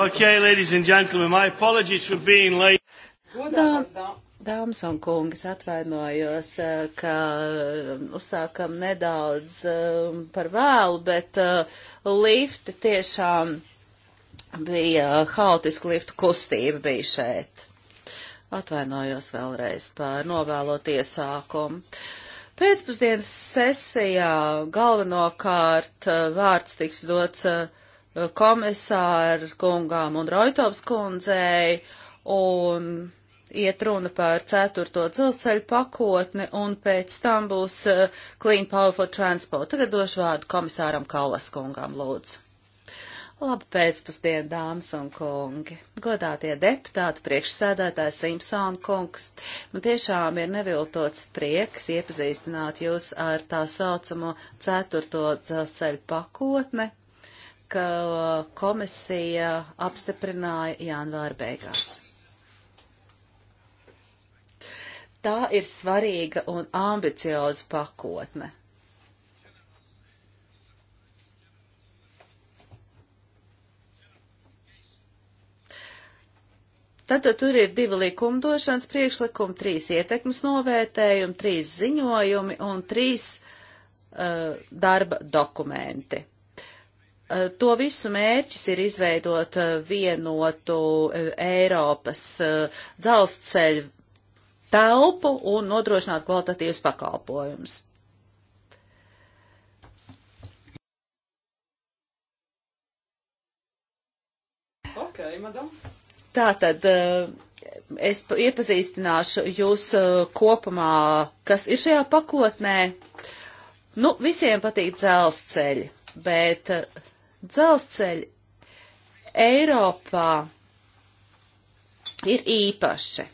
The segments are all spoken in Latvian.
Okay, ladies and gentlemen, my apologies for being late. Godāms, dāmas un kungas, atvainojos, eh, ka um, uzsākam nedaudz um, par vēlu, bet eh, lifti tiešām bija eh, haotiska liftu kustība bija šeit. Atvainojos vēlreiz par novēlot iesākumu. Pēcpusdienas sesijā galvenokārt vārds tiks dots uh, Eh, komisāru kungām un Roitovs kundzei, un iet runa par ceturto dzelzceļu pakotni, un pēc tam būs eh, Clean Power for Transport. Tagad došu vārdu komisāram Kallas kungām, lūdzu. Labu pēcpusdienu, dāmas un kungi! Godātie deputāti, priekšsēdētājs Simpsona kungs, man tiešām ir neviltots prieks iepazīstināt jūs ar tā saucamo ceturto dzelzceļu pakotni, ka uh, komisija apstiprināja janvāra beigās. Tā ir svarīga un ambicioza pakotne. Tātad tur ir divi likumdošanas priekšlikumi, trīs ietekmes novērtējumi, trīs ziņojumi un trīs uh, darba dokumenti. Eh, to visu mērķis ir izveidot eh, vienotu eh, Eiropas dzelzceļu telpu un nodrošināt kvalitatīvas pakalpojumus. Okay, madam. Tātad es iepazīstināšu jūs kopumā, kas ir šajā pakotnē. Nu, visiem patīk dzelzceļi, bet uh, Dzelzceļi Eiropā ir īpaši.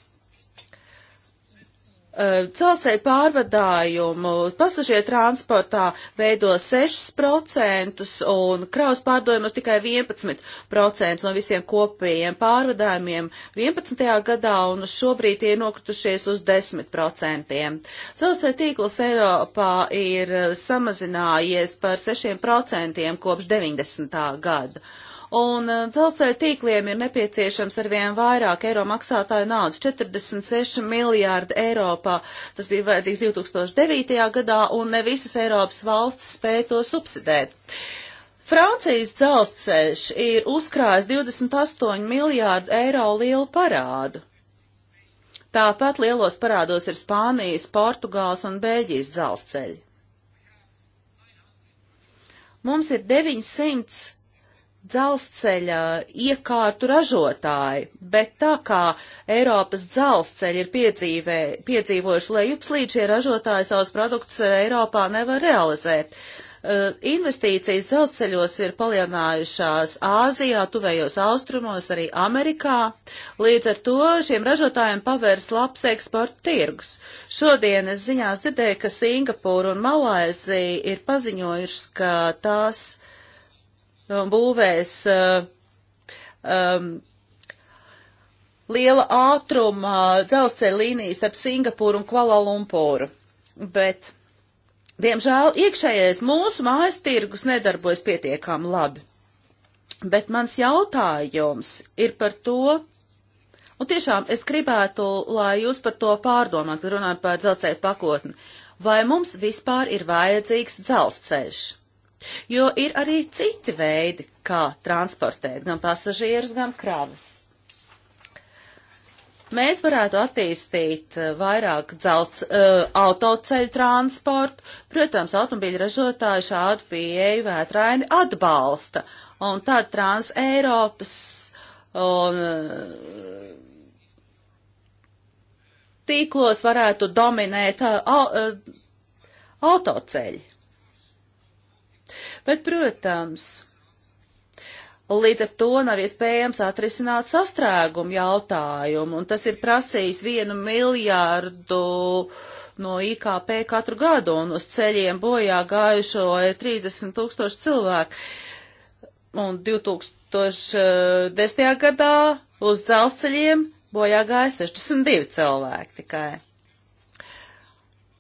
Eh, Celsēju pārvadājumu pasažieru transportā veido 6% un kraus pārdojumus tikai 11% no visiem kopējiem pārvadājumiem 11. gadā un šobrīd tie ir nokritušies uz 10%. Celsēju tīkls Eiropā ir eh, samazinājies par 6% kopš 90. gada un eh, dzelzceļa tīkliem ir nepieciešams arvien vairāk eiro maksātāju naudas - 46 miljārdi Eiropā. Tas bija vajadzīgs 2009. gadā, un ne visas Eiropas valstis spēja to subsidēt. Francijas dzelzceļš ir uzkrājis 28 miljārdu eiro lielu parādu. Tāpat lielos parādos ir Spānijas, Portugāls un Beļģijas dzelzceļi. Mums ir 900 dzelzceļa iekārtu ražotāji, bet tā kā Eiropas dzelzceļi ir piedzīvē, piedzīvojuši lejupslīd, šie ražotāji savus produktus Eiropā nevar realizēt. Uh, investīcijas dzelzceļos ir palielinājušās Āzijā, tuvējos austrumos, arī Amerikā. Līdz ar to šiem ražotājiem pavērs labs eksporta tirgus. Šodien es ziņās dzirdēju, ka Singapūra un Malaizija ir paziņojušas, ka tās uh, Um, būvēs uh, um, liela ātruma dzelzceļa līnijas starp Singapūru un Kvalalumporu. Bet, diemžēl, iekšējais mūsu mājas tirgus nedarbojas pietiekām labi. Bet mans jautājums ir par to, un tiešām es gribētu, lai jūs par to pārdomāt, kad runājam par dzelzceļa pakotni. Vai mums vispār ir vajadzīgs dzelzceļš? Jo ir arī citi veidi, kā transportēt gan pasažierus, gan kravas. Mēs varētu attīstīt eh, vairāk dzelzs uh, eh, autoceļu transportu. Protams, automobīļu ražotāji šādu pieeju vētraini atbalsta. Un tad trans Eiropas un uh, tīklos varētu dominēt uh, autoceļi. Bet, protams, Līdz ar to nav iespējams atrisināt sastrēgumu jautājumu, un tas ir prasījis vienu miljārdu no IKP katru gadu, un uz ceļiem bojā gājušo 30 tūkstoši cilvēku. Un 2010. gadā uz dzelzceļiem bojā gāja 62 cilvēki tikai.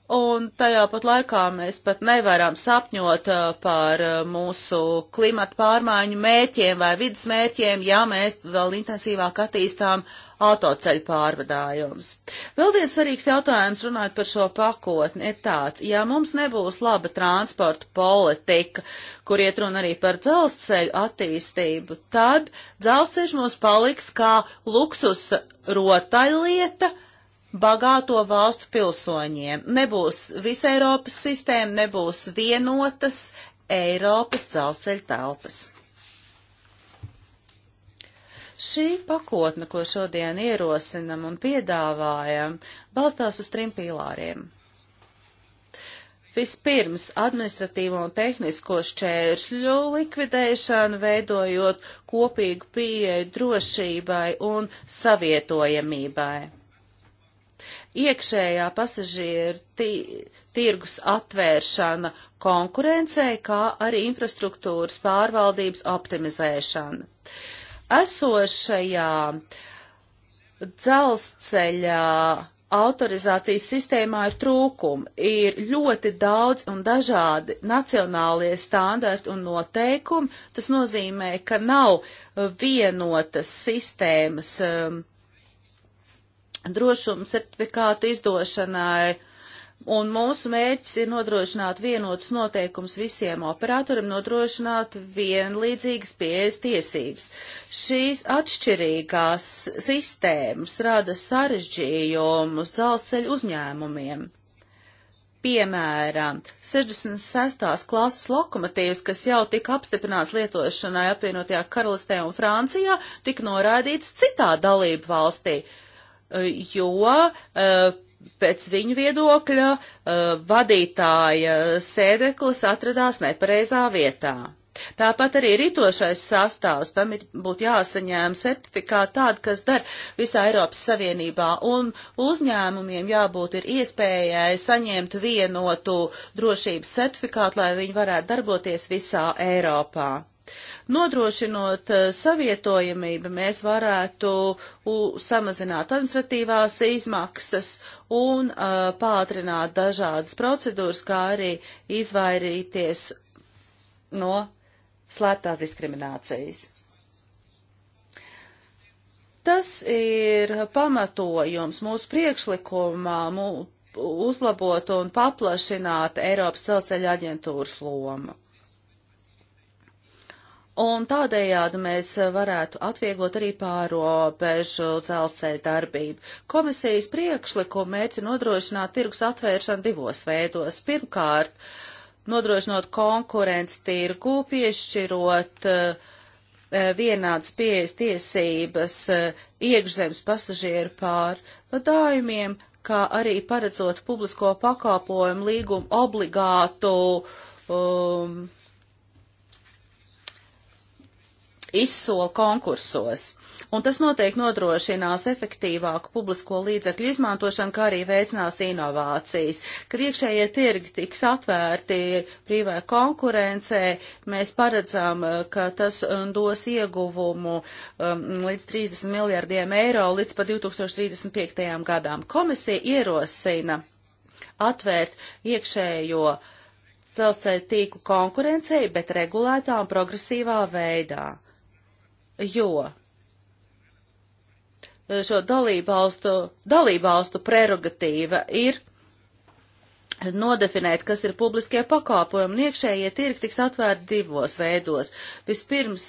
Un tajā pat laikā mēs pat nevaram sapņot uh, par uh, mūsu klimatu pārmaiņu mērķiem vai vidas mērķiem, ja mēs vēl intensīvāk attīstām autoceļu pārvadājumus. Vēl viens svarīgs jautājums runājot par šo pakotni ir tāds, ja mums nebūs laba transporta politika, kur iet runa arī par dzelzceļu attīstību, tad dzelzceļš mums paliks kā luksus rotaļlieta, lieta, bagāto valstu pilsoņiem. Nebūs visa Eiropas sistēma, nebūs vienotas Eiropas dzelzceļa telpas. Šī pakotne, ko šodien ierosinam un piedāvājam, balstās uz trim pīlāriem. Vispirms administratīvo un tehnisko šķēršļu likvidēšanu, veidojot kopīgu pieeju drošībai un savietojamībai iekšējā pasažieru tī, tirgus atvēršana konkurencei, kā arī infrastruktūras pārvaldības optimizēšana. Esošajā dzelzceļā autorizācijas sistēmā ir trūkumi. Ir ļoti daudz un dažādi nacionālie standarti un noteikumi. Tas nozīmē, ka nav vienotas sistēmas um, drošuma certifikātu izdošanai. Un mūsu mērķis ir nodrošināt vienotus noteikums visiem operatoriem, nodrošināt vienlīdzīgas pieejas tiesības. Šīs atšķirīgās sistēmas rada sarežģījumus dzelzceļu uzņēmumiem. Piemēram, 66. klases lokomotīvs, kas jau tika apstiprināts lietošanai apvienotajā karalistē un Francijā, tika noraidīts citā dalību valstī jo eh, pēc viņu viedokļa eh, vadītāja sēdeklis atradās nepareizā vietā. Tāpat arī ritošais sastāvs, tam ir būtu jāsaņēm certifikāti tādi, kas dar visā Eiropas Savienībā, un uzņēmumiem jābūt ir iespējai saņemt vienotu drošības certifikātu, lai viņi varētu darboties visā Eiropā. Nodrošinot eh, savietojamību, mēs varētu samazināt administratīvās izmaksas un uh, pātrināt dažādas procedūras, kā arī izvairīties no slēptās diskriminācijas. Tas ir pamatojums mūsu priekšlikumā mū, uzlabot un paplašināt Eiropas celceļa aģentūras lomu. Un tādējādi mēs varētu atvieglot arī pārobežu dzelzceļa darbību. Komisijas priekšlikumu mērķi nodrošināt tirgus atvēršanu divos veidos. Pirmkārt, nodrošinot konkurenci tirgu, piešķirot uh, vienādas pieejas tiesības uh, iekšzemes pasažieru pārvadājumiem, kā arī paredzot publisko pakalpojumu līgumu obligātu um, izsola konkursos. Un tas noteikti nodrošinās efektīvāku publisko līdzekļu izmantošanu, kā arī veicinās inovācijas. Kad iekšējie tirgi tiks atvērti brīvai konkurencē, mēs paredzam, eh, ka tas eh, dos ieguvumu um, līdz 30 miljardiem eiro līdz pat 2035. gadām. Komisija ierosina atvērt iekšējo dzelzceļa tīklu konkurencei, bet regulētā un progresīvā veidā jo eh, šo dalībvalstu, dalībvalstu prerogatīva ir nodefinēt, kas ir publiskie pakāpojumi, un iekšējie tirgi tiks atvērti divos veidos. Vispirms,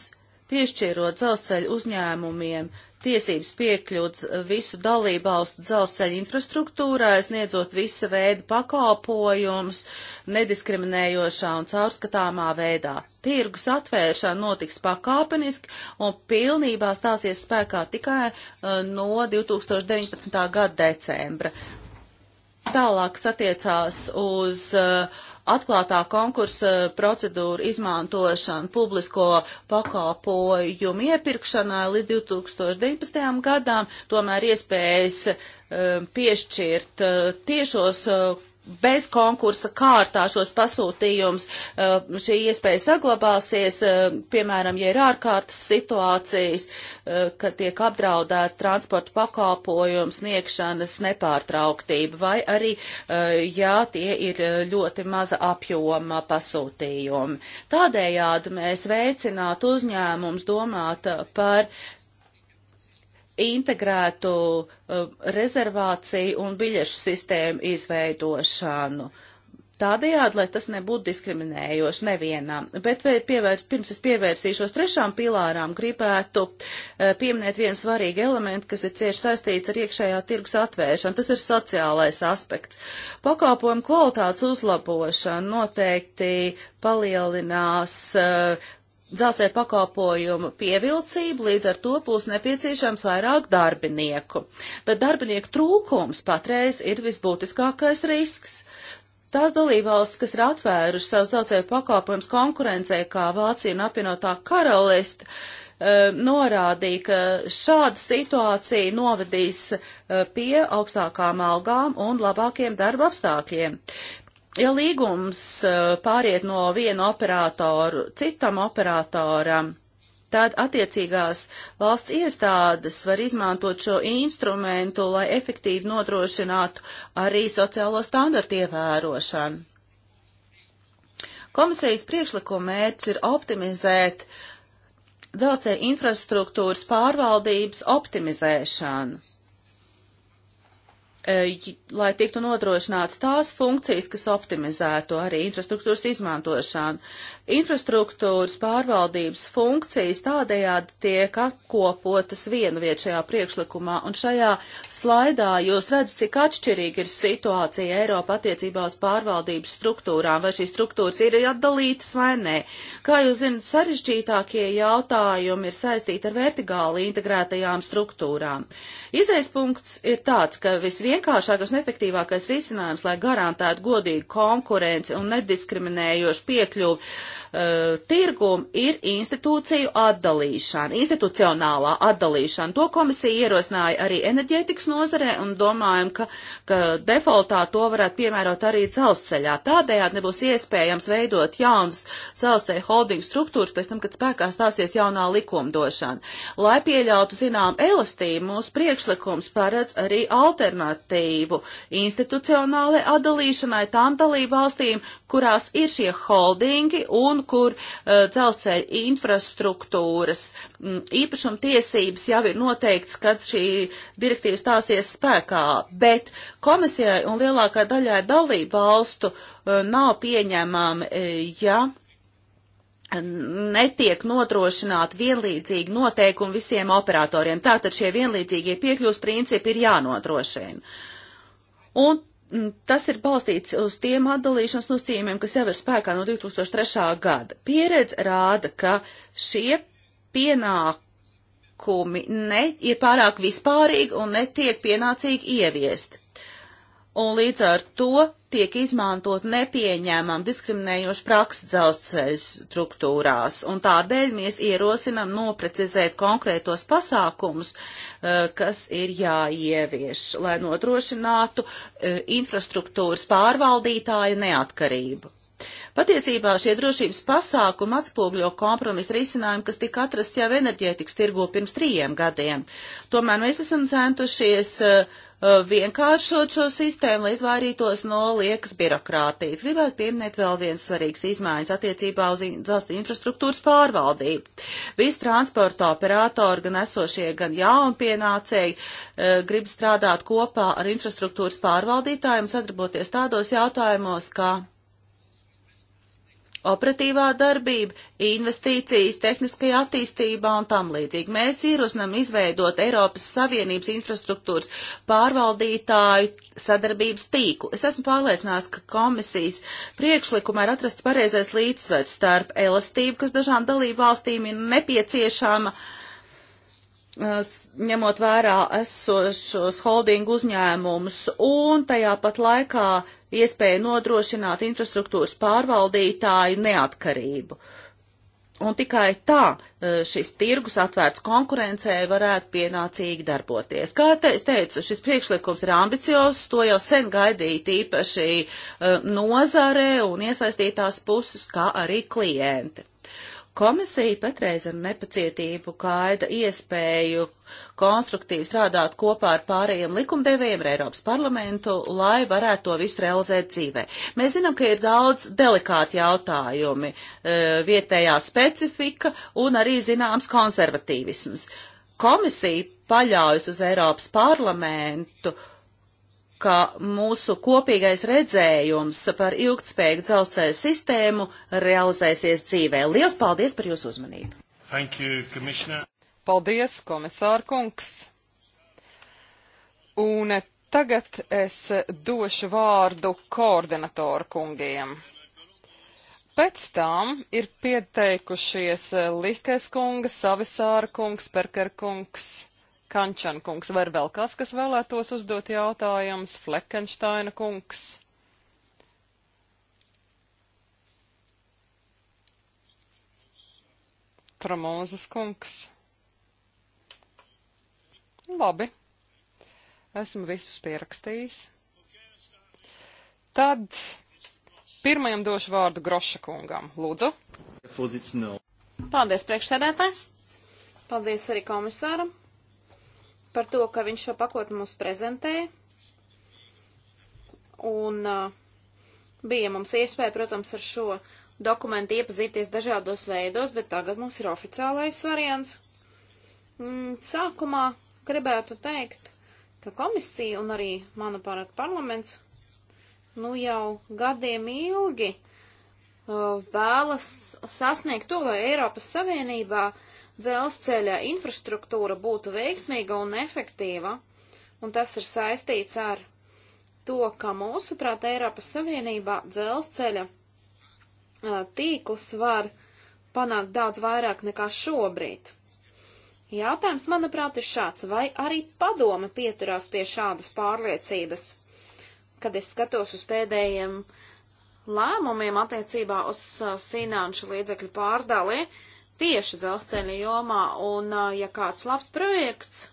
piešķirot dzelzceļu uzņēmumiem uh, tiesības piekļūt visu dalībvalstu dzelzceļa infrastruktūrai, sniedzot visa veida pakalpojumus, nediskriminējošā un caurskatāmā veidā. Tirgus atvēršana notiks pakāpeniski un pilnībā stāsies spēkā tikai uh, no 2019. gada decembra. Tālāk satiecās uz uh, atklātā konkursa procedūra izmantošana publisko pakalpojumu iepirkšanai līdz 2019. gadām, tomēr iespējas eh, piešķirt eh, tiešos eh, bez konkursa kārtā šos pasūtījumus uh, šī iespēja saglabāsies, uh, piemēram, ja ir ārkārtas situācijas, uh, kad tiek apdraudēta transporta pakalpojuma sniegšanas nepārtrauktība, vai arī, ja tie ir ļoti maza apjoma pasūtījumi. Tādējādi mēs veicinātu uzņēmums domāt par integrētu uh, rezervāciju un biļešu sistēmu izveidošanu. Tādējādi, lai tas nebūtu diskriminējoši nevienam. Bet pievērs, pirms es pievērsīšos trešām pilārām, gribētu uh, pieminēt vienu svarīgu elementu, kas ir cieši saistīts ar iekšējā tirgus atvēršanu. Tas ir sociālais aspekts. Pakāpojumu kvalitātes uzlabošana noteikti palielinās uh, dzelzceļa pakalpojumu pievilcību, līdz ar to būs nepieciešams vairāk darbinieku. Bet darbinieku trūkums patreiz ir visbūtiskākais risks. Tās dalībvalstis, kas ir atvērušas savus dzelzceļa pakalpojumus konkurencei, kā Vācija un apvienotā karaliste, norādīja, ka šāda situācija novedīs e, pie augstākām algām un labākiem darba apstākļiem ja līgums eh, pāriet no viena operātoru citam operātoram, tad attiecīgās valsts iestādes var izmantot šo instrumentu, lai efektīvi nodrošinātu arī sociālo standartu ievērošanu. Komisijas priekšlikuma mērķis ir optimizēt dzelzceļa infrastruktūras pārvaldības optimizēšanu. Eh, lai tiktu nodrošināts tās funkcijas, kas optimizētu arī infrastruktūras izmantošanu. Infrastruktūras pārvaldības funkcijas tādējādi tiek apkopotas vienu vietu šajā priekšlikumā, un šajā slaidā jūs redzat, cik atšķirīga ir situācija Eiropa attiecībā uz pārvaldības struktūrām, vai šīs struktūras ir atdalītas vai nē. Kā jūs zinat, sarežģītākie jautājumi ir saistīti ar vertikāli integrētajām struktūrām. Izaizpunkts ir tāds, ka visvien vienkāršākais un efektīvākais risinājums, lai garantētu godīgu konkurenci un nediskriminējošu piekļuvi uh, eh, tirgumu, ir institūciju atdalīšana, institucionālā atdalīšana. To komisija ierosināja arī enerģētikas nozarē un domājam, ka, ka defaultā to varētu piemērot arī dzelzceļā. Tādējādi nebūs iespējams veidot jaunas dzelzceļa holdingu struktūras pēc tam, kad spēkā stāsies jaunā likumdošana. Lai pieļautu zinām elastību, mūsu priekšlikums paredz arī alternatīvu institucionālai atdalīšanai tām dalību valstīm, kurās ir šie holdingi un un kur uh, dzelzceļa infrastruktūras um, īpašumtiesības jau ir noteikts, kad šī direktīva stāsies spēkā, bet komisijai un lielākā daļai dalību valstu uh, nav pieņemama, uh, eh, ja netiek nodrošināti vienlīdzīgi noteikumi visiem operatoriem. Tātad šie vienlīdzīgie piekļūs principi ir jānodrošina. Un Mm, tas ir balstīts uz tiem atdalīšanas nosacījumiem, kas jau ir spēkā no 2003. gada. Pieredze rāda, ka šie pienākumi ne, ir pārāk vispārīgi un netiek pienācīgi ieviesti. Un līdz ar to tiek izmantot nepieņēmam diskriminējoši prakses dzelzceļu struktūrās, un tādēļ mēs ierosinam noprecizēt konkrētos pasākumus, eh, kas ir jāievieš, lai nodrošinātu eh, infrastruktūras pārvaldītāju neatkarību. Patiesībā šie drošības pasākumi atspogļo kompromisu risinājumu, kas tika atrasts jau enerģētikas tirgu pirms trījiem gadiem. Tomēr mēs esam centušies uh, Uh, vienkāršot šo sistēmu, lai izvairītos no liekas birokrātijas. Gribētu pieminēt vēl viens svarīgs izmaiņas attiecībā uz dzelzceļa infrastruktūras pārvaldību. Visi transporta operatori, gan esošie, gan jaunpienācēji, uh, grib strādāt kopā ar infrastruktūras pārvaldītājiem, sadarboties tādos jautājumos, kā operatīvā darbība, investīcijas tehniskajā attīstībā un tam līdzīgi. Mēs ierosinām izveidot Eiropas Savienības infrastruktūras pārvaldītāju sadarbības tīklu. Es esmu pārliecināts, ka komisijas priekšlikumā ir atrasts pareizais līdzsvets starp elastību, kas dažām dalību valstīm ir nepieciešama, uh, ņemot vērā esošos holdingu uzņēmumus un tajā pat laikā iespēja nodrošināt infrastruktūras pārvaldītāju neatkarību. Un tikai tā e, šis tirgus atvērts konkurencē varētu pienācīgi darboties. Kā es teicu, šis priekšlikums ir ambiciozs, to jau sen gaidīja tīpaši e, nozare un iesaistītās puses, kā arī klienti. Komisija patreiz ar nepacietību gaida iespēju konstruktīvi strādāt kopā ar pārējiem likumdevējiem ar Eiropas parlamentu, lai varētu to visu realizēt dzīvē. Mēs zinām, ka ir daudz delikāti jautājumi, e, vietējā specifika un arī zināms konservatīvisms. Komisija paļaujas uz Eiropas parlamentu, uh, ka mūsu kopīgais redzējums par ilgtspējīgu dzelzceļa sistēmu realizēsies dzīvē. Lielas paldies par jūsu uzmanību! Thank you, paldies, komisār kungs! Un tagad es došu vārdu koordinatoru kungiem. Pēc tam ir pieteikušies Likes kunga, Savisāra kungs, Perker kungs. Kančana kungs, var vēl kas, kas vēlētos uzdot jautājumus? Fleckensteina kungs. Tramūzas kungs. Labi. Esmu visus pierakstījis. Tad pirmajam došu vārdu Groša kungam. Lūdzu. Paldies priekšsēdētāji. Paldies arī komisāram par to, ka viņš šo pakotni mums prezentēja. Un uh, bija mums iespēja, protams, ar šo dokumentu iepazīties dažādos veidos, bet tagad mums ir oficiālais variants. Mm, sākumā gribētu teikt, ka komisija un arī, manuprāt, parlaments nu jau gadiem ilgi uh, vēlas sasniegt to, lai Eiropas Savienībā uh, dzelzceļa infrastruktūra būtu veiksmīga un efektīva, un tas ir saistīts ar to, ka mūsuprāt Eiropas Savienībā dzelzceļa tīkls var panākt daudz vairāk nekā šobrīd. Jautājums, manuprāt, ir šāds, vai arī padome pieturās pie šādas pārliecības, kad es skatos uz pēdējiem lēmumiem attiecībā uz finanšu līdzekļu pārdali, uh, tieši dzelzceļa jomā, un ja kāds labs projekts,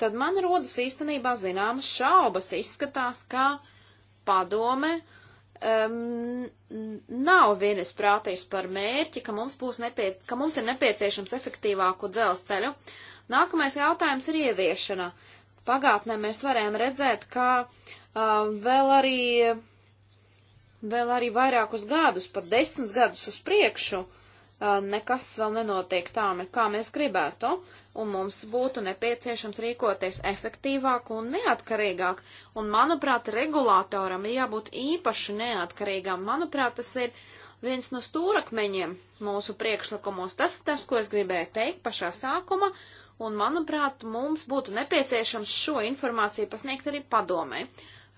tad man rodas īstenībā zināmas šaubas. Izskatās, ka padome um, nav vienas prātīs par mērķi, ka mums, būs nepie, ka mums ir nepieciešams efektīvāku dzelzceļu. Nākamais jautājums ir ieviešana. Pagātnē mēs varējām redzēt, ka um, vēl arī, vēl arī vairākus gadus, pat desmit gadus uz priekšu, uh, nekas vēl nenotiek tā, kā mēs gribētu, un mums būtu nepieciešams rīkoties efektīvāk un neatkarīgāk. Un, manuprāt, regulātoram ir jābūt īpaši neatkarīgam. Manuprāt, tas ir viens no stūrakmeņiem mūsu priekšlikumos. Tas ir tas, ko es gribēju teikt pašā sākuma, un, manuprāt, mums būtu nepieciešams šo informāciju pasniegt arī padomē.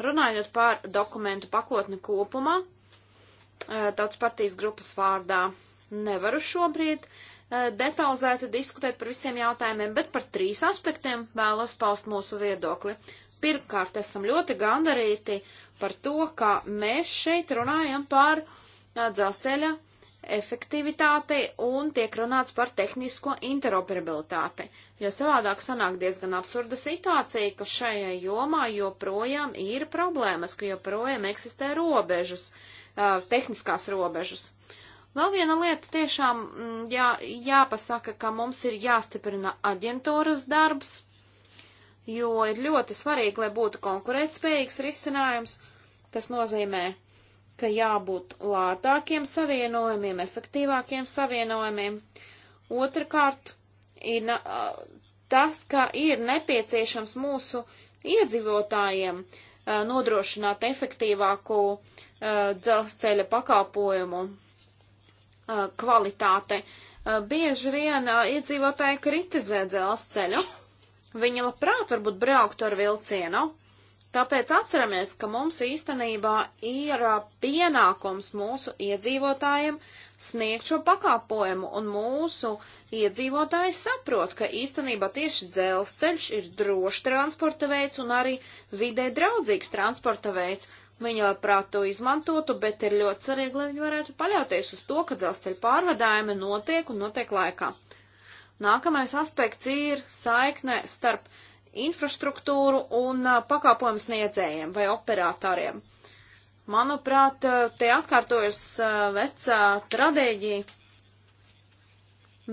Runājot par dokumentu pakotni kopumā, Tautas partijas grupas vārdā nevaru šobrīd eh, detalizēti diskutēt par visiem jautājumiem, bet par trīs aspektiem vēlos paust mūsu viedokli. Pirmkārt, esam ļoti gandarīti par to, ka mēs šeit runājam par eh, dzelzceļa efektivitāti un tiek runāts par tehnisko interoperabilitāti. Jo savādāk sanāk diezgan absurda situācija, ka šajā jomā joprojām ir problēmas, ka joprojām eksistē robežas, eh, tehniskās robežas. Vēl viena lieta tiešām mm, jā, jāpasaka, ka mums ir jāstiprina aģentūras darbs, jo ir ļoti svarīgi, lai būtu konkurētspējīgs risinājums. Tas nozīmē, ka jābūt lētākiem savienojumiem, efektīvākiem savienojumiem. Otrakārt, ir tas, ka ir nepieciešams mūsu iedzīvotājiem nodrošināt efektīvāku dzelzceļa pakalpojumu Uh, kvalitāte. Uh, bieži vien uh, iedzīvotāji kritizē dzelzceļu. Viņi labprāt varbūt brauktu ar vilcienu. Tāpēc atceramies, ka mums īstenībā ir pienākums mūsu iedzīvotājiem sniegt šo pakāpojumu, un mūsu iedzīvotāji saprot, ka īstenībā tieši dzelzceļš ir drošs transporta veids un arī vidē draudzīgs transporta veids, Viņi labprāt to izmantotu, bet ir ļoti svarīgi, lai viņi varētu paļauties uz to, ka dzelzceļa pārvadājumi notiek un notiek laikā. Nākamais aspekts ir saikne starp infrastruktūru un pakāpojumu sniedzējiem vai operatoriem. Manuprāt, te atkārtojas vecā tradēģija.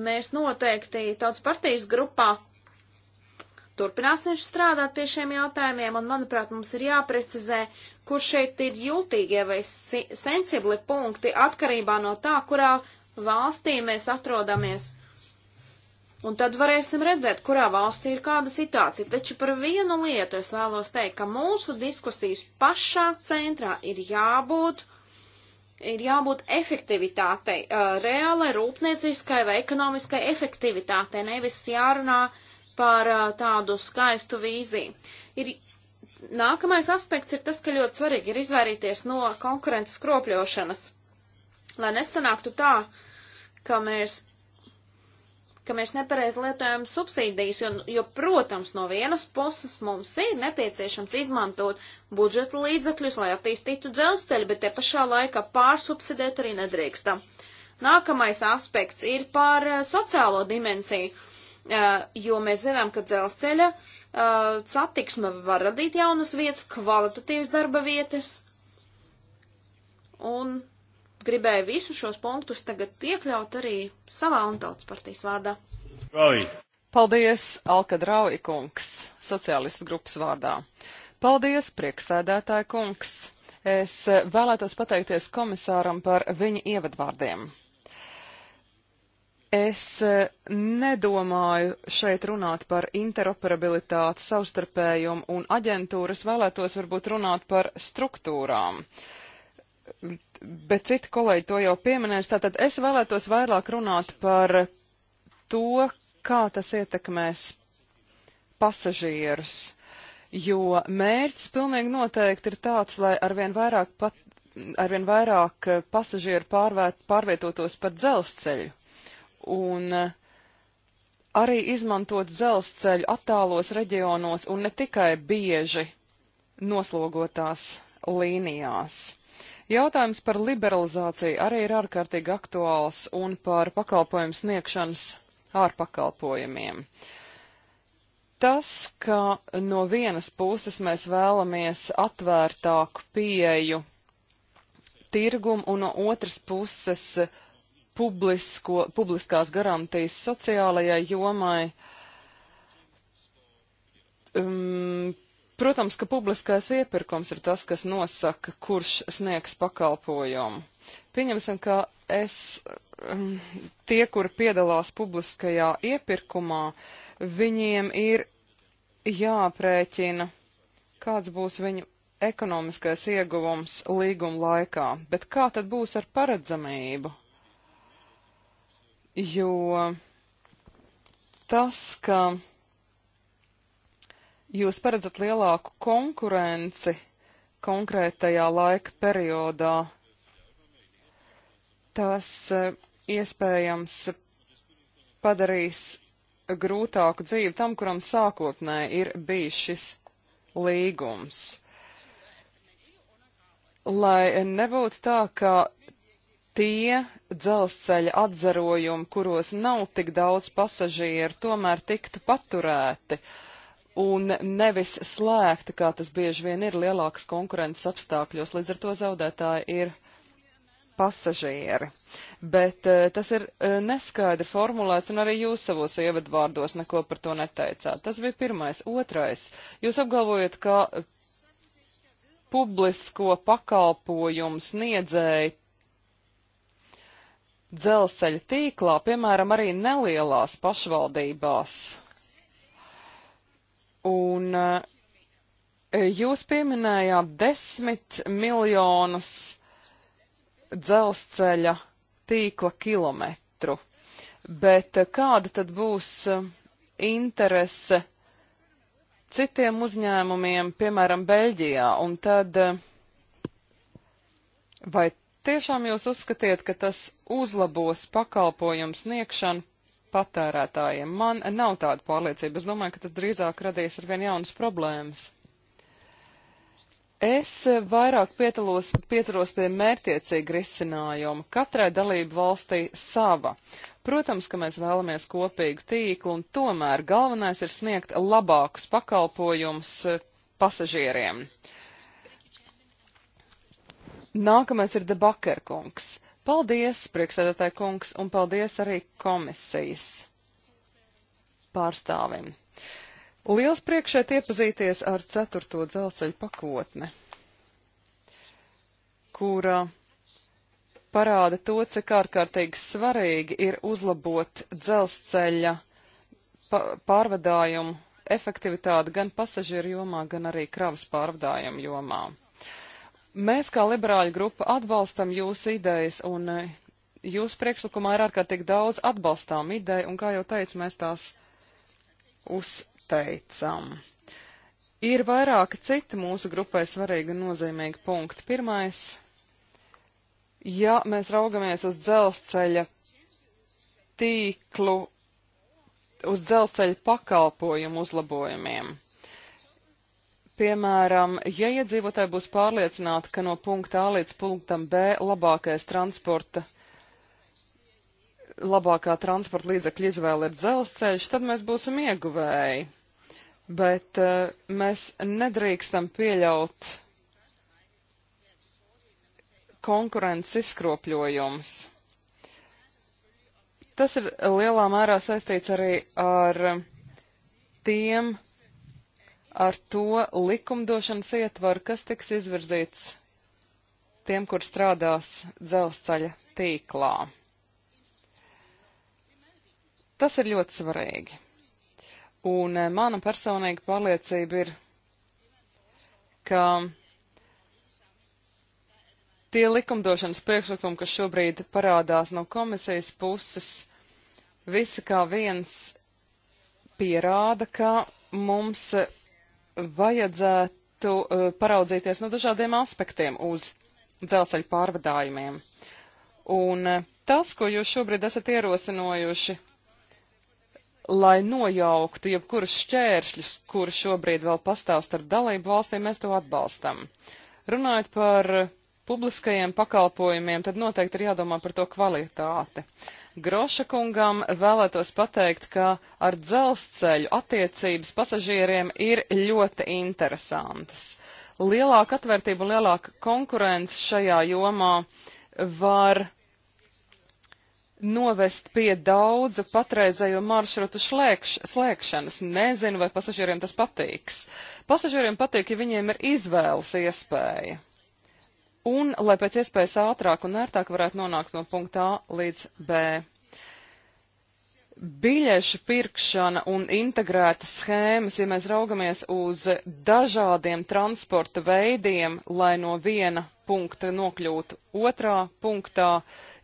Mēs noteikti tautas partijas grupā turpināsim strādāt pie šiem jautājumiem, un, manuprāt, mums ir jāprecizē, uh, kur šeit ir jūtīgie vai sensibli punkti atkarībā no tā, kurā valstī mēs atrodamies. Un tad varēsim redzēt, kurā valstī ir kāda situācija. Taču par vienu lietu es vēlos teikt, ka mūsu diskusijas pašā centrā ir jābūt, ir jābūt efektivitātei, uh, reālai rūpnieciskai vai ekonomiskai efektivitātei, nevis jārunā par uh, tādu skaistu vīziju. Ir Nākamais aspekts ir tas, ka ļoti svarīgi ir izvairīties no konkurences kropļošanas, lai nesanāktu tā, ka mēs, ka mēs nepareiz lietojam subsīdijas, jo, jo, protams, no vienas puses mums ir nepieciešams izmantot budžeta līdzekļus, lai attīstītu dzelzceļu, bet te pašā laikā pārsubsidēt arī nedrīkstam. Nākamais aspekts ir par eh, sociālo dimensiju, eh, jo mēs zinām, ka dzelzceļa uh, Uh, satiksme var radīt jaunas vietas, kvalitatīvas darba vietas. Un gribēju visus šos punktus tagad iekļaut arī savā un tautas partijas vārdā. Rauj. Paldies, Alka Drauji kungs, sociālistu grupas vārdā. Paldies, prieksēdētāji kungs. Es vēlētos pateikties komisāram par viņa ievadvārdiem. Es e, nedomāju šeit runāt par interoperabilitāti, savstarpējumu un aģentūru. Es vēlētos varbūt runāt par struktūrām. Bet citi kolēģi to jau pieminēs. Tātad es vēlētos vairāk runāt par to, kā tas ietekmēs pasažierus. Jo mērķis pilnīgi noteikti ir tāds, lai arvien vairāk, pat, arvien vairāk pasažieru pārvērt, pārvietotos pa dzelzceļu un eh, arī izmantot dzelzceļu attālos reģionos un ne tikai bieži noslogotās līnijās. Jautājums par liberalizāciju arī ir ārkārtīgi aktuāls un par pakalpojumu sniegšanas ārpakalpojumiem. Tas, ka no vienas puses mēs vēlamies atvērtāku pieeju tirgumu un no otras puses publisko, publiskās garantijas sociālajai jomai. Um, protams, ka publiskais iepirkums ir tas, kas nosaka, kurš sniegs pakalpojumu. Pieņemsim, ka es, um, tie, kuri piedalās publiskajā iepirkumā, viņiem ir jāprēķina, kāds būs viņu ekonomiskais ieguvums līguma laikā, bet kā tad būs ar paredzamību? jo tas, ka jūs paredzat lielāku konkurenci konkrētajā laika periodā, tas e, iespējams padarīs grūtāku dzīvi tam, kuram sākotnē ir bijis šis līgums. Lai nebūtu tā, ka tie dzelzceļa atzarojumi, kuros nav tik daudz pasažieru, tomēr tiktu paturēti un nevis slēgti, kā tas bieži vien ir lielākas konkurences apstākļos. Līdz ar to zaudētāji ir pasažieri. Bet e, tas ir e, neskaidri formulēts, un arī jūs savos ievadvārdos neko par to neteicāt. Tas bija pirmais. Otrais. Jūs apgalvojat, ka publisko pakalpojumu sniedzēji dzelzceļa tīklā, piemēram, arī nelielās pašvaldībās. Un e, jūs pieminējāt desmit miljonus dzelzceļa tīkla kilometru, bet e, kāda tad būs e, interese citiem uzņēmumiem, piemēram, Beļģijā, un tad vai tiešām jūs uzskatiet, ka tas uzlabos pakalpojumu sniegšanu patērētājiem? Man nav tāda pārliecība. Es domāju, ka tas drīzāk radīs ar vien jaunas problēmas. Es vairāk pietalos, pieturos pie mērtiecīga risinājuma. Katrai dalību valstī sava. Protams, ka mēs vēlamies kopīgu tīklu, un tomēr galvenais ir sniegt labākus pakalpojumus pasažieriem. Uh, Nākamais ir Debakerkungs. Paldies, priekšsēdētāji kungs, un paldies arī komisijas pārstāvim. Liels prieks šeit iepazīties ar ceturto dzelzceļu pakotni, kura parāda to, cik ārkārtīgi svarīgi ir uzlabot dzelzceļa pārvadājumu efektivitāti gan pasažieru jomā, gan arī kravas pārvadājumu jomā. Mēs kā liberāļu grupa atbalstam jūsu idejas, un eh, jūsu priekšlikumā ir ārkārtīgi daudz atbalstām ideju, un kā jau teicu, mēs tās uzteicam. Ir vairāki citi mūsu grupai svarīgi un nozīmīgi punkti. Pirmais, ja mēs raugamies uz dzelzceļa tīklu, uz dzelzceļa pakalpojumu uzlabojumiem. Piemēram, ja iedzīvotāji būs pārliecināti, ka no punkta A līdz punktam B labākais transporta, labākā transporta līdzekļa izvēle ir dzelzceļš, tad mēs būsim ieguvēji. Bet uh, mēs nedrīkstam pieļaut konkurences izkropļojums. Tas ir lielā mērā saistīts arī ar tiem ar to likumdošanas ietvaru, kas tiks izvirzīts tiem, kur strādās dzelzceļa tīklā. Tas ir ļoti svarīgi. Un eh, mana personīga pārliecība ir, ka tie likumdošanas priekšlikumi, kas šobrīd parādās no komisijas puses, visi kā viens pierāda, ka mums vajadzētu uh, paraudzīties no dažādiem aspektiem uz dzelzceļa pārvadājumiem. Un uh, tas, ko jūs šobrīd esat ierosinojuši, lai nojauktu jebkurus šķēršļus, kur šobrīd vēl pastāv starp dalību valstīm, mēs to atbalstam. Runājot par uh, publiskajiem pakalpojumiem, tad noteikti ir jādomā par to kvalitāti. Groša kungam vēlētos pateikt, ka ar dzelzceļu attiecības pasažieriem ir ļoti interesantas. Lielāka atvērtība un lielāka konkurence šajā jomā var novest pie daudzu patreizējo maršrutu šlēkš, slēgšanas. Nezinu, vai pasažieriem tas patiks. Pasažieriem patīk, ja viņiem ir izvēles iespēja un lai pēc iespējas ātrāk un ērtāk varētu nonākt no punkta A līdz B. Biļešu pirkšana un integrētas schēmas, ja mēs raugamies uz dažādiem transporta veidiem, lai no viena punkta nokļūtu otrā punktā,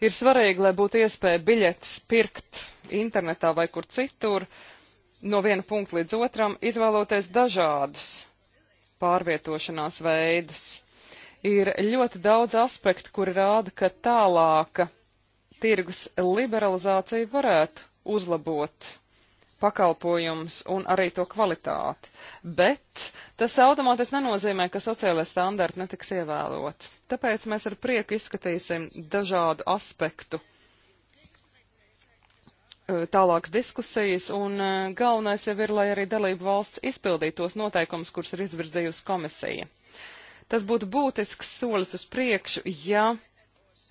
ir svarīgi, lai būtu iespēja biļetes pirkt internetā vai kur citur, no viena punkta līdz otram, izvēloties dažādus pārvietošanās veidus. Ir ļoti daudz aspektu, kuri rāda, ka tālāka tirgus liberalizācija varētu uzlabot pakalpojumus un arī to kvalitāti. Bet tas automātiski nenozīmē, ka sociālai standarti netiks ievērot. Tāpēc mēs ar prieku izskatīsim dažādu aspektu e, tālākas diskusijas, un e, galvenais jau ir, lai arī dalību valsts izpildītos noteikums, kurus ir izvirzījusi komisija. Tas būtu būtisks solis uz priekšu, ja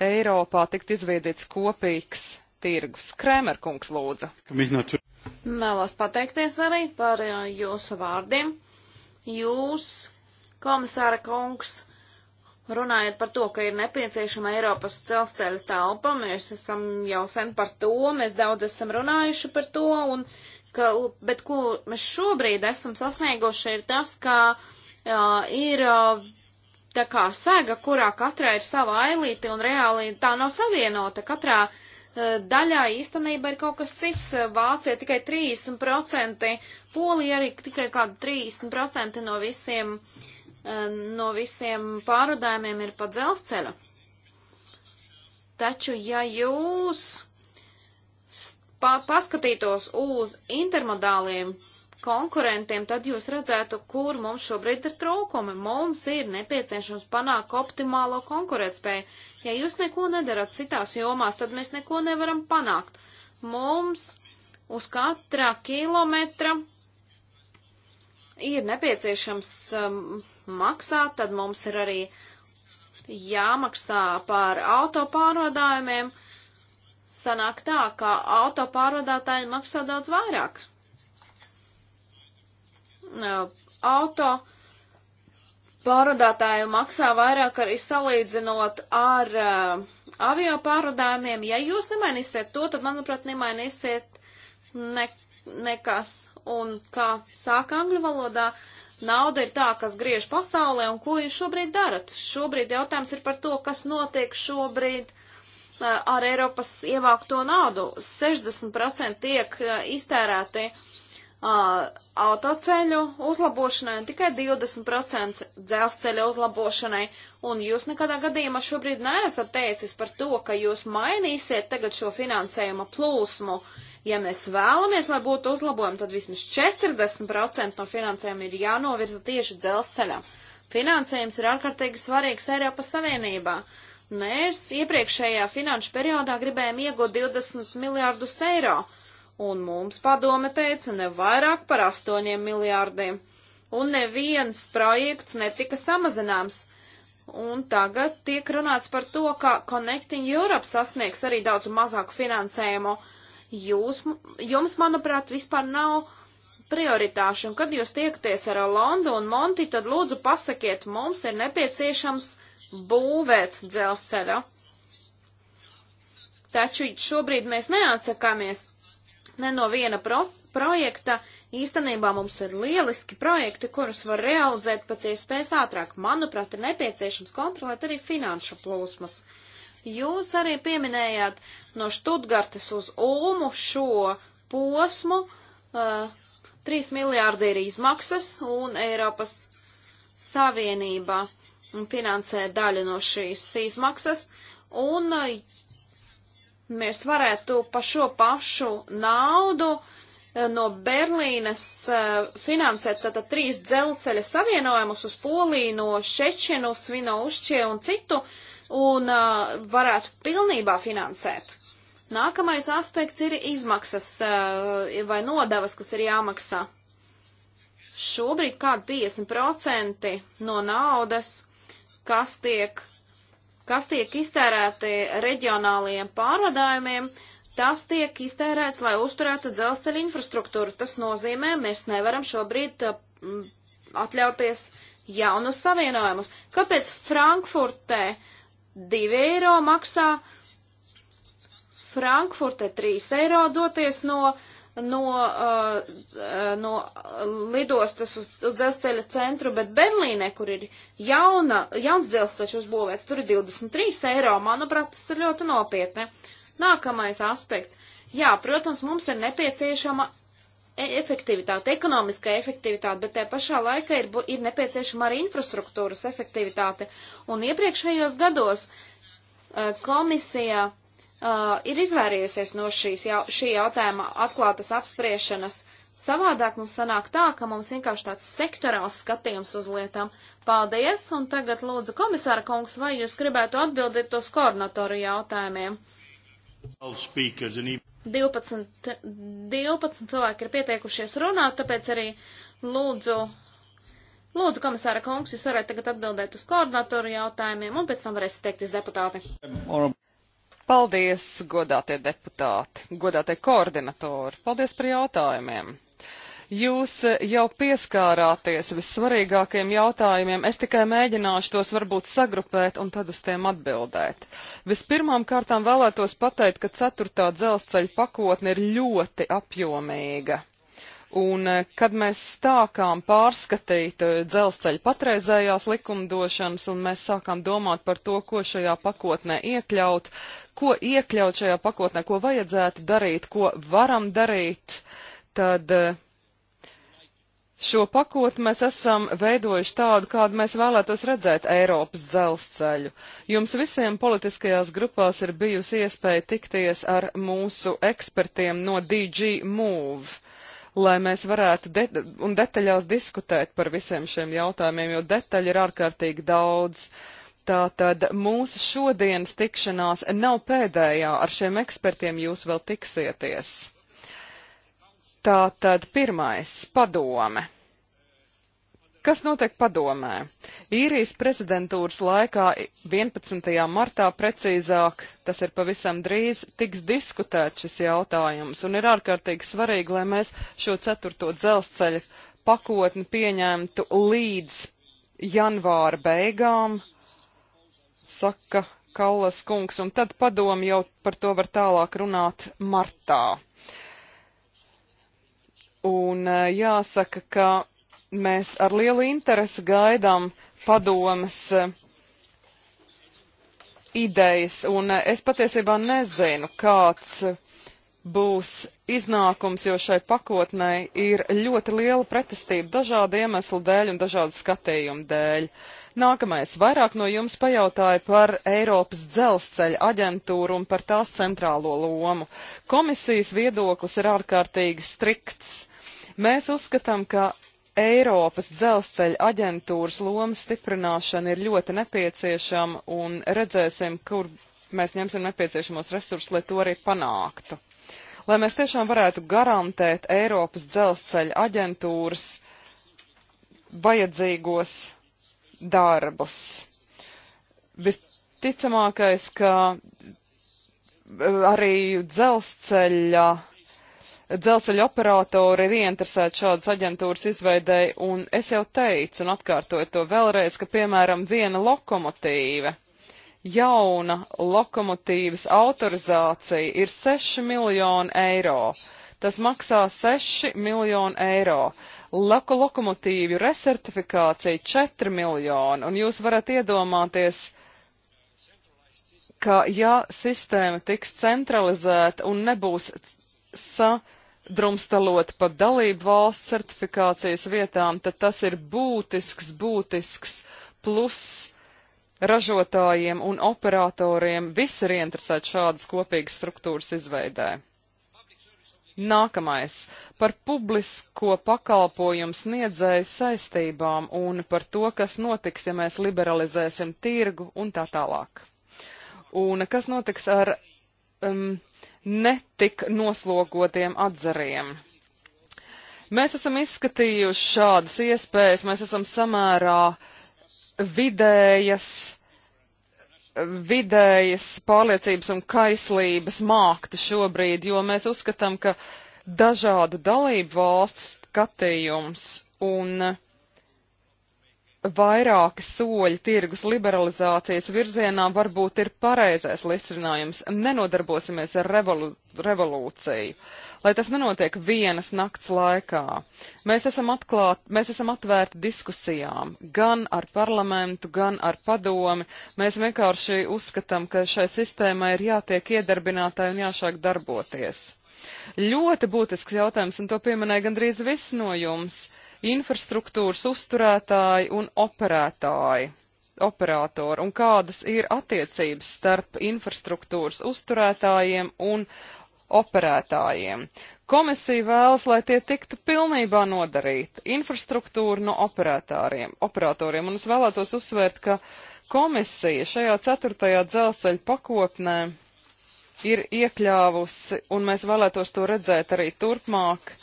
Eiropā tikt izveidīts kopīgs tirgus. Krēmerkungs lūdzu. Vēlos pateikties arī par uh, jūsu vārdiem. Jūs, komisāra kungs, Runājot par to, ka ir nepieciešama Eiropas dzelzceļa telpa, mēs esam jau sen par to, mēs daudz esam runājuši par to, un, ka, bet ko mēs šobrīd esam sasnieguši ir tas, ka jā, uh, ir uh, tā kā sēga, kurā katrā ir sava ailīte un reāli tā nav savienota. Katrā uh, daļā īstenībā ir kaut kas cits. E, Vācija tikai 30%, Polija arī tikai kādu 30% no visiem, uh, no visiem pārudājumiem ir pa dzelzceļa. Taču, ja jūs pa paskatītos uz intermodāliem, uh, konkurentiem, tad jūs redzētu, kur mums šobrīd ir trūkumi. Mums ir nepieciešams panākt optimālo konkurētspēju. Ja jūs neko nedarat citās jomās, tad mēs neko nevaram panākt. Mums uz katrā kilometra ir nepieciešams um, maksāt, tad mums ir arī jāmaksā par autopārvadājumiem. Sanāk tā, ka autopārvadātāji maksā daudz vairāk. Uh, auto pārādātāji maksā vairāk arī salīdzinot ar uh, avio pārādājumiem. Ja jūs nemainīsiet to, tad, manuprāt, nemainīsiet ne, nekas. Un kā sāka angļu valodā, nauda ir tā, kas griež pasaulē, un ko jūs šobrīd darat? Šobrīd jautājums ir par to, kas notiek šobrīd uh, ar Eiropas ievākto naudu. 60% tiek uh, iztērēti uh, uh, autoceļu uzlabošanai un tikai 20% dzelzceļa uzlabošanai. Un jūs nekādā gadījumā šobrīd neesat teicis par to, ka jūs mainīsiet tagad šo finansējuma plūsmu. Ja mēs vēlamies, lai būtu uzlabojumi, tad vismaz 40% no finansējuma ir jānovirza tieši dzelzceļam. Finansējums ir ārkārtīgi svarīgs Eiropas Savienībā. Mēs iepriekšējā finanšu periodā gribējām iegūt 20 miljārdus eiro un mums padome teica ne vairāk par 8 miljārdiem, un neviens projekts netika samazināms. Un tagad tiek runāts par to, ka Connecting Europe sasniegs arī daudz mazāku finansējumu. Jūs, jums, manuprāt, vispār nav prioritāšu, un kad jūs tiekties ar Londu un Monti, tad lūdzu pasakiet, mums ir nepieciešams būvēt dzelzceļa. Taču šobrīd mēs neatsakāmies ne no viena pro projekta. Īstenībā mums ir lieliski projekti, kurus var realizēt pēc iespējas ātrāk. Manuprāt, ir nepieciešams kontrolēt arī finanšu plūsmas. Jūs arī pieminējāt no Študgartes uz Ulmu šo posmu. Uh, eh, 3 miljārdi ir izmaksas un Eiropas Savienība finansē daļu no šīs izmaksas. Un uh, mēs varētu pa šo pašu naudu eh, no Berlīnes eh, finansēt tātad trīs dzelceļa savienojumus uz Poliju no Šečinu, Svinoušķie un citu un eh, varētu pilnībā finansēt. Nākamais aspekts ir izmaksas vai nodevas, kas ir jāmaksā. Šobrīd kādi 50% no naudas, kas tiek kas tiek iztērēti reģionālajiem pārvadājumiem, tas tiek iztērēts, lai uzturētu dzelzceļa infrastruktūru. Tas nozīmē, mēs nevaram šobrīd uh, atļauties jaunus savienojumus. Kāpēc Frankfurtē 2 eiro maksā? Frankfurte 3 eiro doties no uh, no, uh, no lidostas uz, uz dzelzceļa centru, bet Berlīnē, kur ir jauna, jauns dzelzceļš uzbūvēts, tur ir 23 eiro. Manuprāt, tas ir ļoti nopietni. Nākamais aspekts. Jā, protams, mums ir nepieciešama e, efektivitāte, ekonomiskā efektivitāte, bet tajā pašā laikā ir, ir nepieciešama arī infrastruktūras efektivitāte. Un iepriekšējos gados uh, komisija uh, ir izvairījusies no šīs, jau, šī jautājuma atklātas apspriešanas. Savādāk mums sanāk tā, ka mums vienkārši tāds sektorāls skatījums uz lietām. Paldies, un tagad lūdzu komisāra kungs, vai jūs gribētu atbildēt uz koordinatoru jautājumiem? 12, 12 cilvēki ir pieteikušies runāt, tāpēc arī lūdzu, lūdzu komisāra kungs, jūs varat tagad atbildēt uz koordinatoru jautājumiem, un pēc tam varēsiet teikt uz deputāti. Paldies, godātie deputāti, godātie koordinatori. Paldies par jautājumiem. Jūs eh, jau pieskārāties vissvarīgākajiem jautājumiem, es tikai mēģināšu tos varbūt sagrupēt un tad uz tiem atbildēt. Vispirmām kārtām vēlētos pateikt, ka ceturtā dzelzceļa pakotne ir ļoti apjomīga. Un, eh, kad mēs stākām pārskatīt eh, dzelzceļa patreizējās likumdošanas, un mēs sākām domāt par to, ko šajā pakotnē iekļaut, ko iekļaut šajā pakotnē, ko vajadzētu darīt, ko varam darīt, tad eh, šo pakotni mēs esam veidojuši tādu, kādu mēs vēlētos redzēt Eiropas dzelzceļu. Jums visiem politiskajās grupās ir bijusi iespēja tikties ar mūsu ekspertiem no DG Move lai mēs varētu de un detaļās diskutēt par visiem šiem jautājumiem, jo detaļi ir ārkārtīgi daudz. Tātad mūsu šodienas tikšanās nav pēdējā, ar šiem ekspertiem jūs vēl tiksieties. Tātad pirmais - padome. Kas notiek padomē? Īrijas prezidentūras laikā 11. martā precīzāk, tas ir pavisam drīz, tiks diskutēt šis jautājums, un ir ārkārtīgi svarīgi, lai mēs šo ceturto dzelzceļa pakotni pieņemtu līdz janvāra beigām, saka Kallas kungs, un tad padomu jau par to var tālāk runāt martā. Un eh, jāsaka, ka mēs ar lielu interesi gaidām padomas e, idejas, un e, es patiesībā nezinu, kāds būs iznākums, jo šai pakotnē ir ļoti liela pretestība dažādu iemeslu dēļ un dažādu skatījumu dēļ. Nākamais. Vairāk no jums pajautāja par Eiropas dzelzceļa aģentūru un par tās centrālo lomu. Komisijas viedoklis ir ārkārtīgi strikts. Mēs uzskatām, ka Eiropas dzelzceļa aģentūras lomas stiprināšana ir ļoti nepieciešama un redzēsim, kur mēs ņemsim nepieciešamos resursus, lai to arī panāktu. Lai mēs tiešām varētu garantēt Eiropas dzelzceļa aģentūras vajadzīgos darbus. Visticamākais, ka arī dzelzceļa dzelzceļa operatori ir ieinteresēti šādas aģentūras izveidēji, un es jau teicu un atkārtoju to vēlreiz, ka, piemēram, viena lokomotīve, jauna lokomotīvas autorizācija ir 6 miljoni eiro. Tas maksā 6 miljonu eiro. Loko lokomotīvu resertifikācija 4 miljoni, un jūs varat iedomāties, ka ja sistēma tiks centralizēta un nebūs sa drumstalot pa dalību valsts certifikācijas vietām, tad tas ir būtisks, būtisks plus ražotājiem un operatoriem. Visi ir ieinteresēti šādas kopīgas struktūras izveidē. Nākamais - par publisko pakalpojumu sniedzēju saistībām un par to, kas notiks, ja mēs liberalizēsim tirgu un tā tālāk. Un kas notiks ar um, netik noslogotiem atzariem. Mēs esam izskatījuši šādas iespējas, mēs esam samērā vidējas, vidējas pārliecības un kaislības mākti šobrīd, jo mēs uzskatām, ka dažādu dalību valstu skatījums un uh, vairāki soļi tirgus liberalizācijas virzienā varbūt ir pareizais risinājums. Nenodarbosimies ar revolu revolūciju, lai tas nenotiek vienas nakts laikā. Mēs esam, atklāt, mēs esam atvērti diskusijām gan ar parlamentu, gan ar padomi. Mēs vienkārši uzskatām, ka šai sistēmai ir jātiek iedarbinātai un jāšāk darboties. Ļoti būtisks jautājums, un to pieminēja gandrīz viss no jums. Uh, infrastruktūras uzturētāji un operētāji. Operatori, un kādas ir attiecības starp infrastruktūras uzturētājiem un operētājiem. Komisija vēlas, lai tie tiktu pilnībā nodarīti infrastruktūra no operētāriem, operatoriem, un es vēlētos uzsvērt, ka komisija šajā ceturtajā dzelzceļa pakotnē ir iekļāvusi, un mēs vēlētos to redzēt arī turpmāk,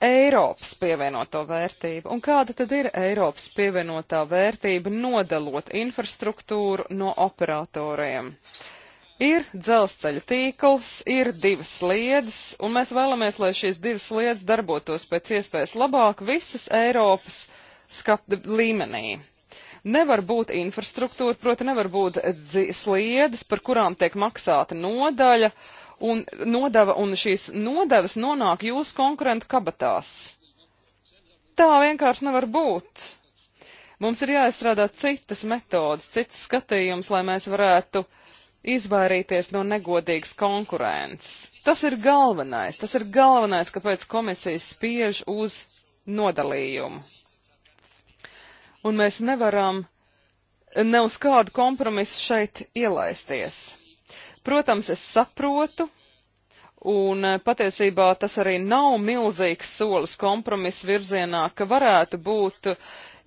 Eiropas pievienoto vērtību. Un kāda tad ir Eiropas pievienotā vērtība nodalot infrastruktūru no operatoriem? Ir dzelzceļa tīkls, ir divas sliedas, un mēs vēlamies, lai šīs divas sliedas darbotos pēc iespējas labāk visas Eiropas skatu līmenī. Nevar būt infrastruktūra, proti nevar būt sliedas, par kurām tiek maksāta nodaļa, uh, un, nodeva, un šīs nodevas nonāk jūsu konkurentu kabatās. Tā vienkārši nevar būt. Mums ir jāizstrādā citas metodas, cits skatījums, lai mēs varētu izvairīties no negodīgas konkurences. Tas ir galvenais, tas ir galvenais, kāpēc komisija spiež uz nodalījumu. Un mēs nevaram ne uz kādu kompromisu šeit ielaisties. Protams, es saprotu, un eh, patiesībā tas arī nav milzīgs solis kompromisu virzienā, ka varētu būt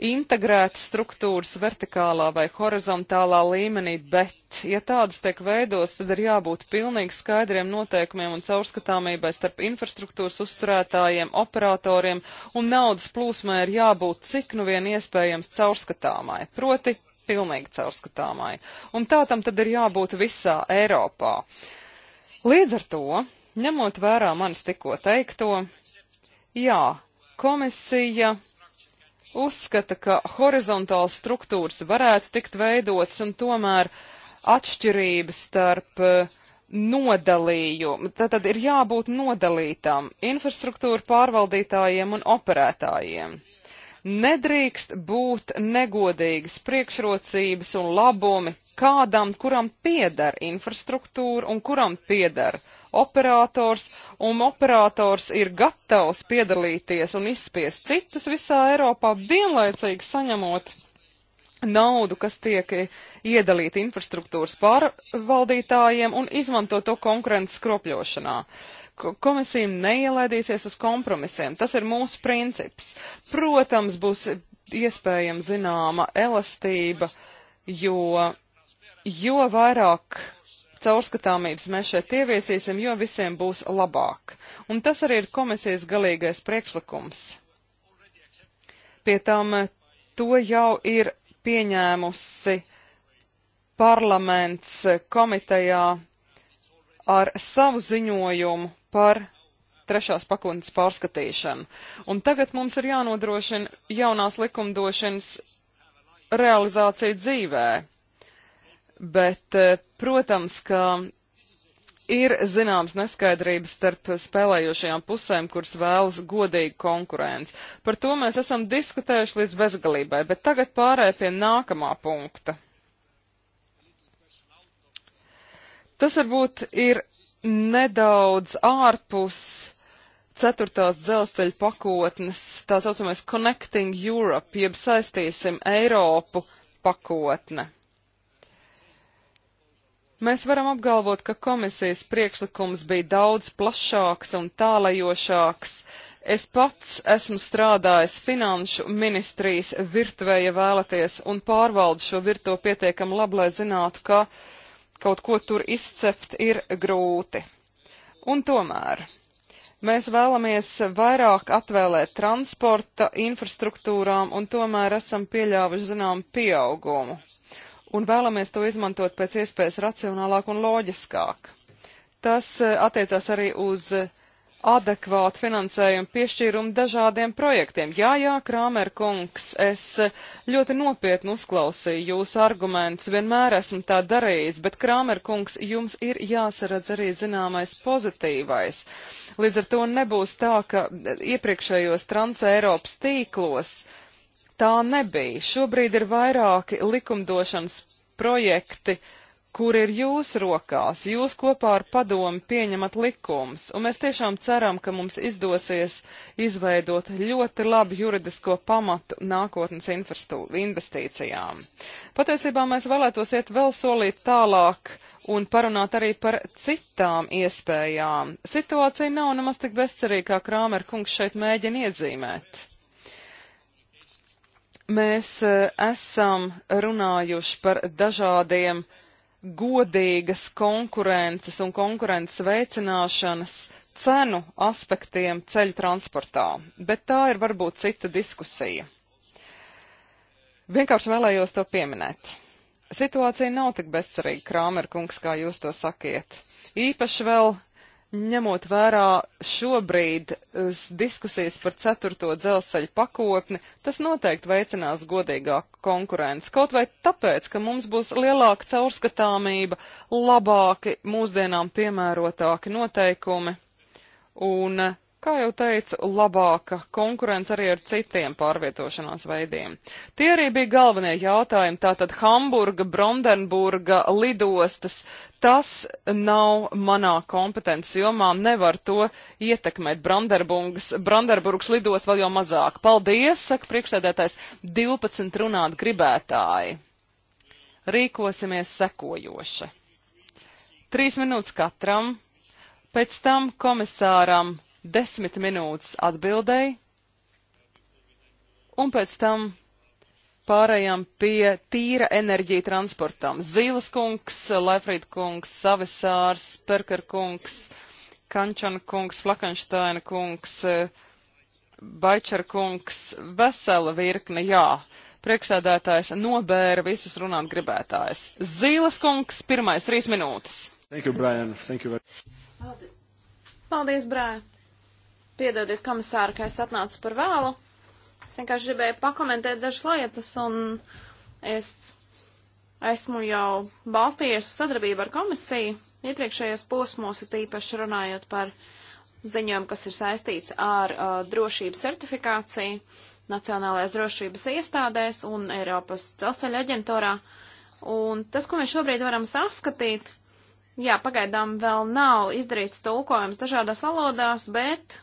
integrētas struktūras vertikālā vai horizontālā līmenī, bet, ja tādas tiek veidotas, tad ir jābūt pilnīgi skaidriem noteikumiem un caurskatāmībai starp infrastruktūras uzturētājiem, operatoriem, un naudas plūsmai ir jābūt cik nu vien iespējams caurskatāmai, proti pilnīgi caurskatāmai. Un tā tam tad ir jābūt visā Eiropā. Līdz ar to, ņemot vērā manis tikko teikto, jā, komisija uzskata, ka horizontāls struktūras varētu tikt veidots un tomēr atšķirības starp eh, nodalījumu. Tātad ir jābūt nodalītam infrastruktūra pārvaldītājiem un operētājiem. Nedrīkst būt negodīgas priekšrocības un labumi kādam, kuram pieder infrastruktūra un kuram pieder operators, un operators ir gatavs piedalīties un izspiest citus visā Eiropā, vienlaicīgi saņemot naudu, kas tiek iedalīta infrastruktūras pārvaldītājiem un izmanto to konkurences kropļošanā. Uh, Komisija neielaidīsies uz kompromisiem. Tas ir mūsu princips. Protams, būs iespējama zināma elastība, jo, jo vairāk caurskatāmības mēs šeit ieviesīsim, jo visiem būs labāk. Un tas arī ir komisijas galīgais priekšlikums. Pie tam eh, to jau ir pieņēmusi parlaments eh, komitejā ar savu ziņojumu par trešās pakotnes pārskatīšanu. Un tagad mums ir jānodrošina jaunās likumdošanas realizācija dzīvē. Bet, eh, protams, ka ir zināms neskaidrības starp spēlējošajām pusēm, kuras vēlas godīgu konkurenci. Par to mēs esam diskutējuši līdz bezgalībai, bet tagad pārēj pie nākamā punkta. Tas varbūt ir nedaudz ārpus ceturtās dzelzceļa pakotnes, tā saucamais Connecting Europe, jeb saistīsim Eiropu pakotne. Mēs varam apgalvot, ka komisijas priekšlikums bija daudz plašāks un tālajošāks. Es pats esmu strādājis finanšu ministrijas virtuvē, ja vēlaties, un pārvaldu šo virtuvu pietiekam labi, lai zinātu, ka uh, kaut ko tur izcept ir grūti. Un tomēr mēs vēlamies vairāk atvēlēt transporta infrastruktūrām un tomēr esam pieļāvuši zinām pieaugumu. Un vēlamies to izmantot pēc iespējas racionālāk un loģiskāk. Tas eh, attiecās arī uz uh, adekvātu finansējumu piešķīrumu dažādiem projektiem. Jā, jā, Krāmer kungs, es ļoti nopietni uzklausīju jūsu argumentus, vienmēr esmu tā darījis, bet Krāmer kungs, jums ir jāsaredz arī zināmais pozitīvais. Līdz ar to nebūs tā, ka iepriekšējos transeiropas tīklos tā nebija. Šobrīd ir vairāki likumdošanas projekti, uh, kur ir jūsu rokās, jūs kopā ar padomu pieņemat likums, un mēs tiešām ceram, ka mums izdosies izveidot ļoti labu juridisko pamatu nākotnes investīcijām. Patiesībā mēs vēlētos iet vēl solīt tālāk un parunāt arī par citām iespējām. Situācija nav nemaz tik bezcerīga, kā Krāmer kungs šeit mēģina iedzīmēt mēs e, esam runājuši par dažādiem godīgas konkurences un konkurences veicināšanas cenu aspektiem ceļu transportā, bet tā ir varbūt cita diskusija. Vienkārši vēlējos to pieminēt. Situācija nav tik bezcerīga, Krāmerkungs, kā jūs to sakiet. Īpaši vēl ņemot vērā šobrīd diskusijas par ceturto dzelzceļa pakotni, tas noteikti veicinās godīgāku konkurenci. Kaut vai tāpēc, ka mums būs lielāka caurskatāmība, labāki mūsdienām piemērotāki noteikumi un kā jau teicu, labāka konkurence arī ar citiem pārvietošanās veidiem. Tie arī bija galvenie jautājumi, tātad Hamburga, Brandenburga, lidostas. Tas nav manā kompetences jomā, nevar to ietekmēt. Brandenburgas, Brandenburgas lidost vēl jau mazāk. Paldies, saka priekšsēdētājs, 12 runāt gribētāji. Rīkosimies sekojoši. Trīs minūtes katram, pēc tam komisāram desmit minūtes atbildēji, un pēc tam pārējām pie tīra enerģija transportām. Zīles kungs, Laifrīd kungs, Savisārs, Perker kungs, Kančana kungs, Flakenštaina kungs, Baičer kungs, vesela virkne, jā. Priekšsēdētājs nobēra visus runāt gribētājs. Zīles kungs, pirmais trīs minūtes. Thank you, Brian. Thank you very... Paldies, Brian. Piedodiet, komisāra, ka es atnācu par vēlu. Es vienkārši gribēju pakomentēt dažas lietas, un es esmu jau balstījies uz sadarbību ar komisiju. Iepriekšējos posmos ir tīpaši runājot par ziņojumu, kas ir saistīts ar uh, drošības certifikāciju Nacionālajās drošības iestādēs un Eiropas celceļa aģentūrā. Un tas, ko mēs šobrīd varam saskatīt, jā, pagaidām vēl nav izdarīts tulkojums dažādās valodās, bet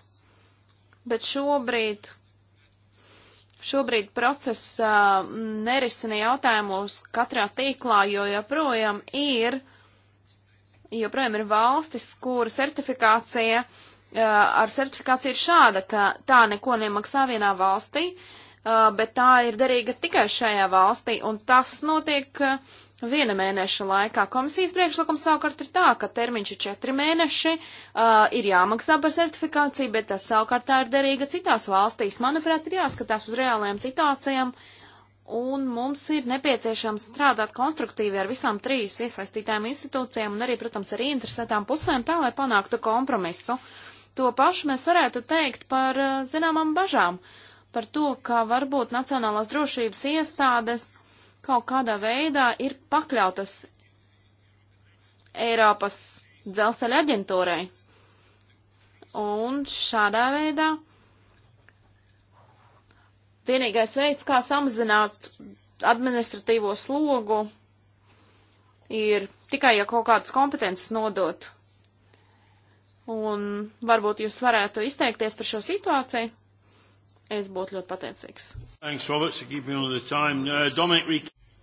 bet šobrīd, šobrīd process uh, nerisina jautājumus katrā tīklā, jo joprojām ir, joprojām ir valstis, kuru certifikācija, uh, ar certifikāciju ir šāda, ka tā neko nemaksā vienā valstī, uh, bet tā ir derīga tikai šajā valstī, un tas notiek uh, viena mēneša laikā. Komisijas priekšlikums savukārt ir tā, ka termiņš ir četri mēneši, uh, ir jāmaksā par certifikāciju, bet tas savukārt tā ir derīga citās valstīs. Manuprāt, ir jāskatās uz reālajām situācijām, un mums ir nepieciešams strādāt konstruktīvi ar visām trīs iesaistītām institūcijām un arī, protams, arī interesētām pusēm tā, lai panāktu kompromisu. To pašu mēs varētu teikt par uh, zināmām bažām, par to, ka varbūt Nacionālās drošības iestādes kaut kādā veidā ir pakļautas Eiropas dzelzceļa aģentūrai. Un šādā veidā vienīgais veids, kā samazināt administratīvo slogu, ir tikai, ja kaut kādas kompetences nodot. Un varbūt jūs varētu izteikties par šo situāciju. Es būtu ļoti pateicīgs. Thanks, Roberts,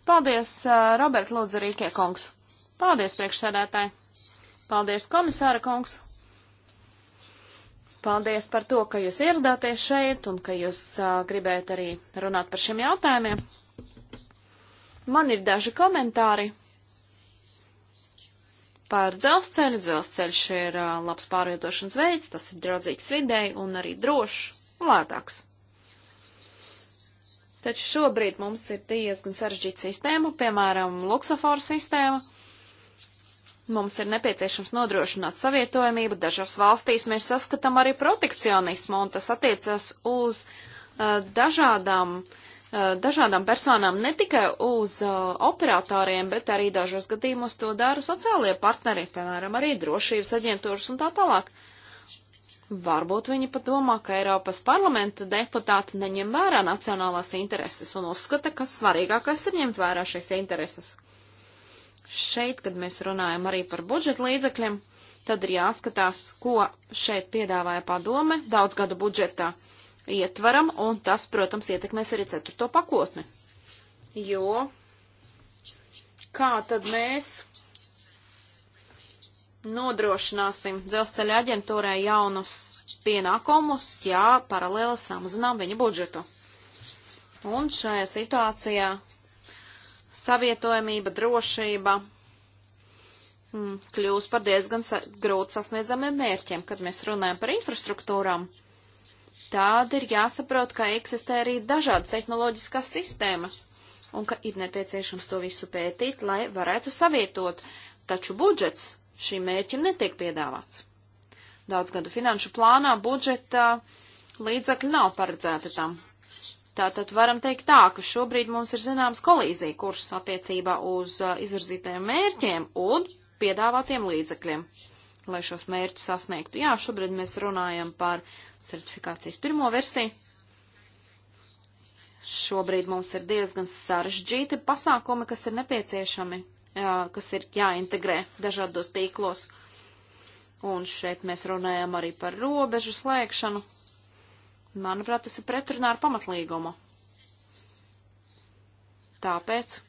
Paldies, uh, Robert Lūdzu Rīkie kungs. Paldies, priekšsēdētāji. Paldies, komisāra kungs. Paldies par to, ka jūs ieradāties šeit un ka jūs uh, gribējat arī runāt par šiem jautājumiem. Man ir daži komentāri par dzelzceļu. Dzelzceļš ir uh, labs pārvietošanas veids, tas ir draudzīgs videi un arī drošs un lētāks. Taču šobrīd mums ir diezgan sarežģīta sistēma, piemēram, luksoforu sistēma. Mums ir nepieciešams nodrošināt savietojamību. Dažās valstīs mēs saskatām arī protekcionismu, un tas attiecas uz uh, dažādām, uh, dažādām personām, ne tikai uz uh, operatoriem, bet arī dažos gadījumos to dara sociālie partneri, piemēram, arī drošības aģentūras un tā tālāk. Uh, Varbūt viņi pat domā, ka Eiropas parlamenta deputāti neņem vērā nacionālās intereses un uzskata, ka svarīgākais ir ņemt vērā šīs intereses. Šeit, kad mēs runājam arī par budžeta līdzekļiem, tad ir jāskatās, ko šeit piedāvāja padome daudzgadu budžetā ietvaram, un tas, protams, ietekmēs arī ceturto pakotni. Jo kā tad mēs nodrošināsim dzelzceļa aģentūrai jaunus pienākumus, ja paralēli samazinām viņa budžetu. Un šajā situācijā savietojamība, drošība mm, kļūs par diezgan sa grūti sasniedzamiem mērķiem, kad mēs runājam par infrastruktūrām. Tāda ir jāsaprot, ka eksistē arī dažādas tehnoloģiskās sistēmas un ka ir nepieciešams to visu pētīt, lai varētu savietot. Taču budžets šī mērķa netiek piedāvāts. Daudzgadu finanšu plānā budžeta līdzakļi nav paredzēti tam. Tātad varam teikt tā, ka šobrīd mums ir zināms kolīzija kurs attiecībā uz uh, izvirzītajiem mērķiem un piedāvātiem līdzakļiem, lai šos mērķus sasniegtu. Jā, šobrīd mēs runājam par certifikācijas pirmo versiju. Šobrīd mums ir diezgan sarežģīti pasākumi, kas ir nepieciešami kas ir jāintegrē dažādos tīklos. Un šeit mēs runājam arī par robežu slēgšanu. Manuprāt, tas ir pretrunā ar pamatlīgumu. Tāpēc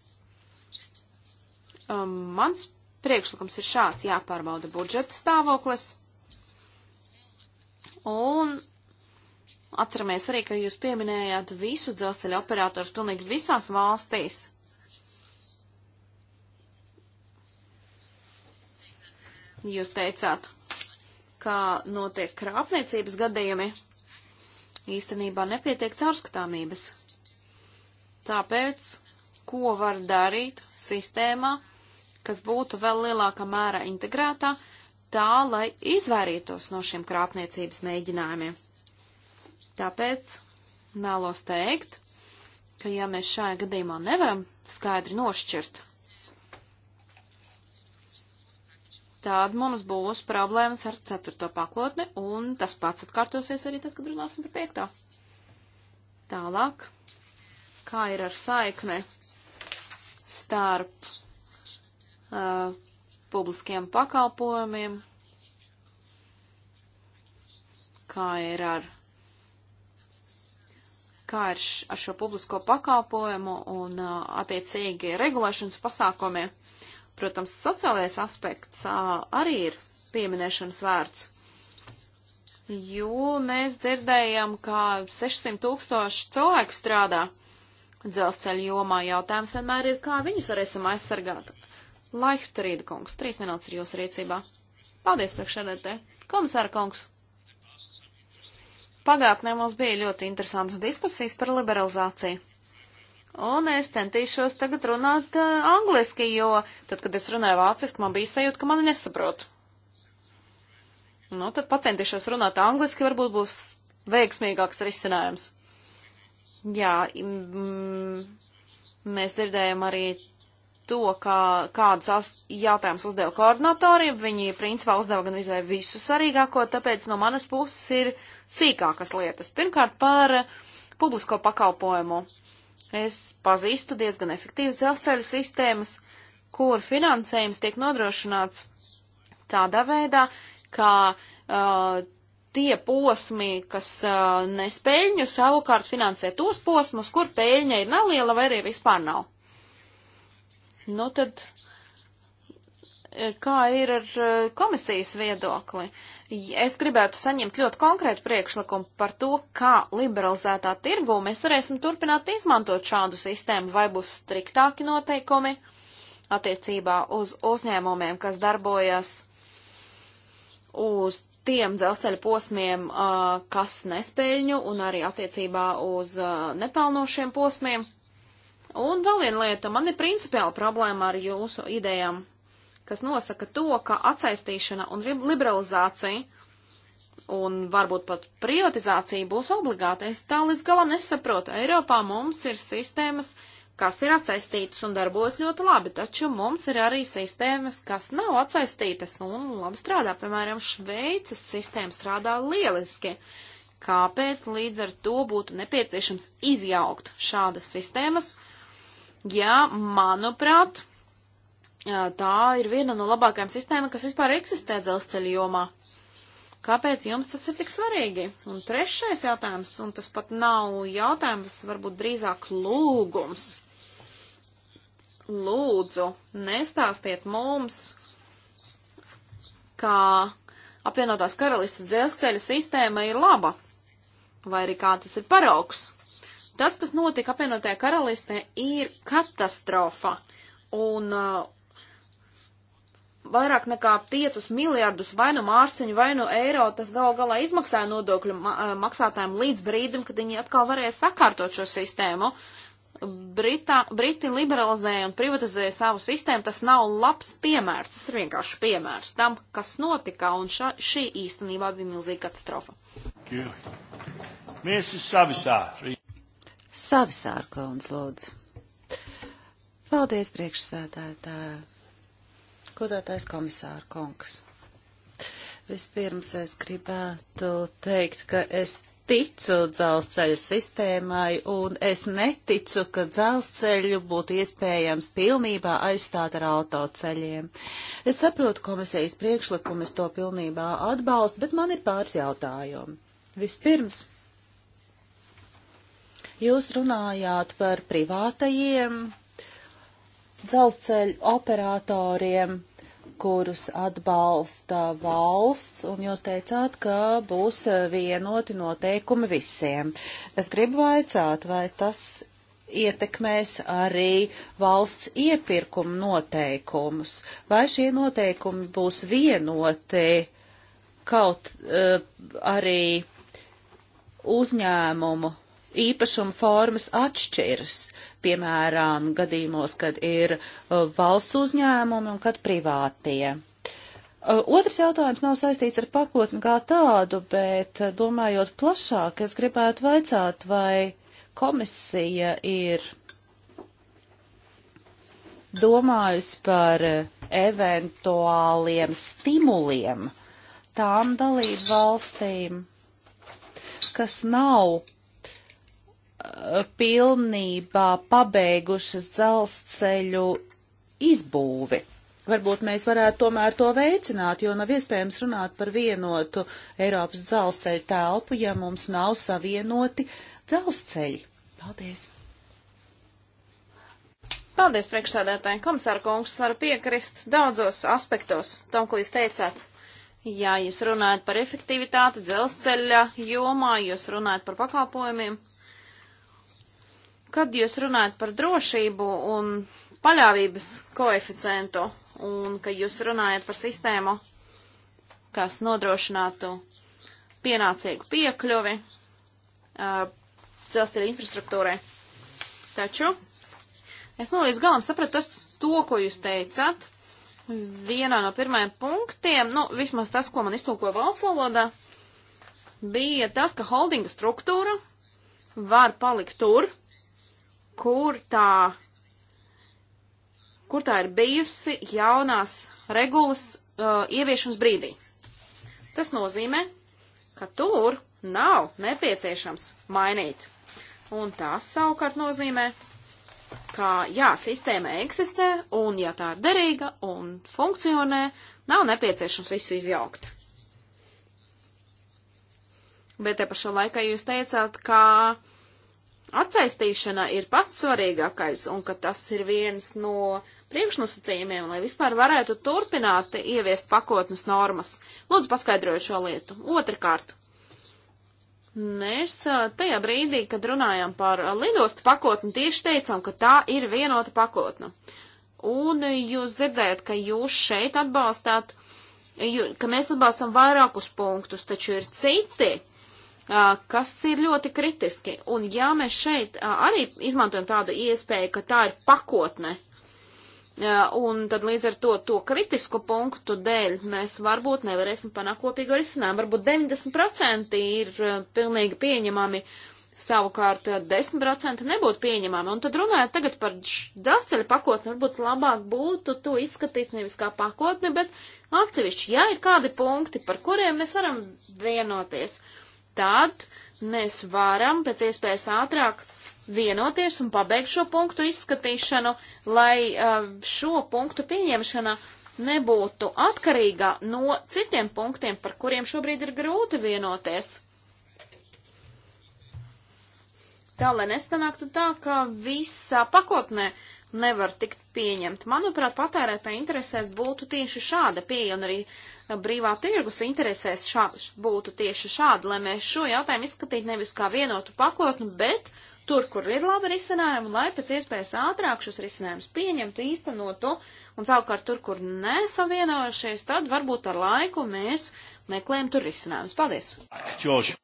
um, mans priekšlikums ir šāds - jāpārbauda budžeta stāvoklis. Un atceramies arī, ka jūs pieminējāt visus dzelzceļa operators pilnīgi visās valstīs. Jūs teicāt, kā notiek krāpniecības gadījumi, īstenībā nepietiek caurskatāmības. Tāpēc, ko var darīt sistēmā, kas būtu vēl lielākā mērā integrētā, tā, lai izvairītos no šiem krāpniecības mēģinājumiem. Tāpēc vēlos teikt, ka ja mēs šajā gadījumā nevaram skaidri nošķirt tad mums būs problēmas ar ceturto pakotni, un tas pats atkārtosies arī tad, kad runāsim par piektā. Tālāk, kā ir ar saikni starp uh, publiskiem pakalpojumiem, kā ir ar kā ir š, ar šo publisko pakalpojumu un uh, attiecīgi regulēšanas pasākumiem. Uh, Protams, sociālais aspekts arī ir pieminēšanas vērts, jo mēs dzirdējam, ka 600 tūkstoši cilvēku strādā dzelzceļa jomā. Jautājums vienmēr ir, kā viņus varēsim aizsargāt. Laihtarīda kungs, trīs minūtes ir jūsu rīcībā. Paldies, priekšsēdētē. Komisāra kungs. Pagātnē mums bija ļoti interesantas diskusijas par liberalizāciju. Un es centīšos tagad runāt uh, angliski, jo tad, kad es runāju vāciski, man bija sajūta, ka mani nesaprot. Nu, tad pacentīšos runāt angliski, varbūt būs veiksmīgāks risinājums. Jā, mm, mēs dzirdējam arī to, kā, kādus jautājumus uzdeva koordinatori. Viņi, principā, uzdeva gan visai visu svarīgāko, tāpēc no manas puses ir sīkākas lietas. Pirmkārt, par eh, publisko pakalpojumu. Uh, Es pazīstu diezgan efektīvas dzelzceļa sistēmas, kur finansējums tiek nodrošināts tādā veidā, ka uh, tie posmi, kas uh, nespēļņu, savukārt finansē tos posmus, kur pēļņa ir neliela vai arī vispār nav. Nu tad, eh, kā ir ar eh, komisijas viedokli? Uh, Es gribētu saņemt ļoti konkrētu priekšlikumu par to, kā liberalizētā tirgū mēs varēsim turpināt izmantot šādu sistēmu, vai būs striktāki noteikumi attiecībā uz uzņēmumiem, kas darbojas uz tiem dzelzceļa posmiem, kas nespēļņu, un arī attiecībā uz nepelnošiem posmiem. Un vēl viena lieta, man ir principiāla problēma ar jūsu idejām kas nosaka to, ka atsaistīšana un liberalizācija un varbūt pat privatizācija būs obligāta. Es tā līdz galam nesaprotu. Eiropā mums ir sistēmas, kas ir atsaistītas un darbojas ļoti labi, taču mums ir arī sistēmas, kas nav atsaistītas un labi strādā. Piemēram, Šveices sistēma strādā lieliski. Kāpēc līdz ar to būtu nepieciešams izjaukt šādas sistēmas? Ja, manuprāt, Jā, tā ir viena no labākajām sistēmām, kas vispār eksistē dzelzceļa jomā. Kāpēc jums tas ir tik svarīgi? Un trešais jautājums, un tas pat nav jautājums, varbūt drīzāk lūgums. Lūdzu, nestāstiet mums, kā apvienotās karalistas dzelzceļa sistēma ir laba, vai arī kā tas ir paraugs. Tas, kas notika apvienotajā karalistē, ir katastrofa. Un uh, vairāk nekā 5 miljardus vai nu mārciņu, vai nu eiro, tas gal galā izmaksāja nodokļu ma eh, maksātājiem līdz brīdim, kad viņi atkal varēja sakārtot šo sistēmu. Brita, Briti liberalizēja un privatizēja savu sistēmu, tas nav labs piemērs, tas ir vienkārši piemērs tam, kas notika, un ša, šī īstenībā bija milzīga katastrofa. Mēs esam savisāri. Savisāri, Kauns, lūdzu. Paldies, priekšsēdētāji. Godātais komisāra kungs. Vispirms es gribētu teikt, ka es ticu dzelzceļa sistēmai, un es neticu, ka dzelzceļu būtu iespējams pilnībā aizstāt ar autoceļiem. Es saprotu komisijas priekšlikumu, es to pilnībā atbalstu, bet man ir pāris jautājumu. Vispirms, jūs runājāt par privātajiem dzelzceļu operatoriem, kurus atbalsta valsts, un jūs teicāt, ka būs vienoti noteikumi visiem. Es gribu vaicāt, vai tas ietekmēs arī valsts iepirkuma noteikumus, vai šie noteikumi būs vienoti kaut uh, arī uzņēmumu īpašuma formas atšķiras, piemēram, gadījumos, kad ir uh, valsts uzņēmumi un kad privātie. Uh, otrs jautājums nav saistīts ar pakotni kā tādu, bet uh, domājot plašāk, es gribētu vaicāt, vai komisija ir domājusi par eventuāliem stimuliem tām dalību valstīm, kas nav pilnībā pabeigušas dzelzceļu izbūvi. Varbūt mēs varētu tomēr to veicināt, jo nav iespējams runāt par vienotu Eiropas dzelzceļu telpu, ja mums nav savienoti dzelzceļi. Paldies! Paldies, priekšsādētāji! Komisāra kungs var piekrist daudzos aspektos tam, ko jūs teicāt. Jā, jūs runājat par efektivitāti dzelzceļa jomā, jūs runājat par pakalpojumiem. Uh, Kad jūs runājat par drošību un paļāvības koeficientu, un kad jūs runājat par sistēmu, kas nodrošinātu pienācīgu piekļuvi uh, dzelzceļa infrastruktūrai. Taču es nu līdz galam sapratu tas, to, ko jūs teicat. Vienā no pirmajiem punktiem, nu, vismaz tas, ko man iztulkoja valsts valodā, bija tas, ka holdinga struktūra var palikt tur, kur tā, kur tā ir bijusi jaunās regulas uh, ieviešanas brīdī. Tas nozīmē, ka tur nav nepieciešams mainīt. Un tas savukārt nozīmē, ka jā, sistēma eksistē, un ja tā ir derīga un funkcionē, nav nepieciešams visu izjaukt. Bet te pašā laikā jūs teicāt, ka uh, atsaistīšana ir pats svarīgākais un ka tas ir viens no priekšnosacījumiem, lai vispār varētu turpināt ieviest pakotnes normas. Lūdzu, paskaidrojiet šo lietu. Otrakārt, mēs tajā brīdī, kad runājām par lidostu pakotni, tieši teicām, ka tā ir vienota pakotne. Un jūs dzirdējat, ka jūs šeit atbalstāt, ka mēs atbalstam vairākus punktus, taču ir citi kas ir ļoti kritiski. Un ja mēs šeit arī izmantojam tādu iespēju, ka tā ir pakotne, un tad līdz ar to to kritisko punktu dēļ mēs varbūt nevarēsim panākt kopīgu risinājumu. Varbūt 90% ir pilnīgi pieņemami, savukārt 10% nebūtu pieņemami. Un tad runājot tagad par dzelzceļa pakotni, varbūt labāk būtu to izskatīt nevis kā pakotni, bet atsevišķi, ja ir kādi punkti, par kuriem mēs varam vienoties. Uh, tad mēs varam pēc iespējas ātrāk vienoties un pabeigt šo punktu izskatīšanu, lai uh, šo punktu pieņemšana nebūtu atkarīga no citiem punktiem, par kuriem šobrīd ir grūti vienoties. Tā, lai nestanāktu tā, ka visā pakotnē uh, nevar tikt pieņemt. Manuprāt, patērētāja interesēs būtu tieši šāda pieeja, un arī eh, brīvā tirgus interesēs šā, būtu tieši šāda, lai mēs šo jautājumu izskatītu nevis kā vienotu pakotni, bet tur, kur ir labi risinājumi, lai pēc iespējas ātrāk šos risinājumus pieņemtu, īstenotu, un savukārt tur, kur nesavienojušies, tad varbūt ar laiku mēs meklējam tur risinājumus. Paldies! Čoši!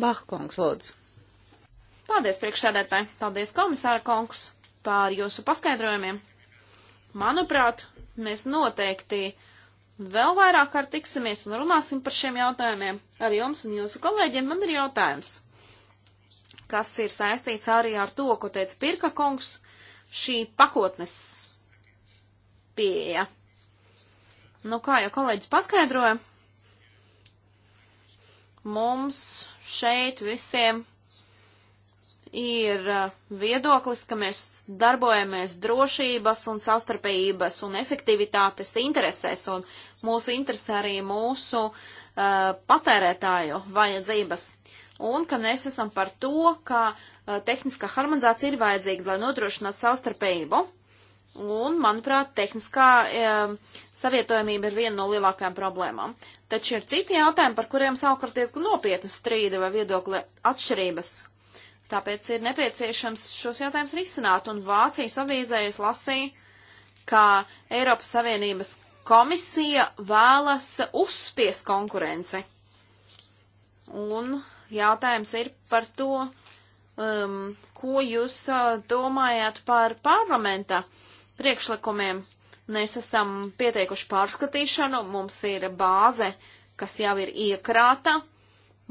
Bahkungs, lūdzu! Paldies, priekšsēdētāji! Paldies, komisāra kungs! par jūsu paskaidrojumiem. Manuprāt, mēs noteikti vēl vairāk kārt tiksimies un runāsim par šiem jautājumiem ar jums un jūsu kolēģiem. Man ir jautājums, kas ir saistīts arī ar to, ko teica Pirka kungs, šī pakotnes pieeja. Nu, kā jau kolēģis paskaidroja, mums šeit visiem ir uh, viedoklis, ka mēs darbojamies drošības un savstarpējības un efektivitātes interesēs, un mūsu interesē arī mūsu uh, patērētāju vajadzības, un ka mēs esam par to, ka uh, tehniskā harmonizācija ir vajadzīga, lai nodrošinātu savstarpējību, un, manuprāt, tehniskā uh, savietojamība ir viena no lielākajām problēmām. Taču ir citi jautājumi, par kuriem savukārt diezgan nopietni strīda vai viedokļa atšķirības, Tāpēc ir nepieciešams šos jautājumus risināt, un Vācijas avīzējas lasīja, ka Eiropas Savienības komisija vēlas uzspiest konkurenci. Un jautājums ir par to, um, ko jūs uh, domājat par parlamenta priekšlikumiem. Mēs esam pieteikuši pārskatīšanu, mums ir bāze, kas jau ir iekrāta,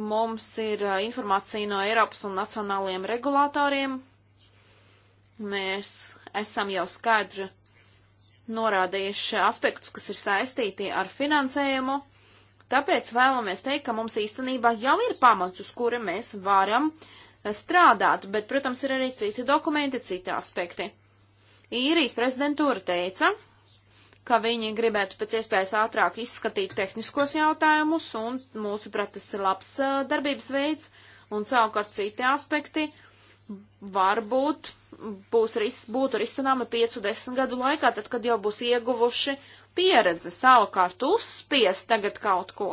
Mums ir informācija no Eiropas un nacionālajiem regulātoriem. Mēs esam jau skaidri norādījuši aspektus, kas ir saistīti ar finansējumu. Tāpēc vēlamies teikt, ka mums īstenībā jau ir pamats, uz kura mēs varam strādāt, bet, protams, ir arī citi dokumenti, citi aspekti. Īrijas prezidentūra teica, ka viņi gribētu pēc iespējas ātrāk izskatīt tehniskos jautājumus, un mūsuprāt tas ir labs uh, darbības veids, un savukārt citi aspekti varbūt būs, ris, būtu risināmi 5-10 gadu laikā, tad, kad jau būs ieguvuši pieredze, savukārt uzspies tagad kaut ko.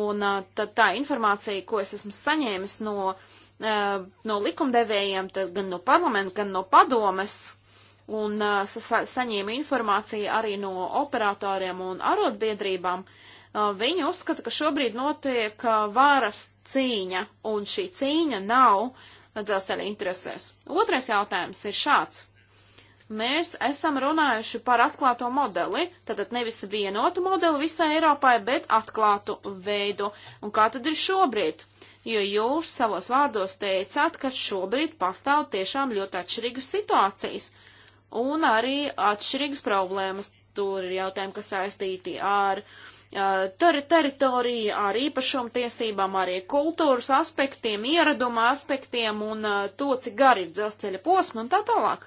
Un uh, tad tā informācija, ko es esmu saņēmis no, uh, no likumdevējiem, gan no parlamenta, gan no padomes, un sa saņēma informāciju arī no operatoriem un arotbiedrībām, viņi uzskata, ka šobrīd notiek vāras cīņa, un šī cīņa nav dzelzceļa interesēs. Otrais jautājums ir šāds. Mēs esam runājuši par atklāto modeli, tātad nevis vienotu modeli visai Eiropai, bet atklātu veidu. Un kā tad ir šobrīd? jo jūs savos vārdos teicāt, ka šobrīd pastāv tiešām ļoti atšķirīgas situācijas un arī atšķirīgas problēmas. Tur ir jautājumi, kas saistīti ar ter teritoriju, ar īpašumu tiesībām, arī kultūras aspektiem, ieraduma aspektiem un uh, to, cik gari ir dzelzceļa posma un tā tālāk.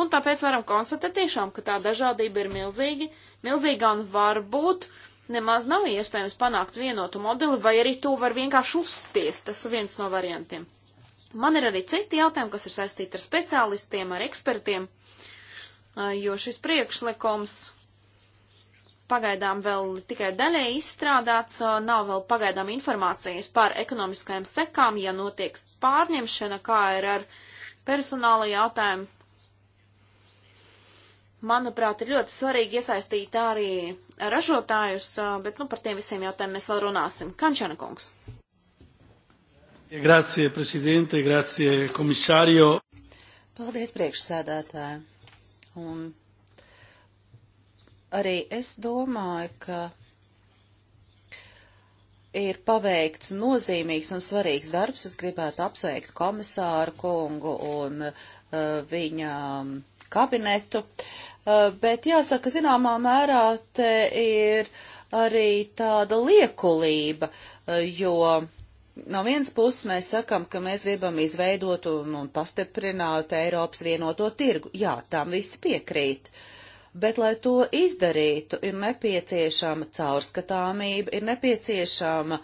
Un tāpēc varam konstatēt tiešām, ka tā dažādība ir milzīgi, milzīga un varbūt nemaz nav iespējams panākt vienotu modeli, vai arī to var vienkārši uzspiest. Tas ir viens no variantiem. Man ir arī citi jautājumi, kas ir saistīti ar speciālistiem, ar ekspertiem, jo šis priekšlikums pagaidām vēl tikai daļai izstrādāts, nav vēl pagaidām informācijas par ekonomiskajām sekām, ja notiek pārņemšana, kā ir ar personāla jautājumu. Manuprāt, ir ļoti svarīgi iesaistīt arī ražotājus, bet nu, par tiem visiem jautājumiem mēs vēl runāsim. Kančana kungs. Grazie, prezidente, grazie, komisārio. Paldies, priekšsēdētāji. Un arī es domāju, ka ir paveikts nozīmīgs un svarīgs darbs. Es gribētu apsveikt komisāru kungu un uh, viņa kabinetu. Uh, bet jāsaka, zināmā mērā te ir arī tāda liekulība, uh, jo no vienas puses mēs sakam, ka mēs gribam izveidot un, un pastiprināt Eiropas vienoto tirgu. Jā, tam visi piekrīt. Bet, lai to izdarītu, ir nepieciešama caurskatāmība, ir nepieciešama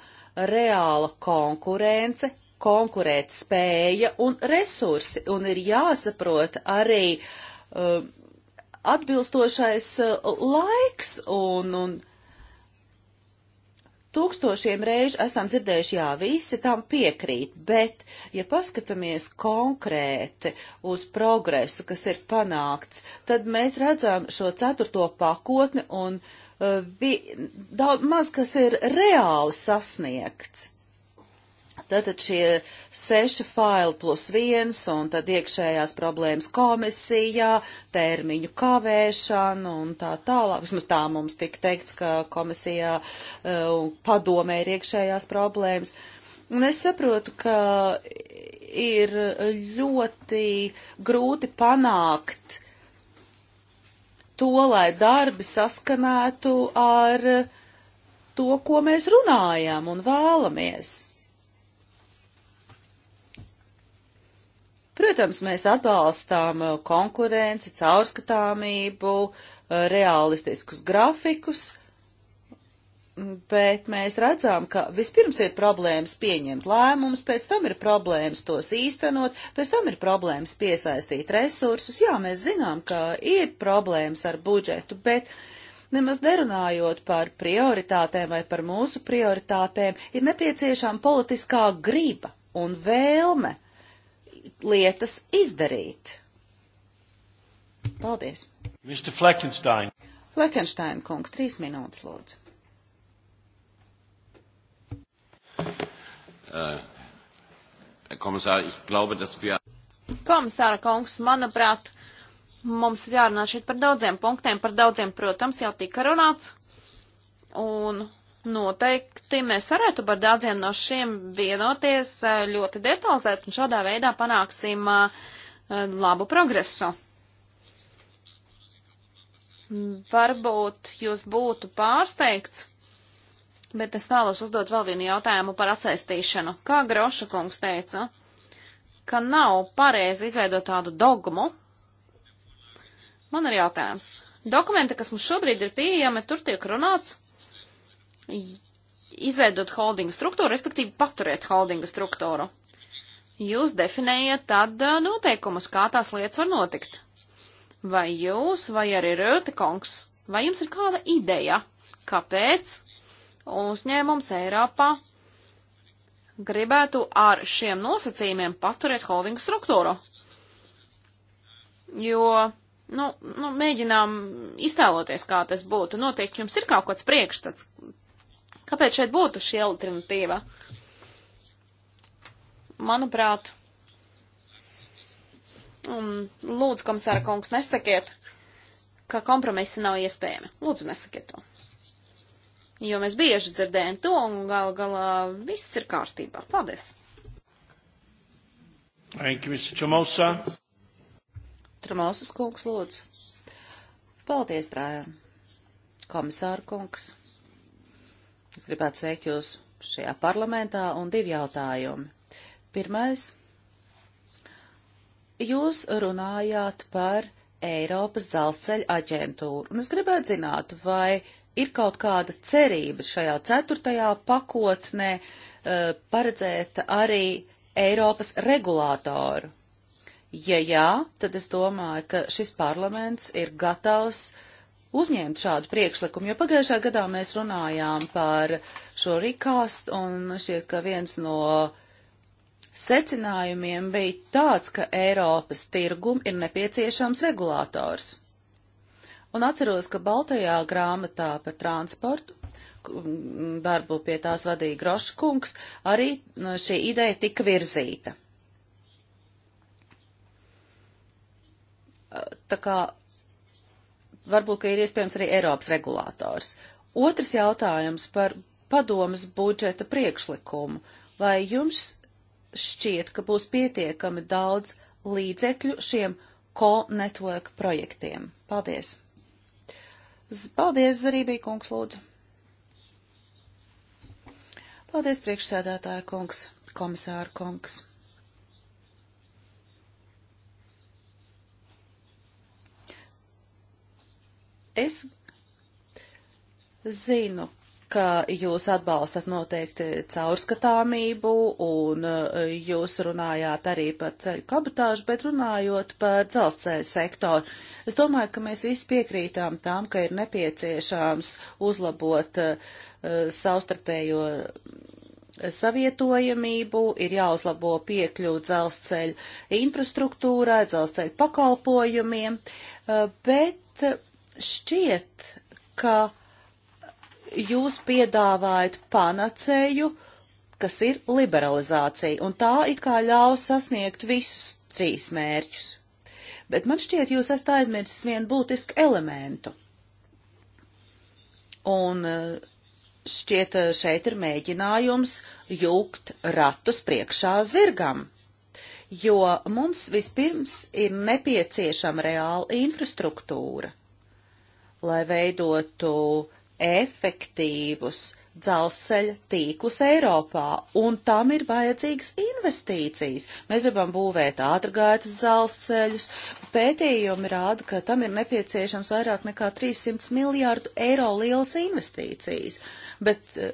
reāla konkurence, konkurēt spēja un resursi, un ir jāsaprot arī uh, atbilstošais uh, laiks un, un tūkstošiem reižu esam dzirdējuši, jā, visi tam piekrīt, bet, ja paskatāmies konkrēti uz progresu, kas ir panākts, tad mēs redzam šo ceturto pakotni un uh, vi, daudz maz, kas ir reāli sasniegts. Tātad šie seši faili plus viens un tad iekšējās problēmas komisijā, termiņu kavēšana un tā tālāk. Vismaz tā mums tika teikts, ka komisijā eh, un uh, padomē ir iekšējās problēmas. Un es saprotu, ka ir ļoti grūti panākt to, lai darbi saskanētu ar to, ko mēs runājam un vēlamies. Protams, mēs atbalstām uh, konkurenci, caurskatāmību, uh, realistiskus grafikus, bet mēs redzam, ka vispirms ir problēmas pieņemt lēmumus, pēc tam ir problēmas tos īstenot, pēc tam ir problēmas piesaistīt resursus. Jā, mēs zinām, ka ir problēmas ar budžetu, bet nemaz nerunājot par prioritātēm vai par mūsu prioritātēm, ir nepieciešama politiskā griba un vēlme lietas izdarīt. Paldies. Mr. Fleckenstein. Fleckenstein kungs, trīs minūtes lūdzu. Uh, komisār, glaube, wir... Komisāra kungs, manuprāt, mums ir jārunā šeit par daudziem punktiem, par daudziem, protams, jau tika runāts. Un Noteikti mēs varētu par daudziem no šiem vienoties eh, ļoti detalizēt, un šādā veidā panāksim eh, labu progresu. Varbūt jūs būtu pārsteigts, bet es vēlos uzdot vēl vienu jautājumu par atsaistīšanu. Kā Groša kungs teica, ka nav pareizi izveidot tādu dogmu, man ir jautājums. Dokumenti, kas mums šobrīd ir pieejami, tur tiek runāts izveidot holdinga struktūru, respektīvi paturēt holdinga struktūru. Jūs definējat tad noteikumus, kā tās lietas var notikt. Vai jūs, vai arī Rötekongs, vai jums ir kāda ideja, kāpēc uzņēmums Eiropā gribētu ar šiem nosacījumiem paturēt holdinga struktūru? Jo, nu, nu, mēģinām iztēloties, kā tas būtu. Noteikti jums ir kaut kāds priekšstats Kāpēc šeit būtu šī alternatīva? Manuprāt, un lūdzu, komisāra kungs, nesakiet, ka kompromisi nav iespējami. Lūdzu, nesakiet to. Jo mēs bieži dzirdējam to, un gal galā viss ir kārtībā. Paldies! Thank you, Mr. Čamosā. Tramosas kungs, lūdzu. Paldies, Brājā. Komisāra kungs. Es gribētu sveikt jūs šajā parlamentā un divi jautājumi. Pirmais. Jūs runājāt par Eiropas dzelzceļa aģentūru, un es gribētu zināt, vai ir kaut kāda cerība šajā ceturtajā pakotnē uh, paredzēt arī Eiropas regulātoru. Ja jā, tad es domāju, ka šis parlaments ir gatavs uh, uzņemt šādu priekšlikumu, jo pagājušā gadā mēs runājām par šo rikāstu un šķiet, ka viens no secinājumiem bija tāds, ka Eiropas tirgum ir nepieciešams regulators. Un atceros, ka Baltajā grāmatā par transportu darbu pie tās vadīja Groškungs, arī šī ideja tika virzīta. Tā kā varbūt, ka ir iespējams arī Eiropas regulators. Otrs jautājums par padomas budžeta priekšlikumu. Vai jums šķiet, ka būs pietiekami daudz līdzekļu šiem co-network projektiem? Paldies! Paldies, Zarībī kungs, lūdzu! Paldies, priekšsēdētāja kungs, komisāra kungs! Es zinu, ka jūs atbalstat noteikti caurskatāmību un e, jūs runājāt arī par ceļu kabatāžu, bet runājot par dzelzceļa sektoru, es domāju, ka mēs visi piekrītām tam, ka ir nepieciešams uzlabot uh, savstarpējo savietojamību, ir jāuzlabo piekļuvu dzelzceļa infrastruktūrai, dzelzceļa pakalpojumiem, uh, bet Šķiet, ka jūs piedāvājat panacēju, kas ir liberalizācija, un tā it kā ļaus sasniegt visus trīs mērķus. Bet man šķiet, jūs esat aizmirsis vienu būtisku elementu. Un eh, šķiet, eh, šeit ir mēģinājums jūgt ratus priekšā zirgam. Jo mums vispirms ir nepieciešama reāla infrastruktūra lai veidotu efektīvus dzelzceļa tīklus Eiropā, un tam ir vajadzīgas investīcijas. Mēs gribam būvēt ātrgaitas dzelzceļus. Pētījumi rāda, ka tam ir nepieciešams vairāk nekā 300 miljārdu eiro lielas investīcijas, bet uh,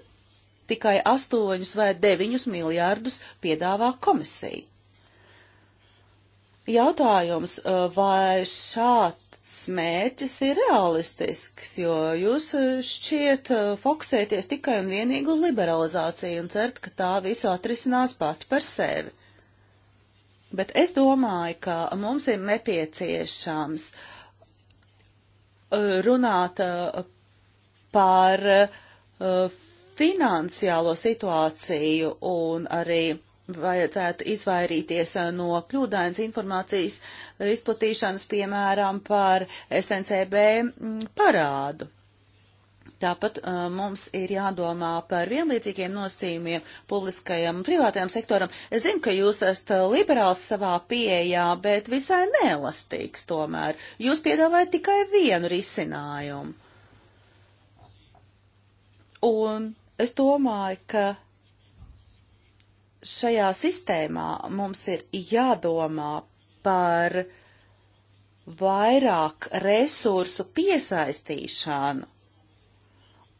tikai 8 vai 9 miljārdus piedāvā komisija. Jautājums, eh, vai šāds smērķis ir realistisks, jo jūs e, šķiet e, fokusēties tikai un vienīgi uz liberalizāciju un cert, ka tā visu atrisinās pati par sevi. Bet es domāju, ka mums ir nepieciešams e, runāt par finansiālo situāciju un arī vajadzētu izvairīties uh, no kļūdainas informācijas izplatīšanas, piemēram, par SNCB mm, parādu. Tāpat uh, mums ir jādomā par vienlīdzīgiem nosacījumiem publiskajam un privātajam sektoram. Es zinu, ka jūs esat liberāls savā pieejā, bet visai neelastīgs tomēr. Jūs piedāvājat tikai vienu risinājumu. Un es domāju, ka šajā sistēmā mums ir jādomā par vairāk resursu piesaistīšanu.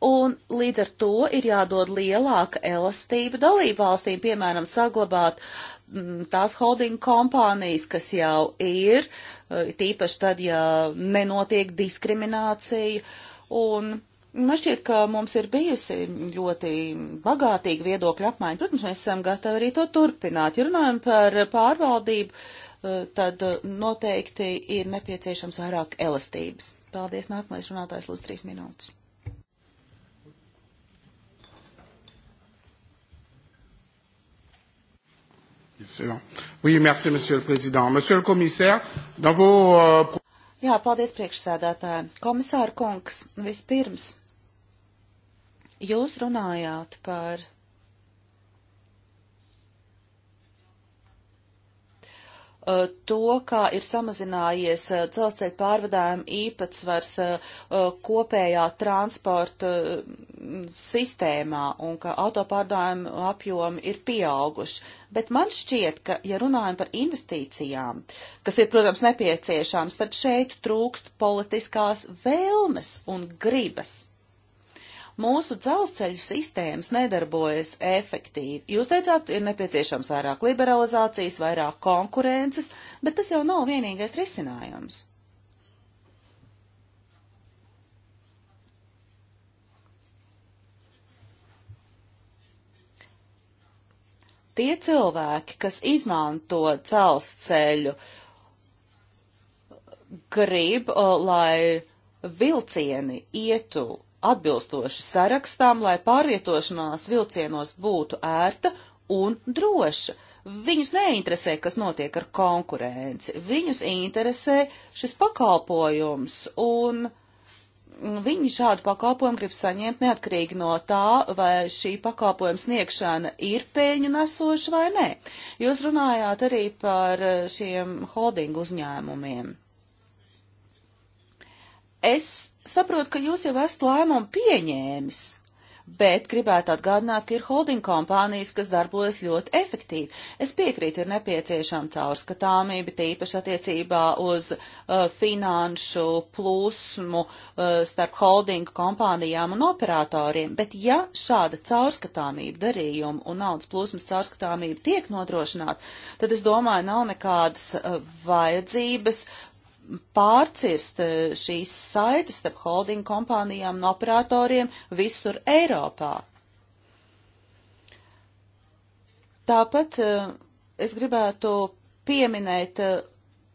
Un līdz ar to ir jādod lielāka elastība dalību valstīm, piemēram, saglabāt m, mm, tās holding kompānijas, kas jau ir, tīpaši tad, ja nenotiek diskriminācija. Un Man šķiet, ka mums ir bijusi ļoti bagātīga viedokļa apmaiņa. Protams, mēs esam gatavi arī to turpināt. Ja runājam par pārvaldību, eh, tad eh, noteikti ir nepieciešams vairāk elastības. Paldies, nākamais runātājs, lūdzu, trīs minūtes. Excellent. Oui, merci, Monsieur le Président. Monsieur le Commissaire, dans vos... Euh, Jā, paldies priekšsēdētāji. Komisāra kungs, vispirms Jūs runājāt par to, kā ir samazinājies dzelzceļa pārvadājuma īpatsvars kopējā transporta sistēmā un ka autopārdājuma apjomi ir pieauguši. Bet man šķiet, ka, ja runājam par investīcijām, kas ir, protams, nepieciešams, tad šeit trūkst politiskās vēlmes un gribas mūsu dzelzceļu sistēmas nedarbojas efektīvi. Jūs teicāt, ir nepieciešams vairāk liberalizācijas, vairāk konkurences, bet tas jau nav vienīgais risinājums. Tie cilvēki, kas izmanto dzelzceļu, grib, uh, lai vilcieni ietu atbilstoši sarakstām, lai pārvietošanās vilcienos būtu ērta un droša. Viņus neinteresē, kas notiek ar konkurenci, viņus interesē šis pakalpojums, un viņi šādu pakalpojumu grib saņemt neatkarīgi no tā, vai šī pakalpojuma sniegšana ir peļņu nesoša vai nē. Jūs runājāt arī par šiem holdingu uzņēmumiem. Es saprotu, ka jūs jau esat lēmumu pieņēmis, bet gribētu atgādināt, ka ir holding kompānijas, kas darbojas ļoti efektīvi. Es piekrītu, ir nepieciešama caurskatāmība, tīpaši attiecībā uz uh, finanšu plūsmu uh, starp holding kompānijām un operatoriem, bet ja šāda caurskatāmība darījuma un naudas plūsmas caurskatāmība tiek nodrošināta, tad es domāju, nav nekādas uh, vajadzības pārcirst e, šīs saites starp holding kompānijām un operatoriem visur Eiropā. Tāpat e, es gribētu pieminēt e,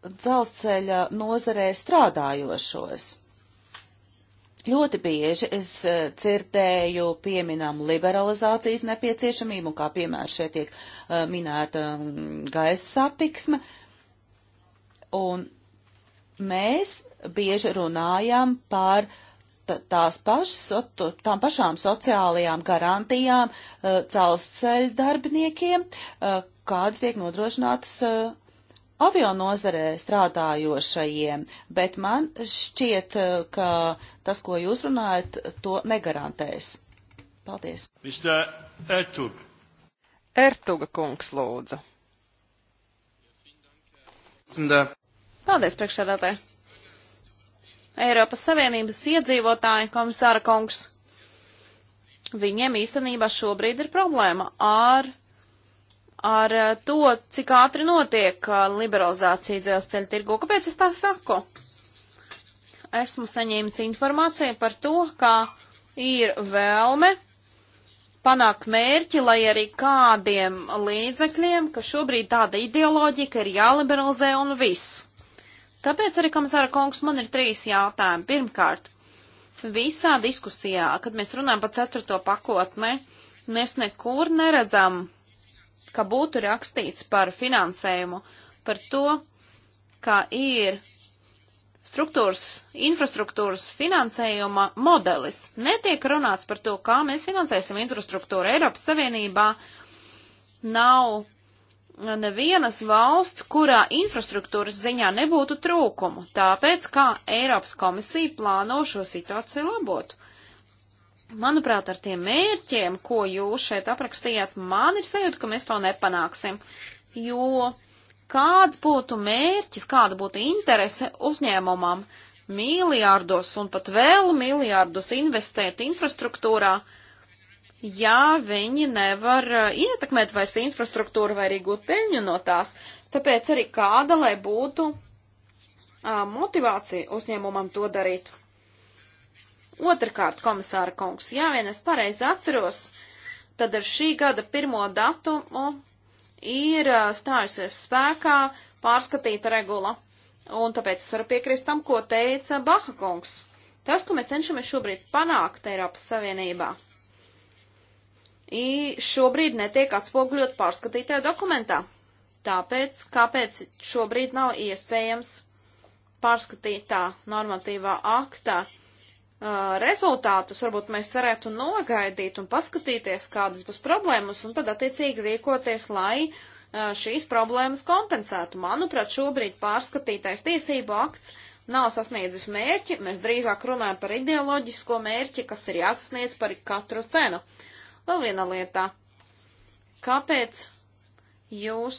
dzelzceļa nozarē strādājošos. Ļoti bieži es dzirdēju pieminām liberalizācijas nepieciešamību, un kā piemēra šeit tiek minēta mm, gaisa sapiksme. Un mēs bieži runājam par tās pašas, tām pašām sociālajām garantijām celsceļu uh, darbiniekiem, uh, kādas tiek nodrošinātas uh, avio nozarē strādājošajiem, bet man šķiet, ka tas, ko jūs runājat, to negarantēs. Paldies. Mr. Ertug. Ertuga kungs lūdzu. Paldies, priekšsēdētāji! Eiropas Savienības iedzīvotāji, komisāra kungs, viņiem īstenībā šobrīd ir problēma ar, ar eh, to, cik ātri notiek eh, liberalizācija dzelzceļa tirgu. Kāpēc es tā saku? Esmu saņēmis informāciju par to, ka ir vēlme panākt mērķi, lai arī kādiem līdzekļiem, ka šobrīd tāda ideoloģija, ka ir jāliberalizē un viss. Tāpēc arī, komisāra kungs, man ir trīs jautājumi. Pirmkārt, visā diskusijā, kad mēs runājam par ceturto pakotni, mēs nekur neredzam, ka būtu rakstīts par finansējumu, par to, ka ir struktūras, infrastruktūras finansējuma modelis. Netiek runāts par to, kā mēs finansēsim infrastruktūru Eiropas Savienībā. Nav nevienas valsts, kurā infrastruktūras ziņā nebūtu trūkumu. Tāpēc, kā Eiropas komisija plāno šo situāciju labot? Manuprāt, ar tiem mērķiem, ko jūs šeit aprakstījāt, man ir sajūta, ka mēs to nepanāksim. Jo kāds būtu mērķis, kāda būtu interese uzņēmumam miljārdos un pat vēl miljārdus investēt infrastruktūrā, uh, ja viņi nevar uh, ietekmēt vairs infrastruktūru vai arī gūt peļņu no tās. Tāpēc arī kāda, lai būtu a, uh, motivācija uzņēmumam to darīt. Otrakārt, komisāra kungs, jā, vien es pareizi atceros, tad ar šī gada pirmo datumu ir uh, stājusies spēkā pārskatīta regula. Un tāpēc es varu piekrist tam, ko teica Baha kungs. Tas, ko mēs cenšamies šobrīd panākt Eiropas Savienībā, šobrīd netiek atspoguļot pārskatītajā dokumentā. Tāpēc, kāpēc šobrīd nav iespējams pārskatītā normatīvā aktā uh, rezultātus, varbūt mēs varētu nogaidīt un paskatīties, kādas būs problēmas, un tad attiecīgi rīkoties, lai uh, šīs problēmas kompensētu. Manuprāt, šobrīd pārskatītais tiesību akts nav sasniedzis mērķi, mēs drīzāk runājam par ideoloģisko mērķi, kas ir jāsasniedz par katru cenu. Uh, Vēl viena lietā. Kāpēc jūs,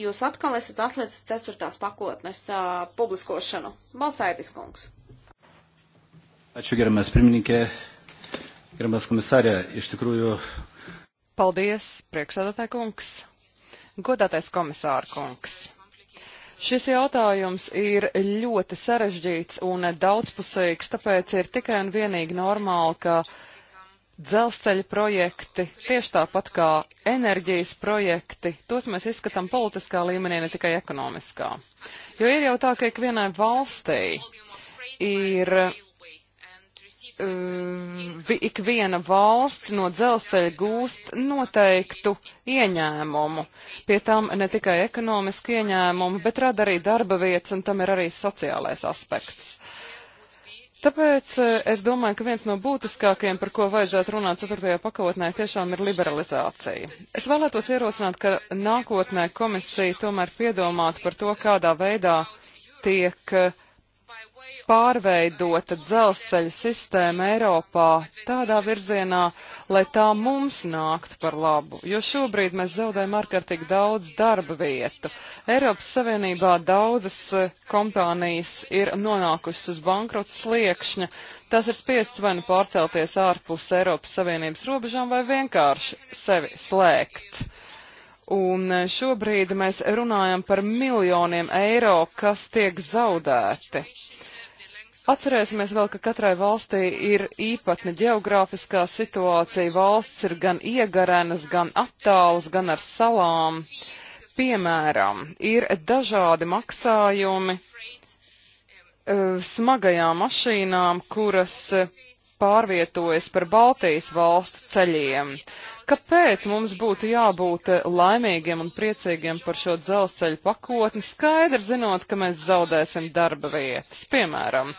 jūs atkal esat atlicis ceturtās pakotnes uh, publiskošanu? Balsaitis kungs. Ačiū, gerbiamas pirmininkė, gerbiamas komisarė, iš tikrųjų. Paldies, priekšsēdētāj kungs. Godātais komisāra kungs. Šis jautājums ir ļoti sarežģīts un daudzpusīgs, tāpēc ir tikai un vienīgi normāli, ka dzelzceļa projekti, tieši tāpat kā enerģijas projekti, tos mēs izskatām politiskā līmenī, ne tikai ekonomiskā. Jo ir jau tā, ka ikvienai valstī ir uh, ik viena valsts no dzelzceļa gūst noteiktu ieņēmumu. Pie tam ne tikai ekonomiski ieņēmumu, bet rada arī darba vietas, un tam ir arī sociālais aspekts. Uh, Tāpēc eh, es domāju, ka viens no būtiskākajiem, par ko vajadzētu runāt 4. pakotnē, tiešām ir liberalizācija. Es vēlētos ierosināt, ka nākotnē komisija tomēr piedomātu par to, kādā veidā tiek uh, pārveidota dzelzceļa sistēma Eiropā tādā virzienā, lai tā mums nāktu par labu, jo šobrīd mēs zaudējam ārkārtīgi daudz darba vietu. Eiropas Savienībā daudzas eh, kompānijas ir nonākušas uz bankrota sliekšņa, tās ir spiests vai nu pārcelties ārpus Eiropas Savienības robežām vai vienkārši sevi slēgt. Un eh, šobrīd mēs runājam par miljoniem eiro, kas tiek zaudēti. Atcerēsimies vēl, ka katrai valstī ir īpatne geogrāfiskā situācija. Valsts ir gan iegarenas, gan attālas, gan ar salām. Piemēram, ir dažādi maksājumi eh, smagajām mašīnām, kuras eh, pārvietojas par Baltijas valstu ceļiem. Kāpēc mums būtu jābūt eh, laimīgiem un priecīgiem par šo dzelzceļu pakotni, skaidri zinot, ka mēs zaudēsim darba vietas? Piemēram,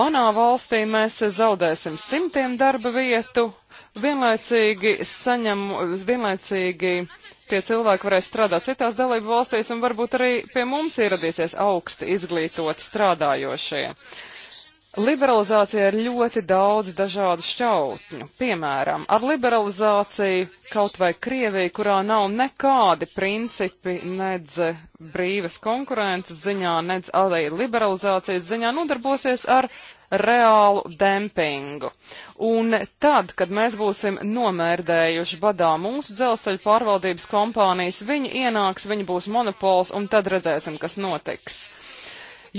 manā valstī mēs zaudēsim simtiem darba vietu, vienlaicīgi saņem, vienlaicīgi tie cilvēki varēs strādāt citās dalību valstīs un varbūt arī pie mums ieradīsies augsti izglītoti strādājošie. Uh, Liberalizācija ir ļoti daudz dažādu šķautņu. Piemēram, ar liberalizāciju kaut vai Krievija, kurā nav nekādi principi nedz brīvas konkurences ziņā, nedz arī liberalizācijas ziņā, nodarbosies ar reālu dempingu. Un tad, kad mēs būsim nomērdējuši badā mūsu dzelzceļa pārvaldības kompānijas, viņi ienāks, viņi būs monopols, un tad redzēsim, kas notiks.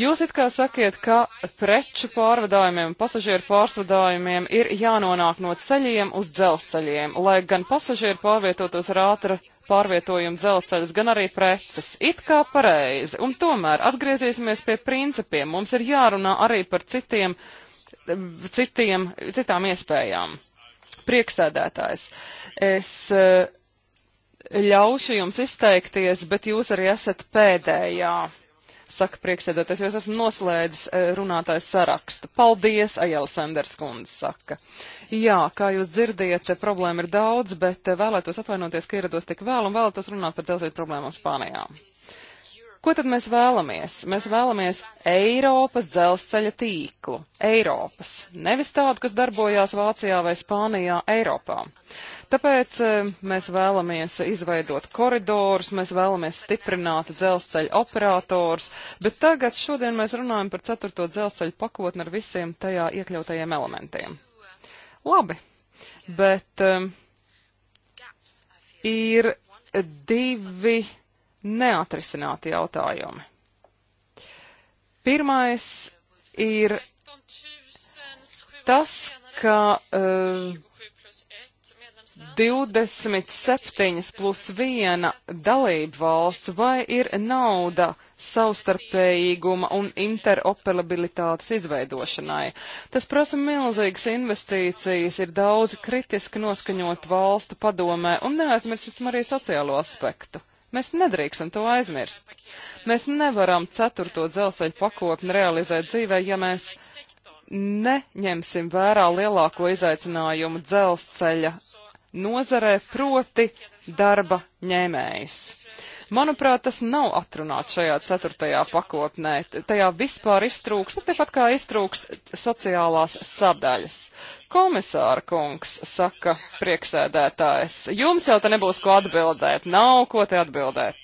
Jūs it kā sakiet, ka preču pārvadājumiem, pasažieru pārvadājumiem ir jānonāk no ceļiem uz dzelzceļiem, lai gan pasažieru pārvietotos ar ātru pārvietojumu dzelzceļus, gan arī preces. It kā pareizi. Un tomēr atgriezīsimies pie principiem. Mums ir jārunā arī par citiem, citiem, citām iespējām. Prieksēdētājs. Es eh, ļaušu jums izteikties, bet jūs arī esat pēdējā saka prieksēdētais, jo es esmu noslēdzis eh, runātājs sarakstu. Paldies, Ajala Sanders kundze saka. Jā, kā jūs dzirdiet, problēma ir daudz, bet eh, vēlētos atvainoties, ka ierados tik vēl un vēlētos runāt par dzelzīt problēmām Spānijā. Ko tad mēs vēlamies? Mēs vēlamies Eiropas dzelzceļa tīklu. Eiropas. Nevis tādu, kas darbojās Vācijā vai Spānijā, Eiropā. Tāpēc e, mēs vēlamies izveidot koridorus, mēs vēlamies stiprināt dzelzceļa operators, bet tagad šodien mēs runājam par ceturto dzelzceļa pakotni ar visiem tajā iekļautajiem elementiem. Labi, bet um, ir divi neatrisināti jautājumi. Pirmais ir tas, ka uh, eh, 27 plus 1 dalību valsts vai ir nauda savstarpējīguma un interoperabilitātes izveidošanai. Tas prasa milzīgas investīcijas, ir daudz kritiski noskaņot valstu padomē un neaizmirsīsim arī sociālo aspektu. Mēs nedrīkstam to aizmirst. Mēs nevaram ceturto dzelzceļa pakopni realizēt dzīvē, ja mēs neņemsim vērā lielāko izaicinājumu dzelzceļa nozarē, proti darba ņēmējs. Manuprāt, tas nav atrunāts šajā ceturtajā pakotnē. Tajā vispār iztrūks, nu, tāpat kā iztrūks sociālās sadaļas komisāra kungs, saka prieksēdētājs. Jums jau te nebūs ko atbildēt, nav ko te atbildēt.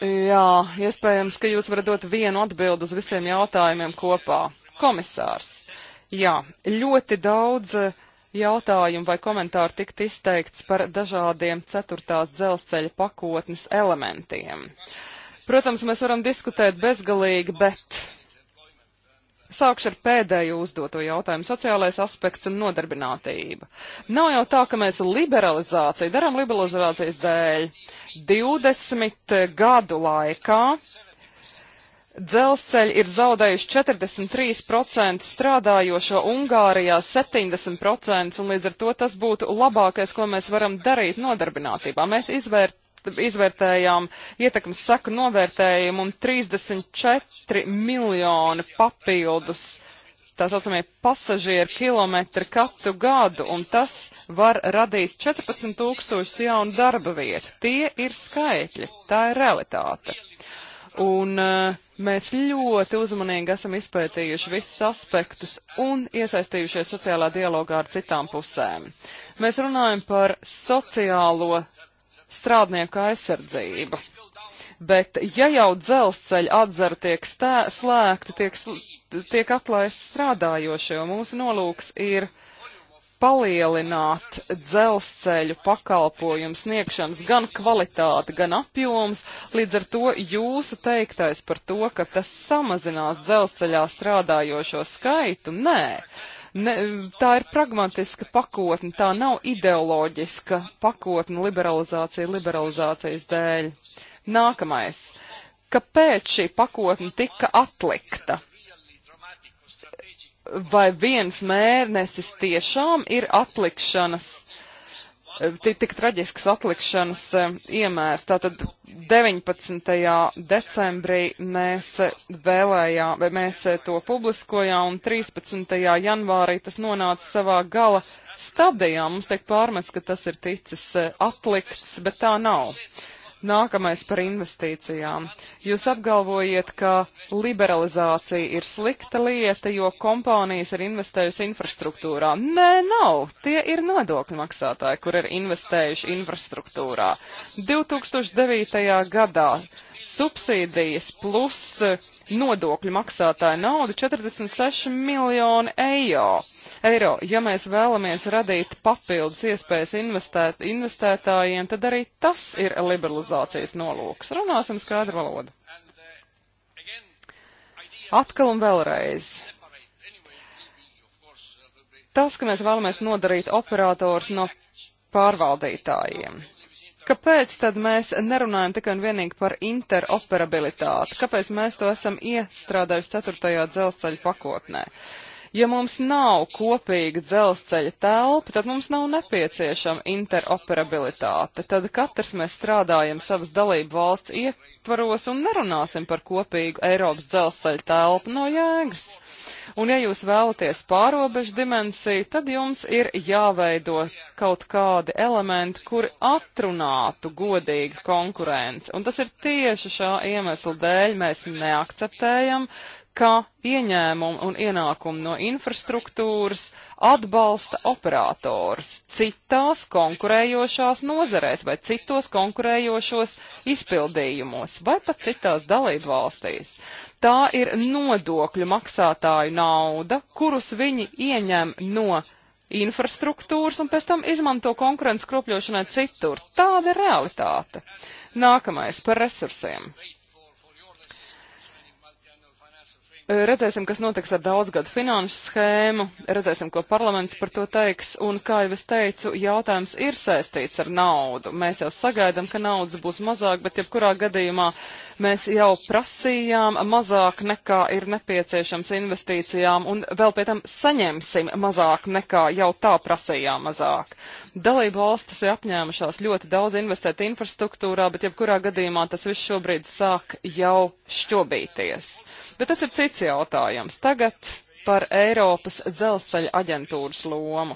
Jā, iespējams, ka jūs varat dot vienu atbildu uz visiem jautājumiem kopā. Komisārs. Jā, ļoti daudz jautājumu vai komentāru tikt izteikts par dažādiem ceturtās dzelzceļa pakotnes elementiem. Protams, mēs varam diskutēt bezgalīgi, bet Sākšu ar pēdējo uzdoto jautājumu - sociālais aspekts un nodarbinātība. Nav jau tā, ka mēs liberalizāciju darām liberalizācijas dēļ. 20 gadu laikā dzelzceļi ir zaudējuši 43% strādājošo Ungārijā 70%, un līdz ar to tas būtu labākais, ko mēs varam darīt nodarbinātībā. Mēs izvērt, izvērtējām ietekmes saku novērtējumu un 34 miljoni papildus tā saucamie pasažieru kilometri katru gadu, un tas var radīt 14 tūkstošus jaunu darba vietu. Tie ir skaitļi, tā ir realitāte. Un uh, mēs ļoti uzmanīgi esam izpētījuši visus aspektus un iesaistījušies sociālā dialogā ar citām pusēm. Mēs runājam par sociālo strādnieku aizsardzība. Bet, ja jau dzelzceļa atzara tiek stē, slēgta, tiek, tiek atlaisti strādājošie, un mūsu nolūks ir palielināt dzelzceļu pakalpojumu sniegšanas gan kvalitāti, gan apjoms. Līdz ar to jūsu teiktais par to, ka tas samazinās dzelzceļā strādājošo skaitu, nē. Ne, tā ir pragmatiska pakotne, tā nav ideoloģiska pakotne liberalizācija liberalizācijas dēļ. Nākamais. Kāpēc šī pakotne tika atlikta? Vai viens mērnesis tiešām ir atlikšanas tik traģisks atlikšanas e, iemērs. Tātad 19. decembrī mēs e, vēlējām, vai mēs e, to publiskojām, un 13. janvārī tas nonāca savā gala stadijā. Mums tiek pārmest, ka tas ir ticis atlikts, bet tā nav. Nākamais par investīcijām. Jūs apgalvojiet, ka liberalizācija ir slikta lieta, jo kompānijas ir investējusi infrastruktūrā. Nē, nav. Tie ir nodokļu maksātāji, kur ir investējuši infrastruktūrā. 2009. gadā subsīdijas plus eh, nodokļu maksātāju naudu 46 miljoni eiro. eiro. Ja mēs vēlamies radīt papildus iespējas investēt, investētājiem, tad arī tas ir liberalizācijas nolūks. Runāsim skaidru valodu. Atkal un vēlreiz. Tas, ka mēs vēlamies nodarīt operators no pārvaldītājiem. Kāpēc tad mēs nerunājam tikai un vienīgi par interoperabilitāti? Kāpēc mēs to esam iestrādājuši ceturtajā dzelzceļa pakotnē? Ja mums nav kopīga dzelzceļa telpa, tad mums nav nepieciešama interoperabilitāte. Tad katrs mēs strādājam savas dalību valsts ietvaros un nerunāsim par kopīgu Eiropas dzelzceļa telpu no jēgas. Un ja jūs vēlaties pārobežu dimensiju, tad jums ir jāveido kaut kādi elementi, kuri atrunātu godīgu konkurenci. Un tas ir tieši šā iemesla dēļ mēs neakceptējam, ka ieņēmumu un ienākumu no infrastruktūras atbalsta operators citās konkurējošās nozarēs vai citos konkurējošos izpildījumos vai pat citās dalībvalstīs. Tā ir nodokļu maksātāju nauda, kurus viņi ieņem no infrastruktūras un pēc tam izmanto konkurences kropļošanai citur. Tāda ir realitāte. Nākamais par resursiem. Redzēsim, kas notiks ar daudzgadu finanšu schēmu, redzēsim, ko parlaments par to teiks, un, kā jau es teicu, jautājums ir saistīts ar naudu. Mēs jau sagaidām, ka naudas būs mazāk, bet jebkurā gadījumā uh, Mēs jau prasījām mazāk nekā ir nepieciešams investīcijām un vēl pēc tam saņemsim mazāk nekā jau tā prasījām mazāk. Dalību valstis ir apņēmušās ļoti daudz investēt infrastruktūrā, bet jebkurā gadījumā tas viss šobrīd sāk jau šķobīties. Bet tas ir cits jautājums. Tagad par Eiropas dzelzceļa aģentūras lomu.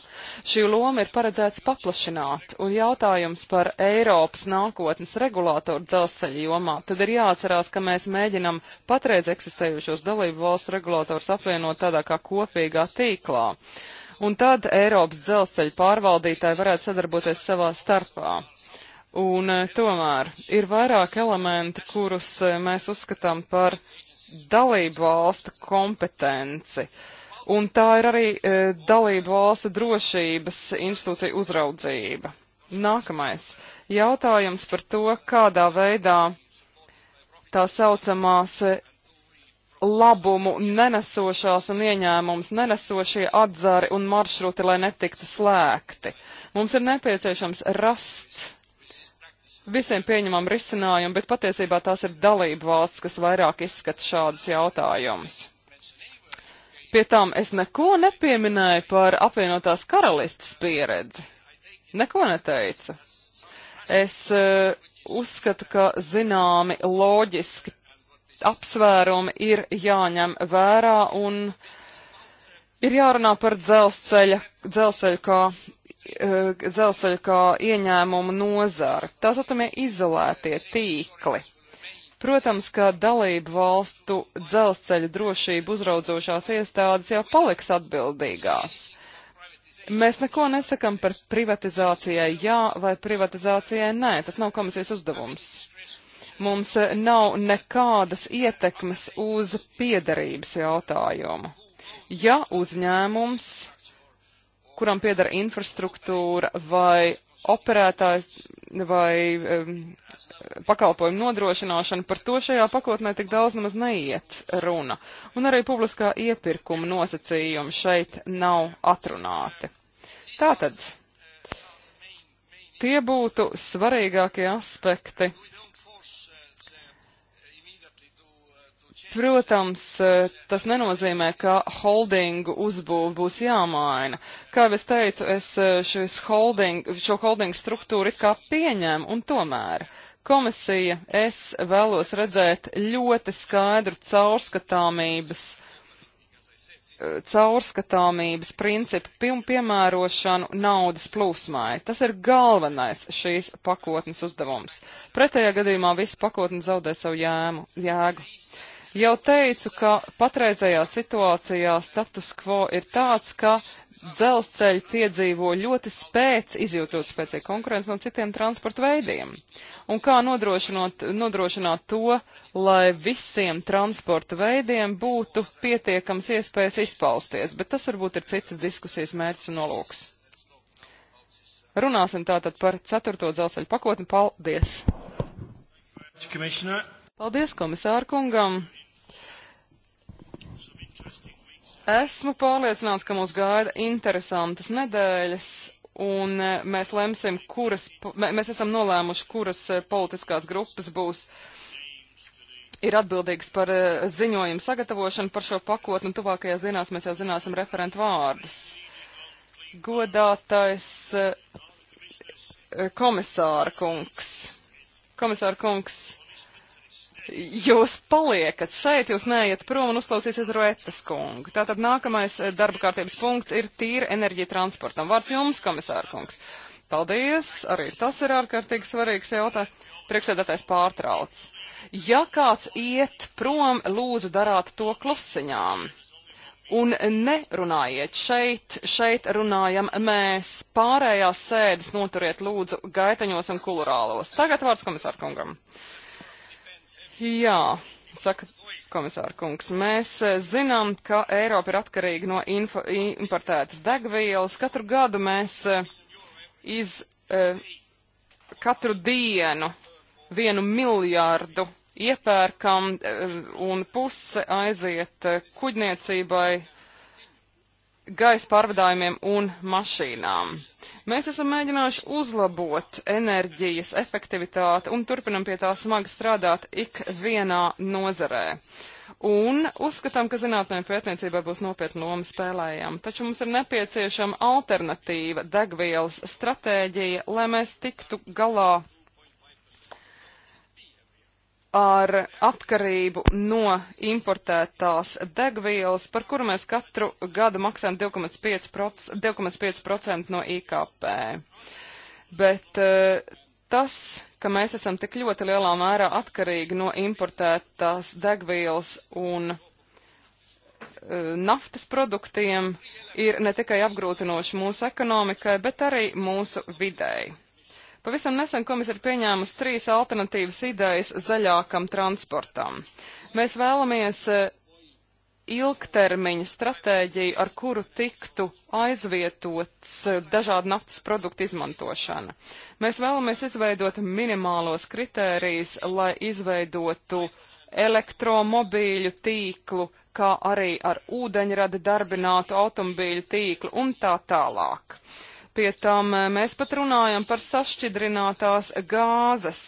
Šī loma ir paredzēts paplašināt, un jautājums par Eiropas nākotnes regulātoru dzelzceļa jomā, tad ir jāatcerās, ka mēs mēģinam patreiz eksistējušos dalību valstu regulātors apvienot tādā kā kopīgā tīklā. Un tad Eiropas dzelzceļa pārvaldītāji varētu sadarboties savā starpā. Un eh, tomēr ir vairāk elementi, kurus eh, mēs uzskatām par dalību valstu kompetenci. Un tā ir arī e, dalību valstu drošības institūcija uzraudzība. Nākamais jautājums par to, kādā veidā tā saucamās e, labumu nenesošās un ieņēmums nenesošie atzari un maršruti, lai netiktu slēgti. Mums ir nepieciešams rast visiem pieņemam risinājumu, bet patiesībā tās ir dalību valsts, kas vairāk izskata šādus jautājumus. Pie tām es neko nepieminēju par apvienotās karalistas pieredzi. Neko neteicu. Es uh, uzskatu, ka zināmi loģiski apsvērumi ir jāņem vērā un ir jārunā par dzelzceļa, dzelzceļu kā Eh, dzelzceļu kā ieņēmumu nozara. Tā saucamie izolētie tīkli. Protams, ka dalību valstu dzelzceļa drošību uzraudzošās iestādes jau paliks atbildīgās. Mēs neko nesakam par privatizācijai jā vai privatizācijai nē. Tas nav komisijas uzdevums. Mums nav nekādas ietekmes uz piedarības jautājumu. Ja uzņēmums kuram piedara infrastruktūra vai operētājs vai um, pakalpojumu nodrošināšana, par to šajā pakotnē tik daudz nemaz neiet runa. Un arī publiskā iepirkuma nosacījumi šeit nav atrunāti. Tātad, tie būtu svarīgākie aspekti, Protams, e, tas nenozīmē, ka holdingu uzbūve būs jāmaina. Kā jau es teicu, es e, holding, šo holdingu struktūru it kā pieņēmu un tomēr. Komisija, es vēlos redzēt ļoti skaidru caurskatāmības e, caurskatāmības principu piemērošanu naudas plūsmai. Tas ir galvenais šīs pakotnes uzdevums. Pretējā gadījumā visa pakotne zaudē savu jēmu, jēgu. Jau teicu, ka patreizējā situācijā status quo ir tāds, ka dzelzceļi piedzīvo ļoti spēc, izjūt ļoti spēcīgu konkurenci no citiem transporta veidiem. Un kā nodrošināt, nodrošināt to, lai visiem transporta veidiem būtu pietiekams iespējas izpausties, bet tas varbūt ir citas diskusijas mērķis un nolūks. Runāsim tātad par ceturto dzelzceļu pakotni. Paldies! Paldies komisāru kungam! Esmu pārliecināts, ka mūs gaida interesantas nedēļas, un e, mēs lemsim, kuras, mēs esam nolēmuši, kuras e, politiskās grupas būs ir atbildīgs par e, ziņojumu sagatavošanu par šo pakotni, un tuvākajās dienās mēs jau zināsim referentu vārdus. Godātais komisāra kungs. Komisāra kungs, jūs paliekat šeit, jūs neiet prom un uzklausīsiet Roetas kungu. Tātad nākamais eh, darba kārtības punkts ir tīra enerģija transportam. Vārds jums, komisāra kungs. Paldies, arī tas ir ārkārtīgi svarīgs jautājums. Priekšsēdētājs pārtrauc. Ja kāds iet prom, lūdzu darāt to klusiņām. Un nerunājiet šeit, šeit runājam mēs. Pārējās sēdes noturiet lūdzu gaitaņos un kulurālos. Tagad vārds komisāra kungam. Uh, Jā, saka komisāra kungs, mēs eh, zinām, ka Eiropa ir atkarīga no info, importētas degvielas. Katru gadu mēs eh, iz, eh, katru dienu vienu miljārdu iepērkam un puse aiziet kuģniecībai gaisa pārvadājumiem un mašīnām. Mēs esam mēģinājuši uzlabot enerģijas efektivitāti un turpinam pie tā smagi strādāt ikvienā nozarē. Un uzskatām, ka zinātnē un pētniecībai būs nopietna loma spēlējama. Taču mums ir nepieciešama alternatīva degvielas stratēģija, lai mēs tiktu galā ar atkarību no importētās degvielas, par kuru mēs katru gadu maksājam 2,5% no IKP. Bet eh, tas, ka mēs esam tik ļoti lielā mērā atkarīgi no importētās degvielas un eh, naftas produktiem, ir ne tikai apgrūtinoši mūsu ekonomikai, bet arī mūsu videi. Pavisam nesen komisija ir pieņēmusi trīs alternatīvas idejas zaļākam transportam. Mēs vēlamies e, ilgtermiņa stratēģiju, ar kuru tiktu aizvietots e, dažādu naftas produktu izmantošana. Mēs vēlamies izveidot minimālos kritērijus, lai izveidotu elektromobīļu tīklu, kā arī ar ūdeņradi darbinātu automobīļu tīklu un tā tālāk. Uh, Pie tam eh, mēs pat runājam par sašķidrinātās gāzes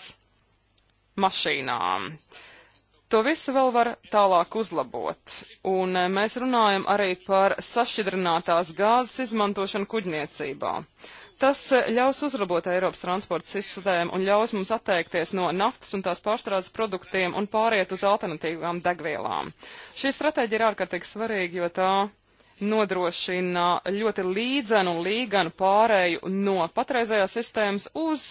mašīnām. To visu vēl var tālāk uzlabot, un eh, mēs runājam arī par sašķidrinātās gāzes izmantošanu kuģniecībā. Tas eh, ļaus uzlabot Eiropas transporta sistēmu un ļaus mums atteikties no naftas un tās pārstrādes produktiem un pāriet uz alternatīvām degvielām. Šī stratēģija ir ārkārtīgi svarīga, jo tā nodrošina ļoti līdzenu un līganu pārēju no patreizējās sistēmas uz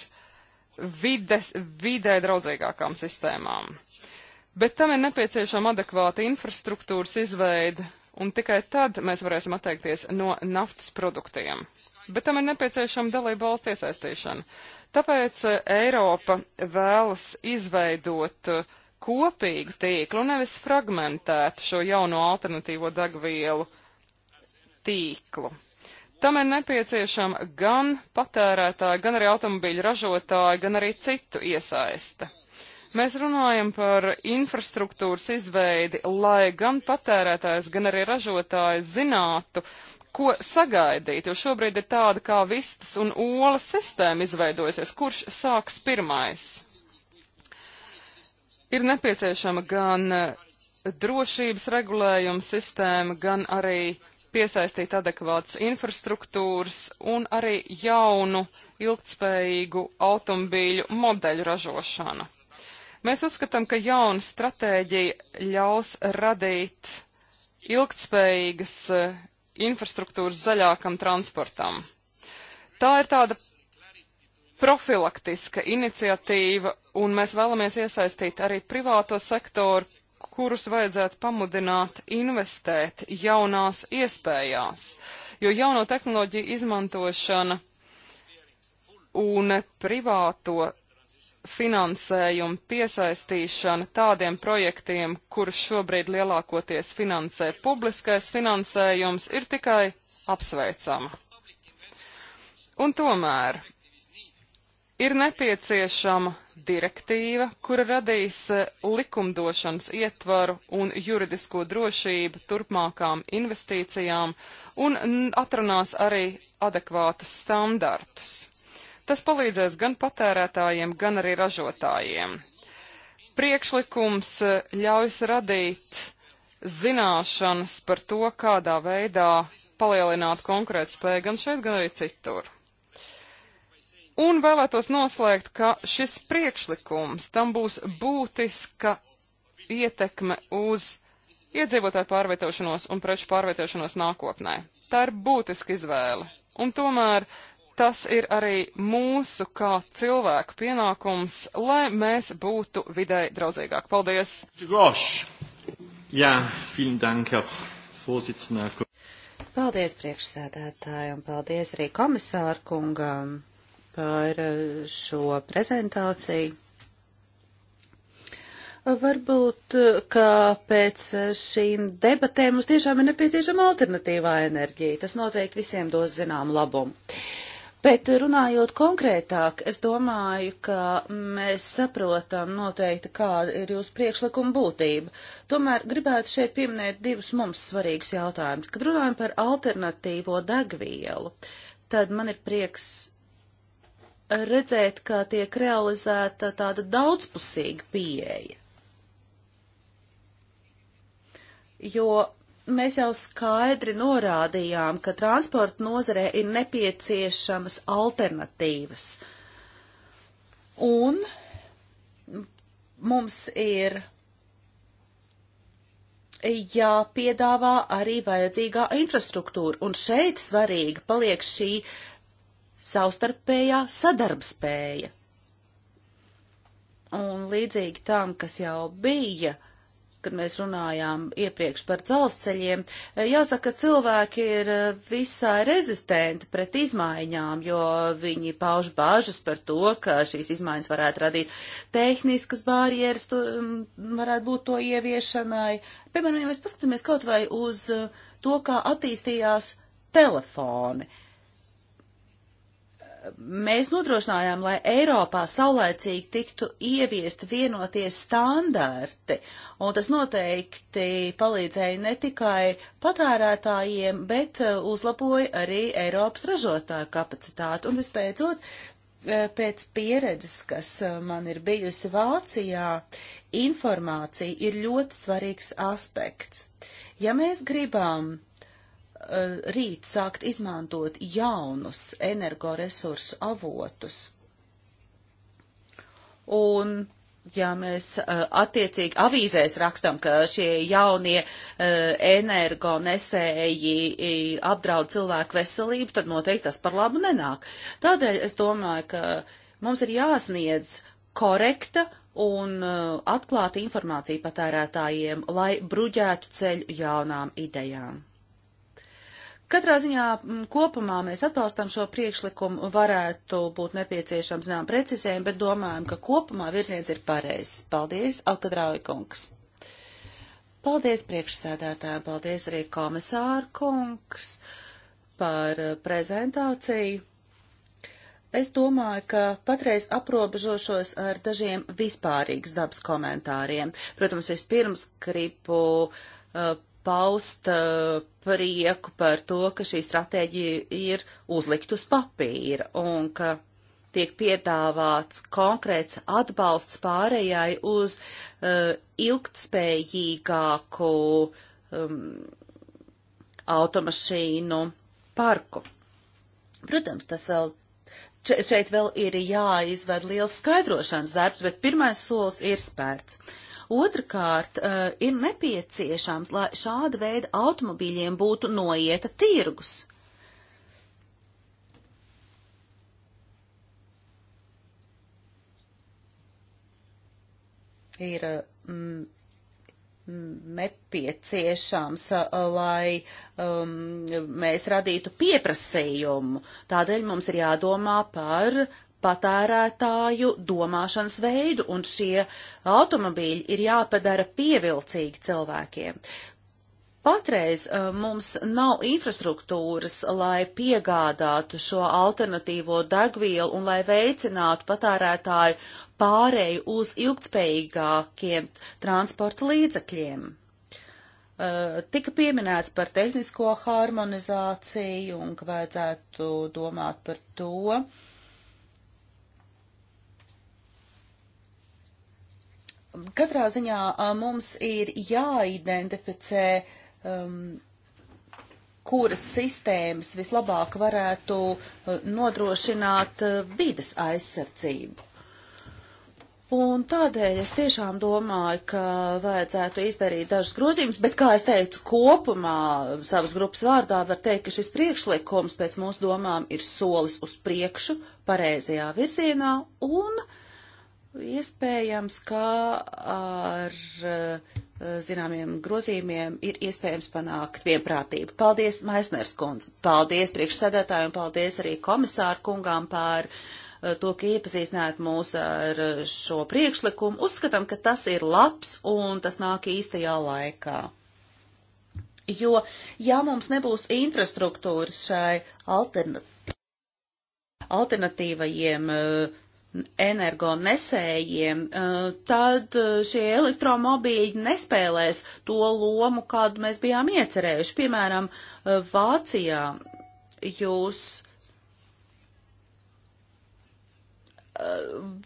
vides, vidē draudzīgākām sistēmām. Bet tam ir nepieciešama adekvāta infrastruktūras izveida, un tikai tad mēs varēsim atteikties no naftas produktiem. Bet tam ir nepieciešama dalība valsts iesaistīšana. Tāpēc eh, Eiropa vēlas izveidot eh, kopīgu tīklu, nevis fragmentēt šo jauno alternatīvo degvielu uh, tīklu. Tam ir nepieciešama gan patērētāja, gan arī automobīļu ražotāja, gan arī citu iesaiste. Mēs runājam par infrastruktūras izveidi, lai gan patērētājs, gan arī ražotājs zinātu, ko sagaidīt, jo šobrīd ir tāda kā vistas un ola sistēma izveidojusies, kurš sāks pirmais. Ir nepieciešama gan drošības regulējuma sistēma, gan arī piesaistīt adekvātas infrastruktūras un arī jaunu ilgtspējīgu automobīļu modeļu ražošana. Mēs uzskatām, ka jauna stratēģija ļaus radīt ilgtspējīgas eh, infrastruktūras zaļākam transportam. Tā ir tāda profilaktiska iniciatīva, un mēs vēlamies iesaistīt arī privāto sektoru kurus vajadzētu pamudināt investēt jaunās iespējās, jo jauno tehnoloģiju izmantošana un privāto finansējumu piesaistīšana tādiem projektiem, kurus šobrīd lielākoties finansē publiskais finansējums, ir tikai apsveicama. Un tomēr ir nepieciešama direktīva, kura radīs e, likumdošanas ietvaru un juridisko drošību turpmākām investīcijām un atrunās arī adekvātus standartus. Tas palīdzēs gan patērētājiem, gan arī ražotājiem. Priekšlikums e, ļaujas radīt zināšanas par to, kādā veidā palielināt konkurētspēju gan šeit, gan arī citur. Un vēlētos noslēgt, ka šis priekšlikums tam būs būtiska ietekme uz iedzīvotāju pārvietošanos un preču pārvietošanos nākotnē. Tā ir būtiska izvēle. Un tomēr tas ir arī mūsu kā cilvēku pienākums, lai mēs būtu vidē draudzīgāk. Paldies! Groš. Jā, vielen dank, Vorsitzender. Paldies priekšsēdētāju un paldies arī komisāru kungam par eh, šo prezentāciju. Varbūt, eh, ka pēc eh, šīm debatēm mums tiešām ir nepieciešama alternatīvā enerģija. Tas noteikti visiem dos zinām labumu. Bet runājot konkrētāk, es domāju, ka mēs saprotam noteikti, kāda ir jūsu priekšlikuma būtība. Tomēr gribētu šeit pieminēt divus mums svarīgus jautājumus. Kad runājam par alternatīvo degvielu, tad man ir prieks redzēt, ka tiek realizēta tāda daudzpusīga pieeja. Jo mēs jau skaidri norādījām, ka transporta nozarē ir nepieciešamas alternatīvas. Un mums ir jāpiedāvā arī vajadzīgā infrastruktūra, un šeit svarīga paliek šī uh, savstarpējā sadarbspēja. Un līdzīgi tam, kas jau bija, kad mēs runājām iepriekš par dzelzceļiem, jāsaka, ka cilvēki ir eh, visai rezistenti pret izmaiņām, jo viņi pauž bāžas par to, ka šīs izmaiņas varētu radīt tehniskas barjeras, to, mm, varētu būt to ieviešanai. Piemēram, ja mēs paskatāmies kaut vai uz eh, to, kā attīstījās telefoni. Uh, mēs nodrošinājām, lai Eiropā saulēcīgi tiktu ieviesti vienotie standarti, un tas noteikti palīdzēja ne tikai patērētājiem, bet eh, uzlaboja arī Eiropas ražotāju kapacitāti. Un vispēcot, eh, pēc pieredzes, kas eh, man ir bijusi Vācijā, informācija ir ļoti svarīgs aspekts. Ja mēs gribam Eh, rīt sākt izmantot jaunus energoresursu avotus. Un ja mēs eh, attiecīgi avīzēs rakstam, ka šie jaunie eh, energonesēji apdraud cilvēku veselību, tad noteikti tas par labu nenāk. Tādēļ es domāju, ka mums ir jāsniedz korekta un atklāta informācija patērētājiem, lai bruģētu ceļu jaunām idejām. Katrā ziņā mm, kopumā mēs atbalstam šo priekšlikumu, varētu būt nepieciešams zinām precizējumi, bet domājam, ka kopumā virziens ir pareizs. Paldies, Alkadrauja kungs! Paldies priekšsēdētājiem, paldies arī komisāru kungs par eh, prezentāciju. Es domāju, ka patreiz aprobežošos ar dažiem vispārīgas dabas komentāriem. Protams, vispirms gribu uh, paust uh, prieku par to, ka šī stratēģija ir uzlikt uz papīra un ka tiek piedāvāts konkrēts atbalsts pārējai uz uh, ilgtspējīgāku um, automašīnu parku. Protams, tas vēl šeit vēl ir jāizved liels skaidrošanas darbs, bet pirmais solis ir spērts. Uh, Otrakārt, eh, ir nepieciešams, lai šāda veida automobīļiem būtu noieta tirgus. Ir mm, nepieciešams, eh, lai um, mēs radītu pieprasījumu. Tādēļ mums ir jādomā par uh, patērētāju domāšanas veidu, un šie automobīļi ir jāpadara pievilcīgi cilvēkiem. Patreiz eh, mums nav infrastruktūras, lai piegādātu šo alternatīvo degvielu un lai veicinātu patērētāju pārēju uz ilgtspējīgākiem transporta līdzekļiem. Eh, tika pieminēts par tehnisko harmonizāciju un ka vajadzētu domāt par to, uh, Katrā ziņā mums ir jāidentificē, um, kuras sistēmas vislabāk varētu nodrošināt vides aizsardzību. Un tādēļ es tiešām domāju, ka vajadzētu izdarīt dažus grozījumus, bet, kā es teicu, kopumā savas grupas vārdā var teikt, ka šis priekšlikums pēc mūsu domām ir solis uz priekšu pareizajā virzienā un uh, Iespējams, ka ar eh, zināmiem grozījumiem ir iespējams panākt vienprātību. Paldies, Maisners kundze! Paldies priekšsēdētājiem, paldies arī komisāru kungām par eh, to, ka iepazīstināt mūs ar eh, šo priekšlikumu. Uzskatām, ka tas ir labs un tas nāk īstajā laikā. Jo, ja mums nebūs infrastruktūras šai alternat alternatīvajiem uh, energonesējiem, eh, tad eh, šie elektromobīļi nespēlēs to lomu, kādu mēs bijām iecerējuši. Piemēram, eh, Vācijā jūs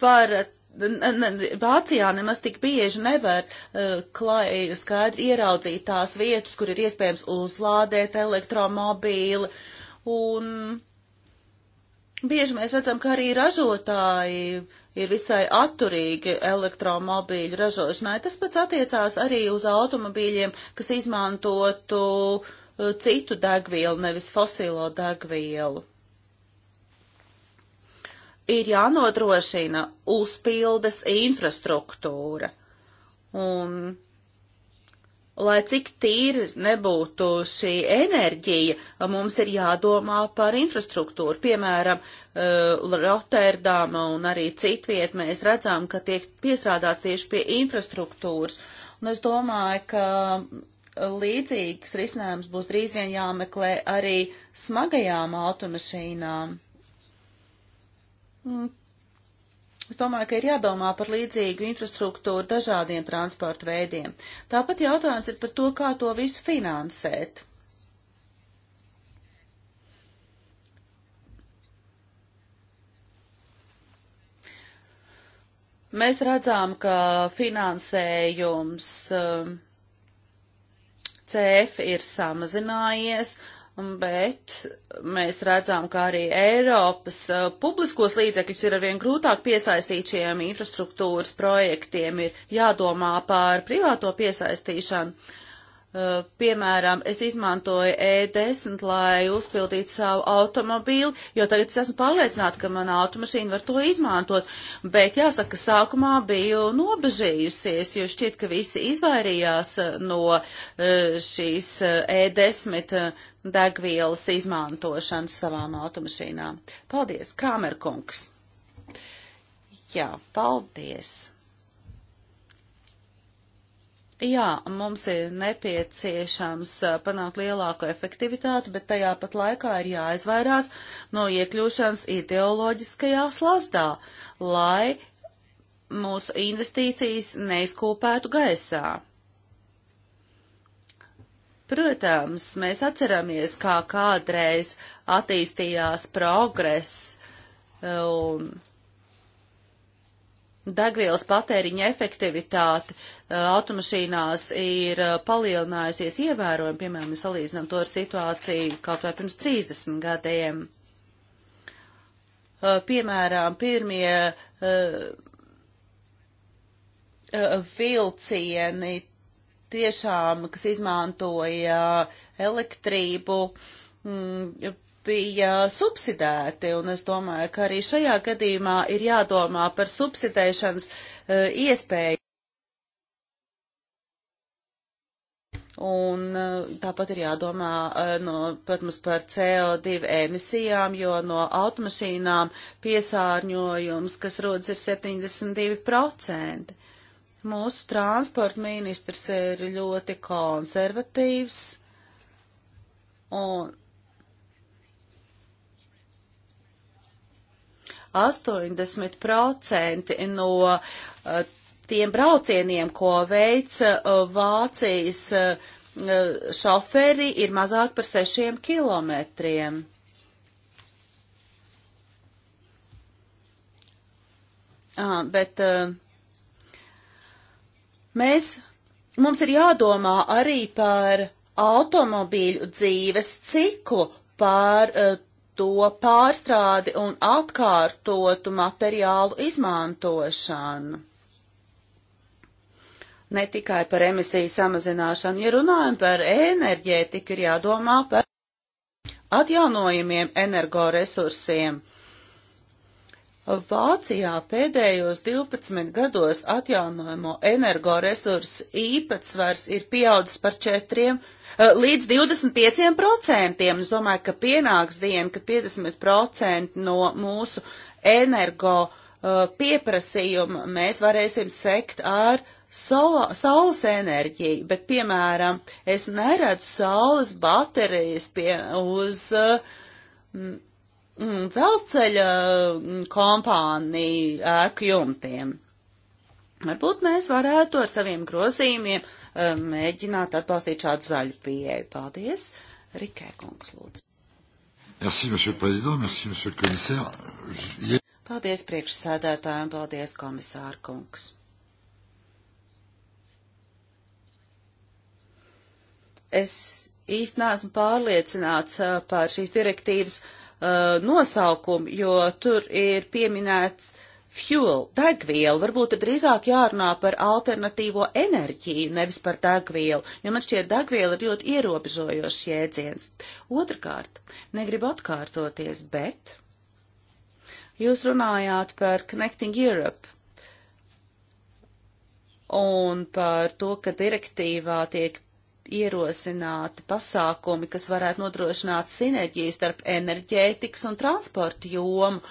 varat Vācijā nemaz tik bieži nevar uh, klai, skaidri ieraudzīt tās vietas, kur ir iespējams uzlādēt elektromobīli. Un Bieži mēs redzam, ka arī ražotāji ir visai atturīgi elektromobīļu ražošanai. Tas pats attiecās arī uz automobīļiem, kas izmantotu uh, citu degvielu, nevis fosilo degvielu. Ir jānodrošina uzpildes infrastruktūra. Un lai cik tīras nebūtu šī enerģija, mums ir jādomā par infrastruktūru. Piemēram, eh, Rotterdama un arī citviet mēs redzam, ka tiek piesrādāts tieši pie infrastruktūras. Un es domāju, ka līdzīgs risinājums būs drīz vien jāmeklē arī smagajām automašīnām. Es domāju, ka ir jādomā par līdzīgu infrastruktūru dažādiem transporta veidiem. Tāpat jautājums ir par to, kā to visu finansēt. Mēs redzām, ka finansējums um, CF ir samazinājies, uh, bet mēs redzam, ka arī Eiropas uh, publiskos līdzekļus ir arvien grūtāk piesaistīt šiem infrastruktūras projektiem, ir jādomā par privāto piesaistīšanu. Uh, piemēram, es izmantoju E10, lai uzpildītu savu automobīli, jo tagad es esmu pārliecināta, ka mana automašīna var to izmantot, bet jāsaka, ka sākumā biju nobežījusies, jo šķiet, ka visi izvairījās uh, no uh, šīs uh, E10 degvielas izmantošanu savām automašīnām. Paldies, Krāmerkungs! Jā, paldies! Jā, mums ir nepieciešams panākt lielāku efektivitāti, bet tajā pat laikā ir jāizvairās no iekļūšanas ideoloģiskajā slazdā, lai mūsu investīcijas neizkūpētu gaisā. Protams, mēs atceramies, kā kādreiz attīstījās progress un um, degvielas patēriņa efektivitāte uh, automašīnās ir uh, palielinājusies ievērojami, piemēram, ja salīdzinām to ar situāciju kaut vai pirms 30 gadiem. Uh, piemēram, pirmie vilcieni tiešām, kas izmantoja elektrību, m, mm, bija subsidēti, un es domāju, ka arī šajā gadījumā ir jādomā par subsidēšanas uh, iespēju. Un uh, tāpat ir jādomā uh, no, pat mums par CO2 emisijām, jo no automašīnām piesārņojums, kas rodas, ir 72%. Mūsu transporta ministrs ir ļoti konservatīvs un 80% no uh, tiem braucieniem, ko veica uh, eh, Vācijas uh, šoferi, ir mazāk par 6 kilometriem. Ah, bet uh, Mēs, mums ir jādomā arī par automobīļu dzīves ciklu, par uh, to pārstrādi un atkārtotu materiālu izmantošanu. Ne tikai par emisiju samazināšanu, ja runājam par enerģētiku, ir jādomā par atjaunojumiem energoresursiem. Uh, Vācijā pēdējos 12 gados atjaunojamo energoresursu īpatsvars ir pieaudzis par 4 eh, līdz 25%. Es domāju, ka pienāks diena, kad 50% no mūsu energo eh, pieprasījuma mēs varēsim sekt ar sola, saules enerģiju, bet, piemēram, es neredzu saules baterijas pie, uz eh, m, Mm, dzelzceļa mm, kompāniju ēku jumtiem. Varbūt mēs varētu ar saviem grozījumiem mm, mēģināt atbalstīt šādu zaļu pieeju. Paldies! Rikē kungs, lūdzu. Merci, monsieur le président, merci, monsieur le commissaire. Paldies priekšsēdētājiem, paldies komisāra kungs. Es īsti neesmu pārliecināts uh, par šīs direktīvas uh, uh, nosaukumu, jo tur ir pieminēts fuel, degviela. Varbūt ir drīzāk jārunā par alternatīvo enerģiju, nevis par degvielu, jo man šķiet degviela ir ļoti ierobežojošs jēdziens. Otrakārt, negribu atkārtoties, bet jūs runājāt par Connecting Europe un par to, ka direktīvā tiek ierosināti pasākumi, kas varētu nodrošināt sinerģiju starp enerģētikas un transporta jomu,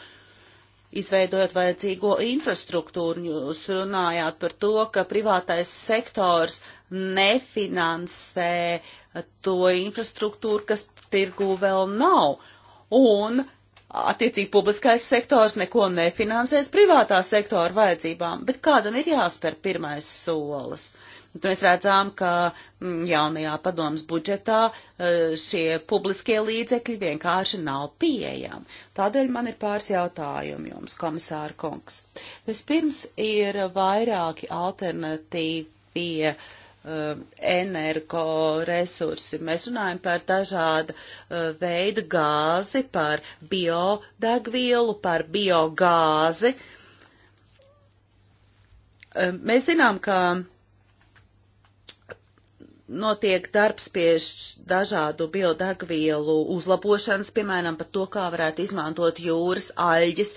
izveidojot vajadzīgo infrastruktūru. Jūs runājāt par to, ka privātais sektors nefinansē to infrastruktūru, kas tirgu vēl nav. Un Attiecīgi publiskais sektors neko nefinansēs privātā sektora vajadzībām, bet kādam ir jāspēr pirmais solis. Uh, Nu, mēs redzām, ka mm, jaunajā padomas budžetā e, šie publiskie līdzekļi vienkārši nav pieejami. Tādēļ man ir pāris jautājumi jums, komisāra kungs. Vispirms ir vairāki alternatīvie um, energoresursi. Mēs runājam par dažādu uh, e, veidu gāzi, par biodegvielu, par biogāzi. Um, mēs zinām, ka notiek darbs pie dažādu biodegvielu uzlabošanas, piemēram, par to, kā varētu izmantot jūras aļģis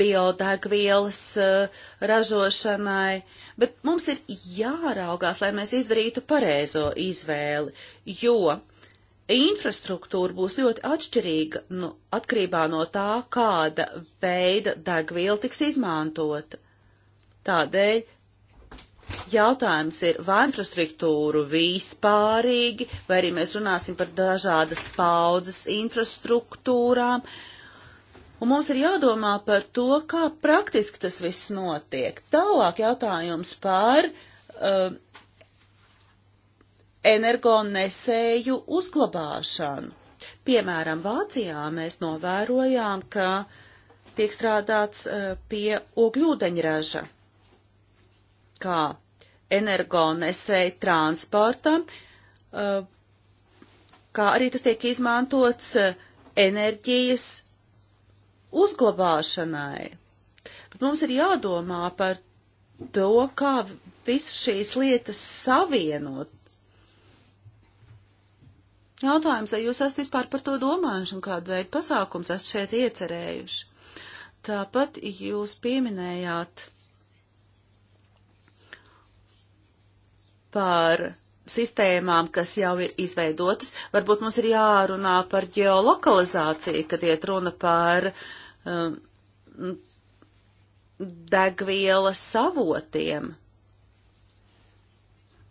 biodegvielas uh, ražošanai, bet mums ir jāraugās, lai mēs izdarītu pareizo izvēli, jo infrastruktūra būs ļoti atšķirīga nu, atkarībā no tā, kāda veida degviela tiks izmantota. Tādēļ jautājums ir, vai infrastruktūru vispārīgi, vai arī mēs runāsim par dažādas paudzes infrastruktūrām. Un mums ir jādomā par to, kā praktiski tas viss notiek. Tālāk jautājums par uh, energonesēju uzglabāšanu. Piemēram, Vācijā mēs novērojām, ka tiek strādāts uh, pie ogļūdeņraža. Uh, kā energonesēji transportam, uh, kā arī tas tiek izmantots uh, enerģijas uzglabāšanai. Bet mums ir jādomā par to, kā visu šīs lietas savienot. Jautājums, vai jūs esat vispār par to domājuši un kādu veidu pasākums esat šeit iecerējuši? Tāpat jūs pieminējāt par sistēmām, kas jau ir izveidotas. Varbūt mums ir jārunā par geolokalizāciju, kad iet runa par um, degvielas savotiem.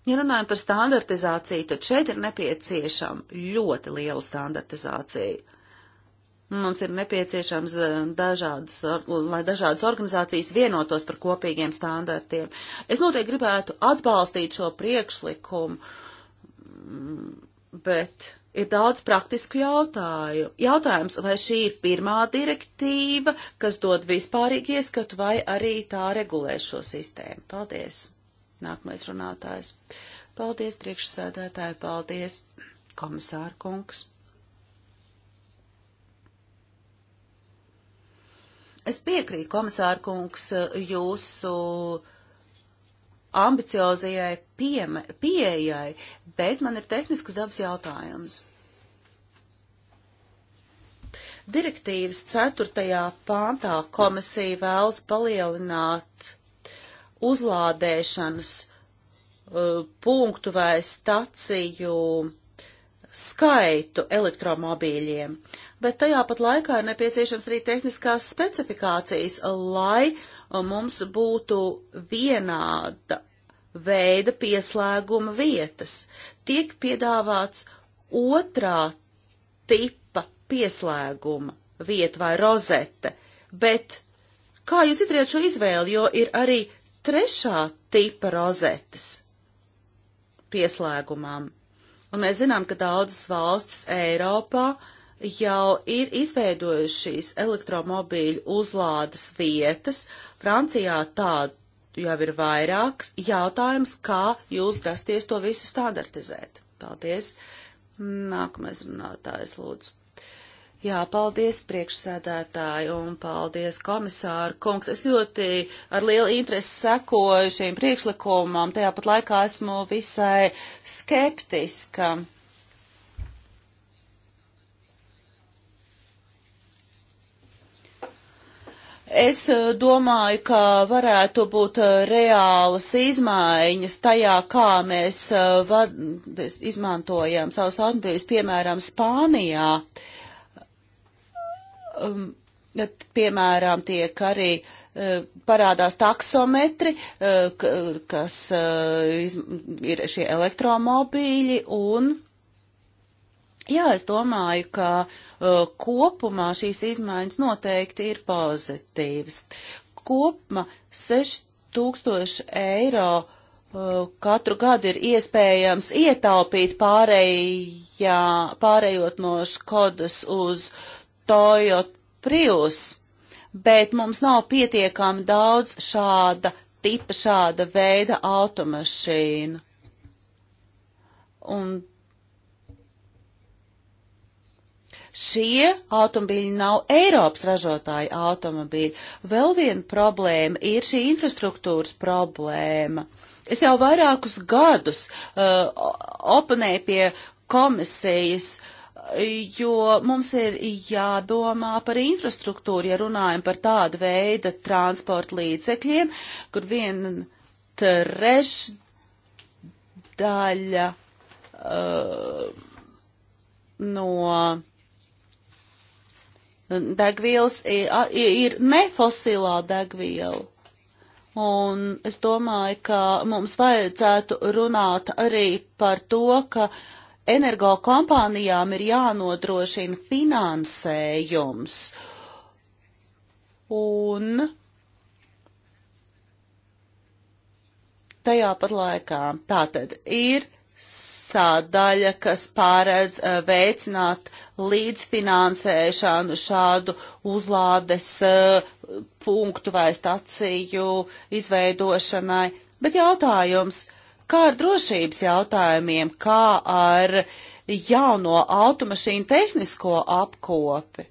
Ja runājam par standartizāciju, tad šeit ir nepieciešama ļoti liela standartizācija. Mums ir nepieciešams eh, dažādas, lai dažādas organizācijas vienotos par kopīgiem standartiem. Es noteikti gribētu atbalstīt šo priekšlikumu, mm, bet ir daudz praktisku jautājumu. Jautājums, vai šī ir pirmā direktīva, kas dod vispārīgi ieskatu, vai arī tā regulē šo sistēmu. Paldies! Nākamais runātājs. Paldies, priekšsēdētāji, paldies, komisāra kungs. Es piekrītu, komisārkungs, jūsu ambiciozajai pieme, pieejai, bet man ir tehniskas dabas jautājums. Direktīvas 4. pāntā komisija vēlas palielināt uzlādēšanas uh, punktu vai staciju skaitu elektromobīļiem. Uh, bet tajā pat laikā ir nepieciešams arī tehniskās specifikācijas, lai uh, mums būtu vienāda veida pieslēguma vietas. Tiek piedāvāts otrā tipa pieslēguma vieta vai rozete, bet kā jūs izdarījat šo izvēli, jo ir arī trešā tipa rozetes pieslēgumām. Un mēs zinām, ka daudzas valstis Eiropā uh, jau ir izveidojuši šīs elektromobīļu uzlādes vietas. Francijā tādu jau ir vairāks. Jautājums, kā jūs grasties to visu standartizēt? Paldies. Nākamais runātājs lūdzu. Jā, paldies priekšsēdētāji un paldies komisāru kungs. Es ļoti ar lielu interesi sekoju šīm priekšlikumam, tajā pat laikā esmu visai skeptiska. Es eh, domāju, ka varētu būt eh, reālas izmaiņas tajā, kā mēs eh, vad, izmantojam savus automobiļus, piemēram, Spānijā. Um, piemēram, tiek arī parādās taksometri, kas ir šie elektromobīļi un Jā, es domāju, ka uh, kopumā šīs izmaiņas noteikti ir pozitīvas. Kopumā 6000 eiro uh, katru gadu ir iespējams ietaupīt pārējā, pārējot no Škodas uz Toyota Prius, bet mums nav pietiekami daudz šāda tipa, šāda veida automašīnu. Un Šie automobīļi nav Eiropas ražotāji automobīļi. Vēl viena problēma ir šī infrastruktūras problēma. Es jau vairākus gadus uh, oponēju pie komisijas uh, jo mums ir jādomā par infrastruktūru, ja runājam par tādu veidu transporta līdzekļiem, kur viena trešdaļa uh, no degvielas ir nefosilā degviela. Un es domāju, ka mums vajadzētu runāt arī par to, ka energo kompānijām ir jānodrošina finansējums. Un tajā pat laikā tātad ir sādaļa, kas pārēdz eh, veicināt līdzfinansēšanu šādu uzlādes eh, punktu vai staciju izveidošanai. Bet jautājums, kā ar drošības jautājumiem, kā ar jauno automašīnu tehnisko apkopi?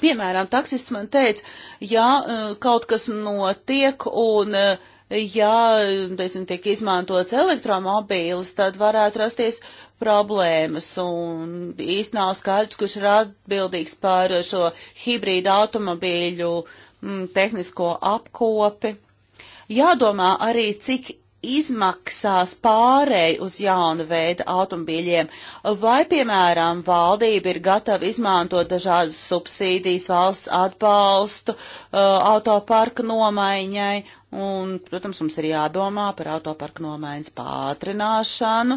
Piemēram, taksists man teica, ja eh, kaut kas notiek un uh, ja, teiksim, tiek izmantots elektromobīls, tad varētu rasties problēmas, un īsti nav skaidrs, kurš ir atbildīgs par šo hibrīdu automobīļu m, mm, tehnisko apkopi. Jādomā arī, cik izmaksās pārēj uz jaunu veidu automobīļiem, vai, piemēram, valdība ir gatava izmantot dažādas subsīdijas, valsts atbalstu, uh, autoparka nomaiņai Un, protams, mums ir jādomā par autoparku nomaiņas pātrināšanu,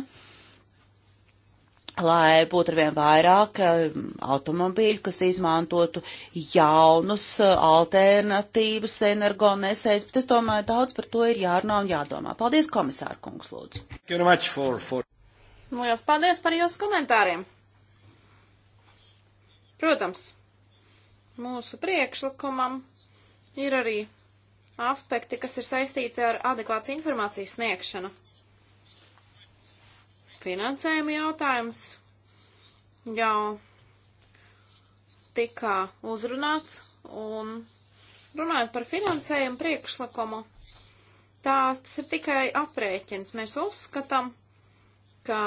lai būtu arvien vairāk eh, automobīļu, kas izmantotu jaunus eh, alternatīvus energonesējus, bet es domāju, daudz par to ir jārunā un jādomā. Paldies, komisāra kungs, lūdzu. For, for... Lielas paldies par jūsu komentāriem. Protams, mūsu priekšlikumam ir arī aspekti, kas ir saistīti ar adekvātu informācijas sniegšanu. Finansējuma jautājums jau tika uzrunāts un runājot par finansējumu priekšlikumu, tās tas ir tikai aprēķins. Mēs uzskatām, ka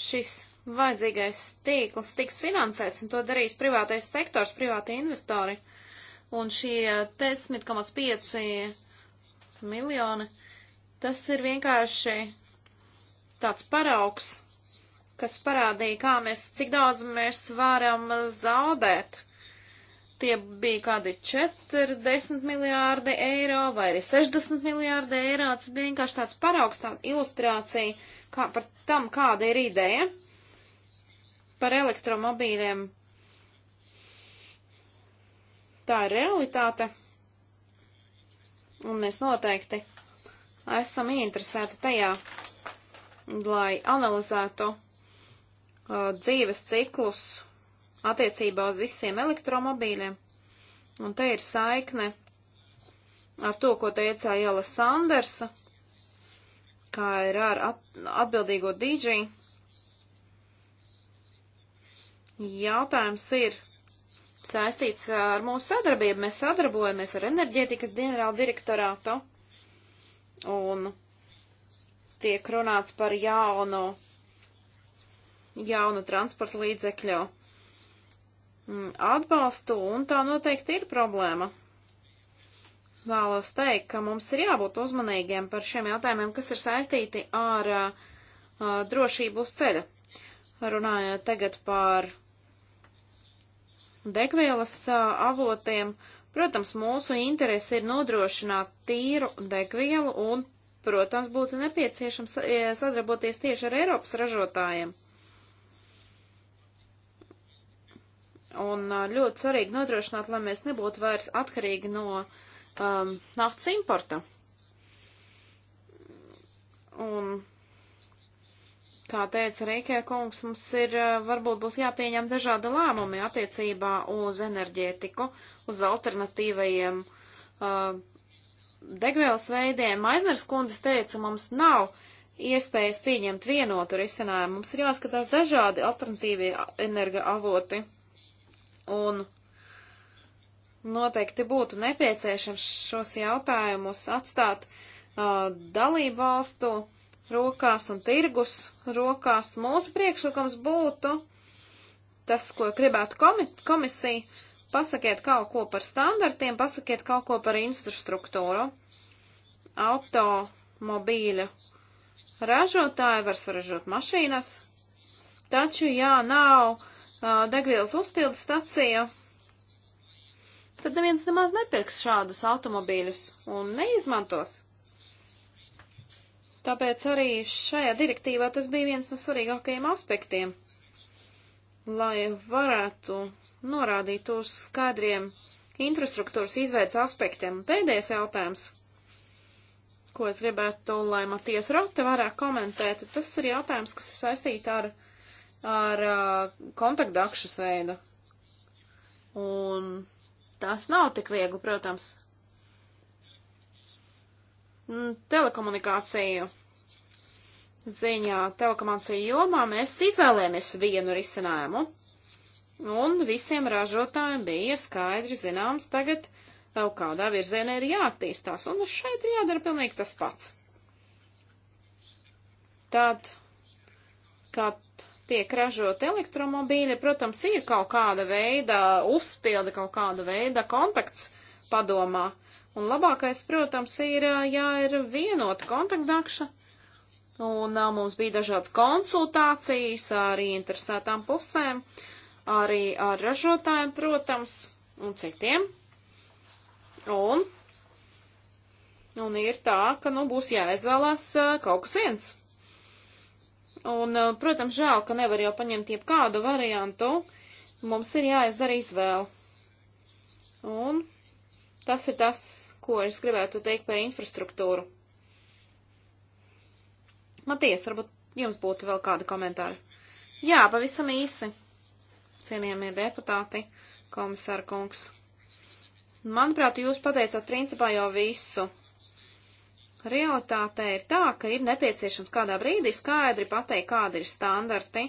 šis vajadzīgais tīkls tiks finansēts un to darīs privātais sektors, privāti investori. Uh, un šie 10,5 miljoni, tas ir vienkārši tāds paraugs, kas parādīja, kā mēs, cik daudz mēs varam zaudēt. Tie bija kādi 40 miljārdi eiro vai arī 60 miljārdi eiro. Tas bija vienkārši tāds paraugs, tāda ilustrācija kā, par tam, kāda ir ideja par elektromobīļiem Tā ir realitāte, un mēs noteikti esam ieinteresēti tajā, lai analizētu uh, dzīves ciklus attiecībā uz visiem elektromobīļiem. Un te ir saikne ar to, ko teicā Jela Sandersa, kā ir ar at atbildīgo DJ. Jautājums ir, saistīts ar mūsu sadarbību. Mēs sadarbojamies ar enerģētikas ģenerāla direktorātu un tiek runāts par jaunu, jaunu transporta līdzekļu mm, atbalstu, un tā noteikti ir problēma. Vēlos teikt, ka mums ir jābūt uzmanīgiem par šiem jautājumiem, kas ir saistīti ar a, uh, a, drošību uz ceļa. Runājot tagad par degvielas avotiem. Protams, mūsu interesi ir nodrošināt tīru degvielu un, protams, būtu nepieciešams sadarboties tieši ar Eiropas ražotājiem. Un ļoti svarīgi nodrošināt, lai mēs nebūtu vairs atkarīgi no um, naftas importa. Un kā teica Reikē kungs, mums ir eh, varbūt būtu jāpieņem dažādi lēmumi attiecībā uz enerģētiku, uz alternatīvajiem uh, degvielas veidiem. Aizmers kundzes teica, mums nav iespējas pieņemt vienotu risinājumu, mums ir jāskatās dažādi alternatīvie energoavoti. Un noteikti būtu nepieciešams šos jautājumus atstāt uh, dalību valstu uh, rokās un tirgus rokās. Mūsu priekšlikums būtu tas, ko gribētu komisija. Pasakiet kaut ko par standartiem, pasakiet kaut ko par infrastruktūru. Automobīļu ražotāji var saražot mašīnas, taču, ja nav uh, degvielas uzpildes stacija, tad neviens nemaz nepirks šādus automobīļus un neizmantos. Tāpēc arī šajā direktīvā tas bija viens no svarīgākajiem aspektiem, lai varētu norādīt uz skaidriem infrastruktūras izveids aspektiem. Pēdējais jautājums, ko es gribētu, lai Matijas Rote varētu komentēt, tas ir jautājums, kas ir saistīts ar, ar uh, kontaktdakšu veidu. Un tas nav tik viegli, protams, Mm, telekomunikāciju ziņā, telekomunikāciju jomā mēs izvēlējāmies vienu risinājumu. Un visiem ražotājiem bija skaidri zināms tagad, tev kādā virzienā ir jāattīstās, un šeit ir jādara pilnīgi tas pats. Tad, kad tiek ražot elektromobīļi, protams, ir kaut kāda veida uzpilde, kaut kāda veida kontakts padomā, Un labākais, protams, ir, ja ir vienota kontaktdakša, un mums bija dažādas konsultācijas ar interesētām pusēm, arī ar ražotājiem, protams, un citiem. Un, un ir tā, ka, nu, būs jāizvēlās kaut kas viens. Un, protams, žēl, ka nevar jau paņemt jebkādu variantu. Mums ir jāizdara izvēle. Un tas ir tas, ko es gribētu teikt par infrastruktūru. Matīs, varbūt jums būtu vēl kādi komentāri. Jā, pavisam īsi, cienījamie deputāti, komisāra kungs. Manuprāt, jūs pateicāt principā jau visu. Realitāte ir tā, ka ir nepieciešams kādā brīdī skaidri pateikt, kādi ir standarti.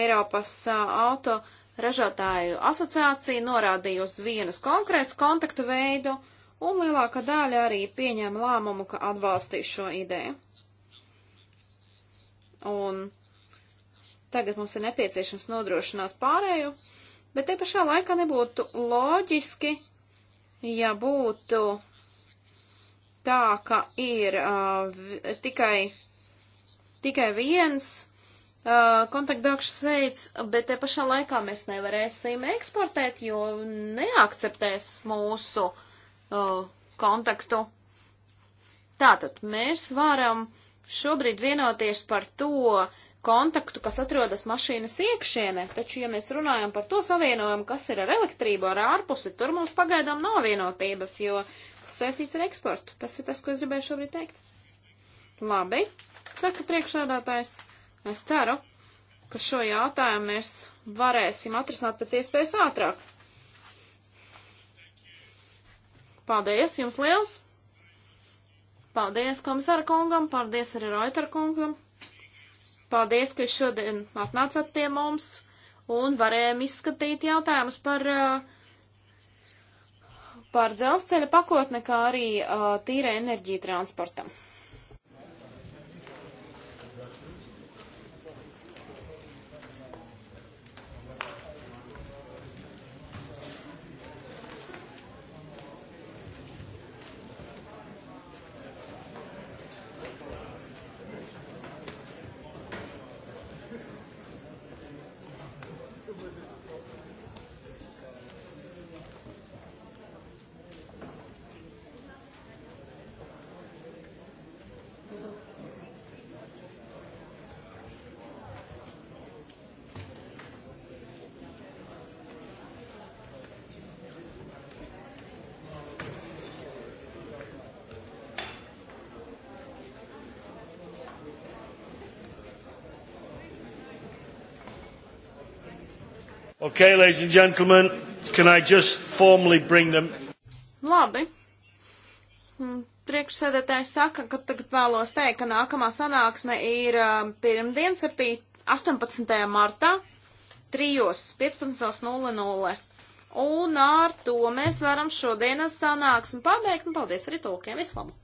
Eiropas uh, auto ražotāju asociācija norādīja uz vienas konkrētas kontaktu veidu, uh, un lielākā daļa arī pieņēma lēmumu, ka atbalstīs šo ideju. Un tagad mums ir nepieciešams nodrošināt pārēju, bet te pašā laikā nebūtu loģiski, ja būtu tā, ka ir uh, tikai, tikai viens uh, kontaktdokšs veids, bet te pašā laikā mēs nevarēsim eksportēt, jo neakceptēs mūsu uh, uh, kontaktu. Tātad mēs varam šobrīd vienoties par to kontaktu, kas atrodas mašīnas iekšienē, taču, ja mēs runājam par to savienojumu, kas ir ar elektrību, ar ārpusi, tur mums pagaidām nav vienotības, jo tas saistīts ar eksportu. Tas ir tas, ko es gribēju šobrīd teikt. Labi, saka priekšādātājs. Es ceru, ka šo jautājumu mēs varēsim atrisināt pēc iespējas ātrāk. Paldies jums liels! Paldies komisāra kungam, paldies arī Reuter kungam. Paldies, ka jūs šodien atnācāt pie mums un varējām izskatīt jautājumus par, uh, par dzelzceļa pakotne, kā arī uh, tīra enerģija transportam. Okay, ladies and gentlemen, can I just formally bring them? Labi. Hmm, Priekšsēdētājs saka, ka tagad vēlos teikt, ka nākamā sanāksme ir um, pirmdien, 7, 18. martā, 3.15.00. Un ar to mēs varam šodienas sanāksmi pabeigt, un nu, paldies arī tūkiem. Vislabāk!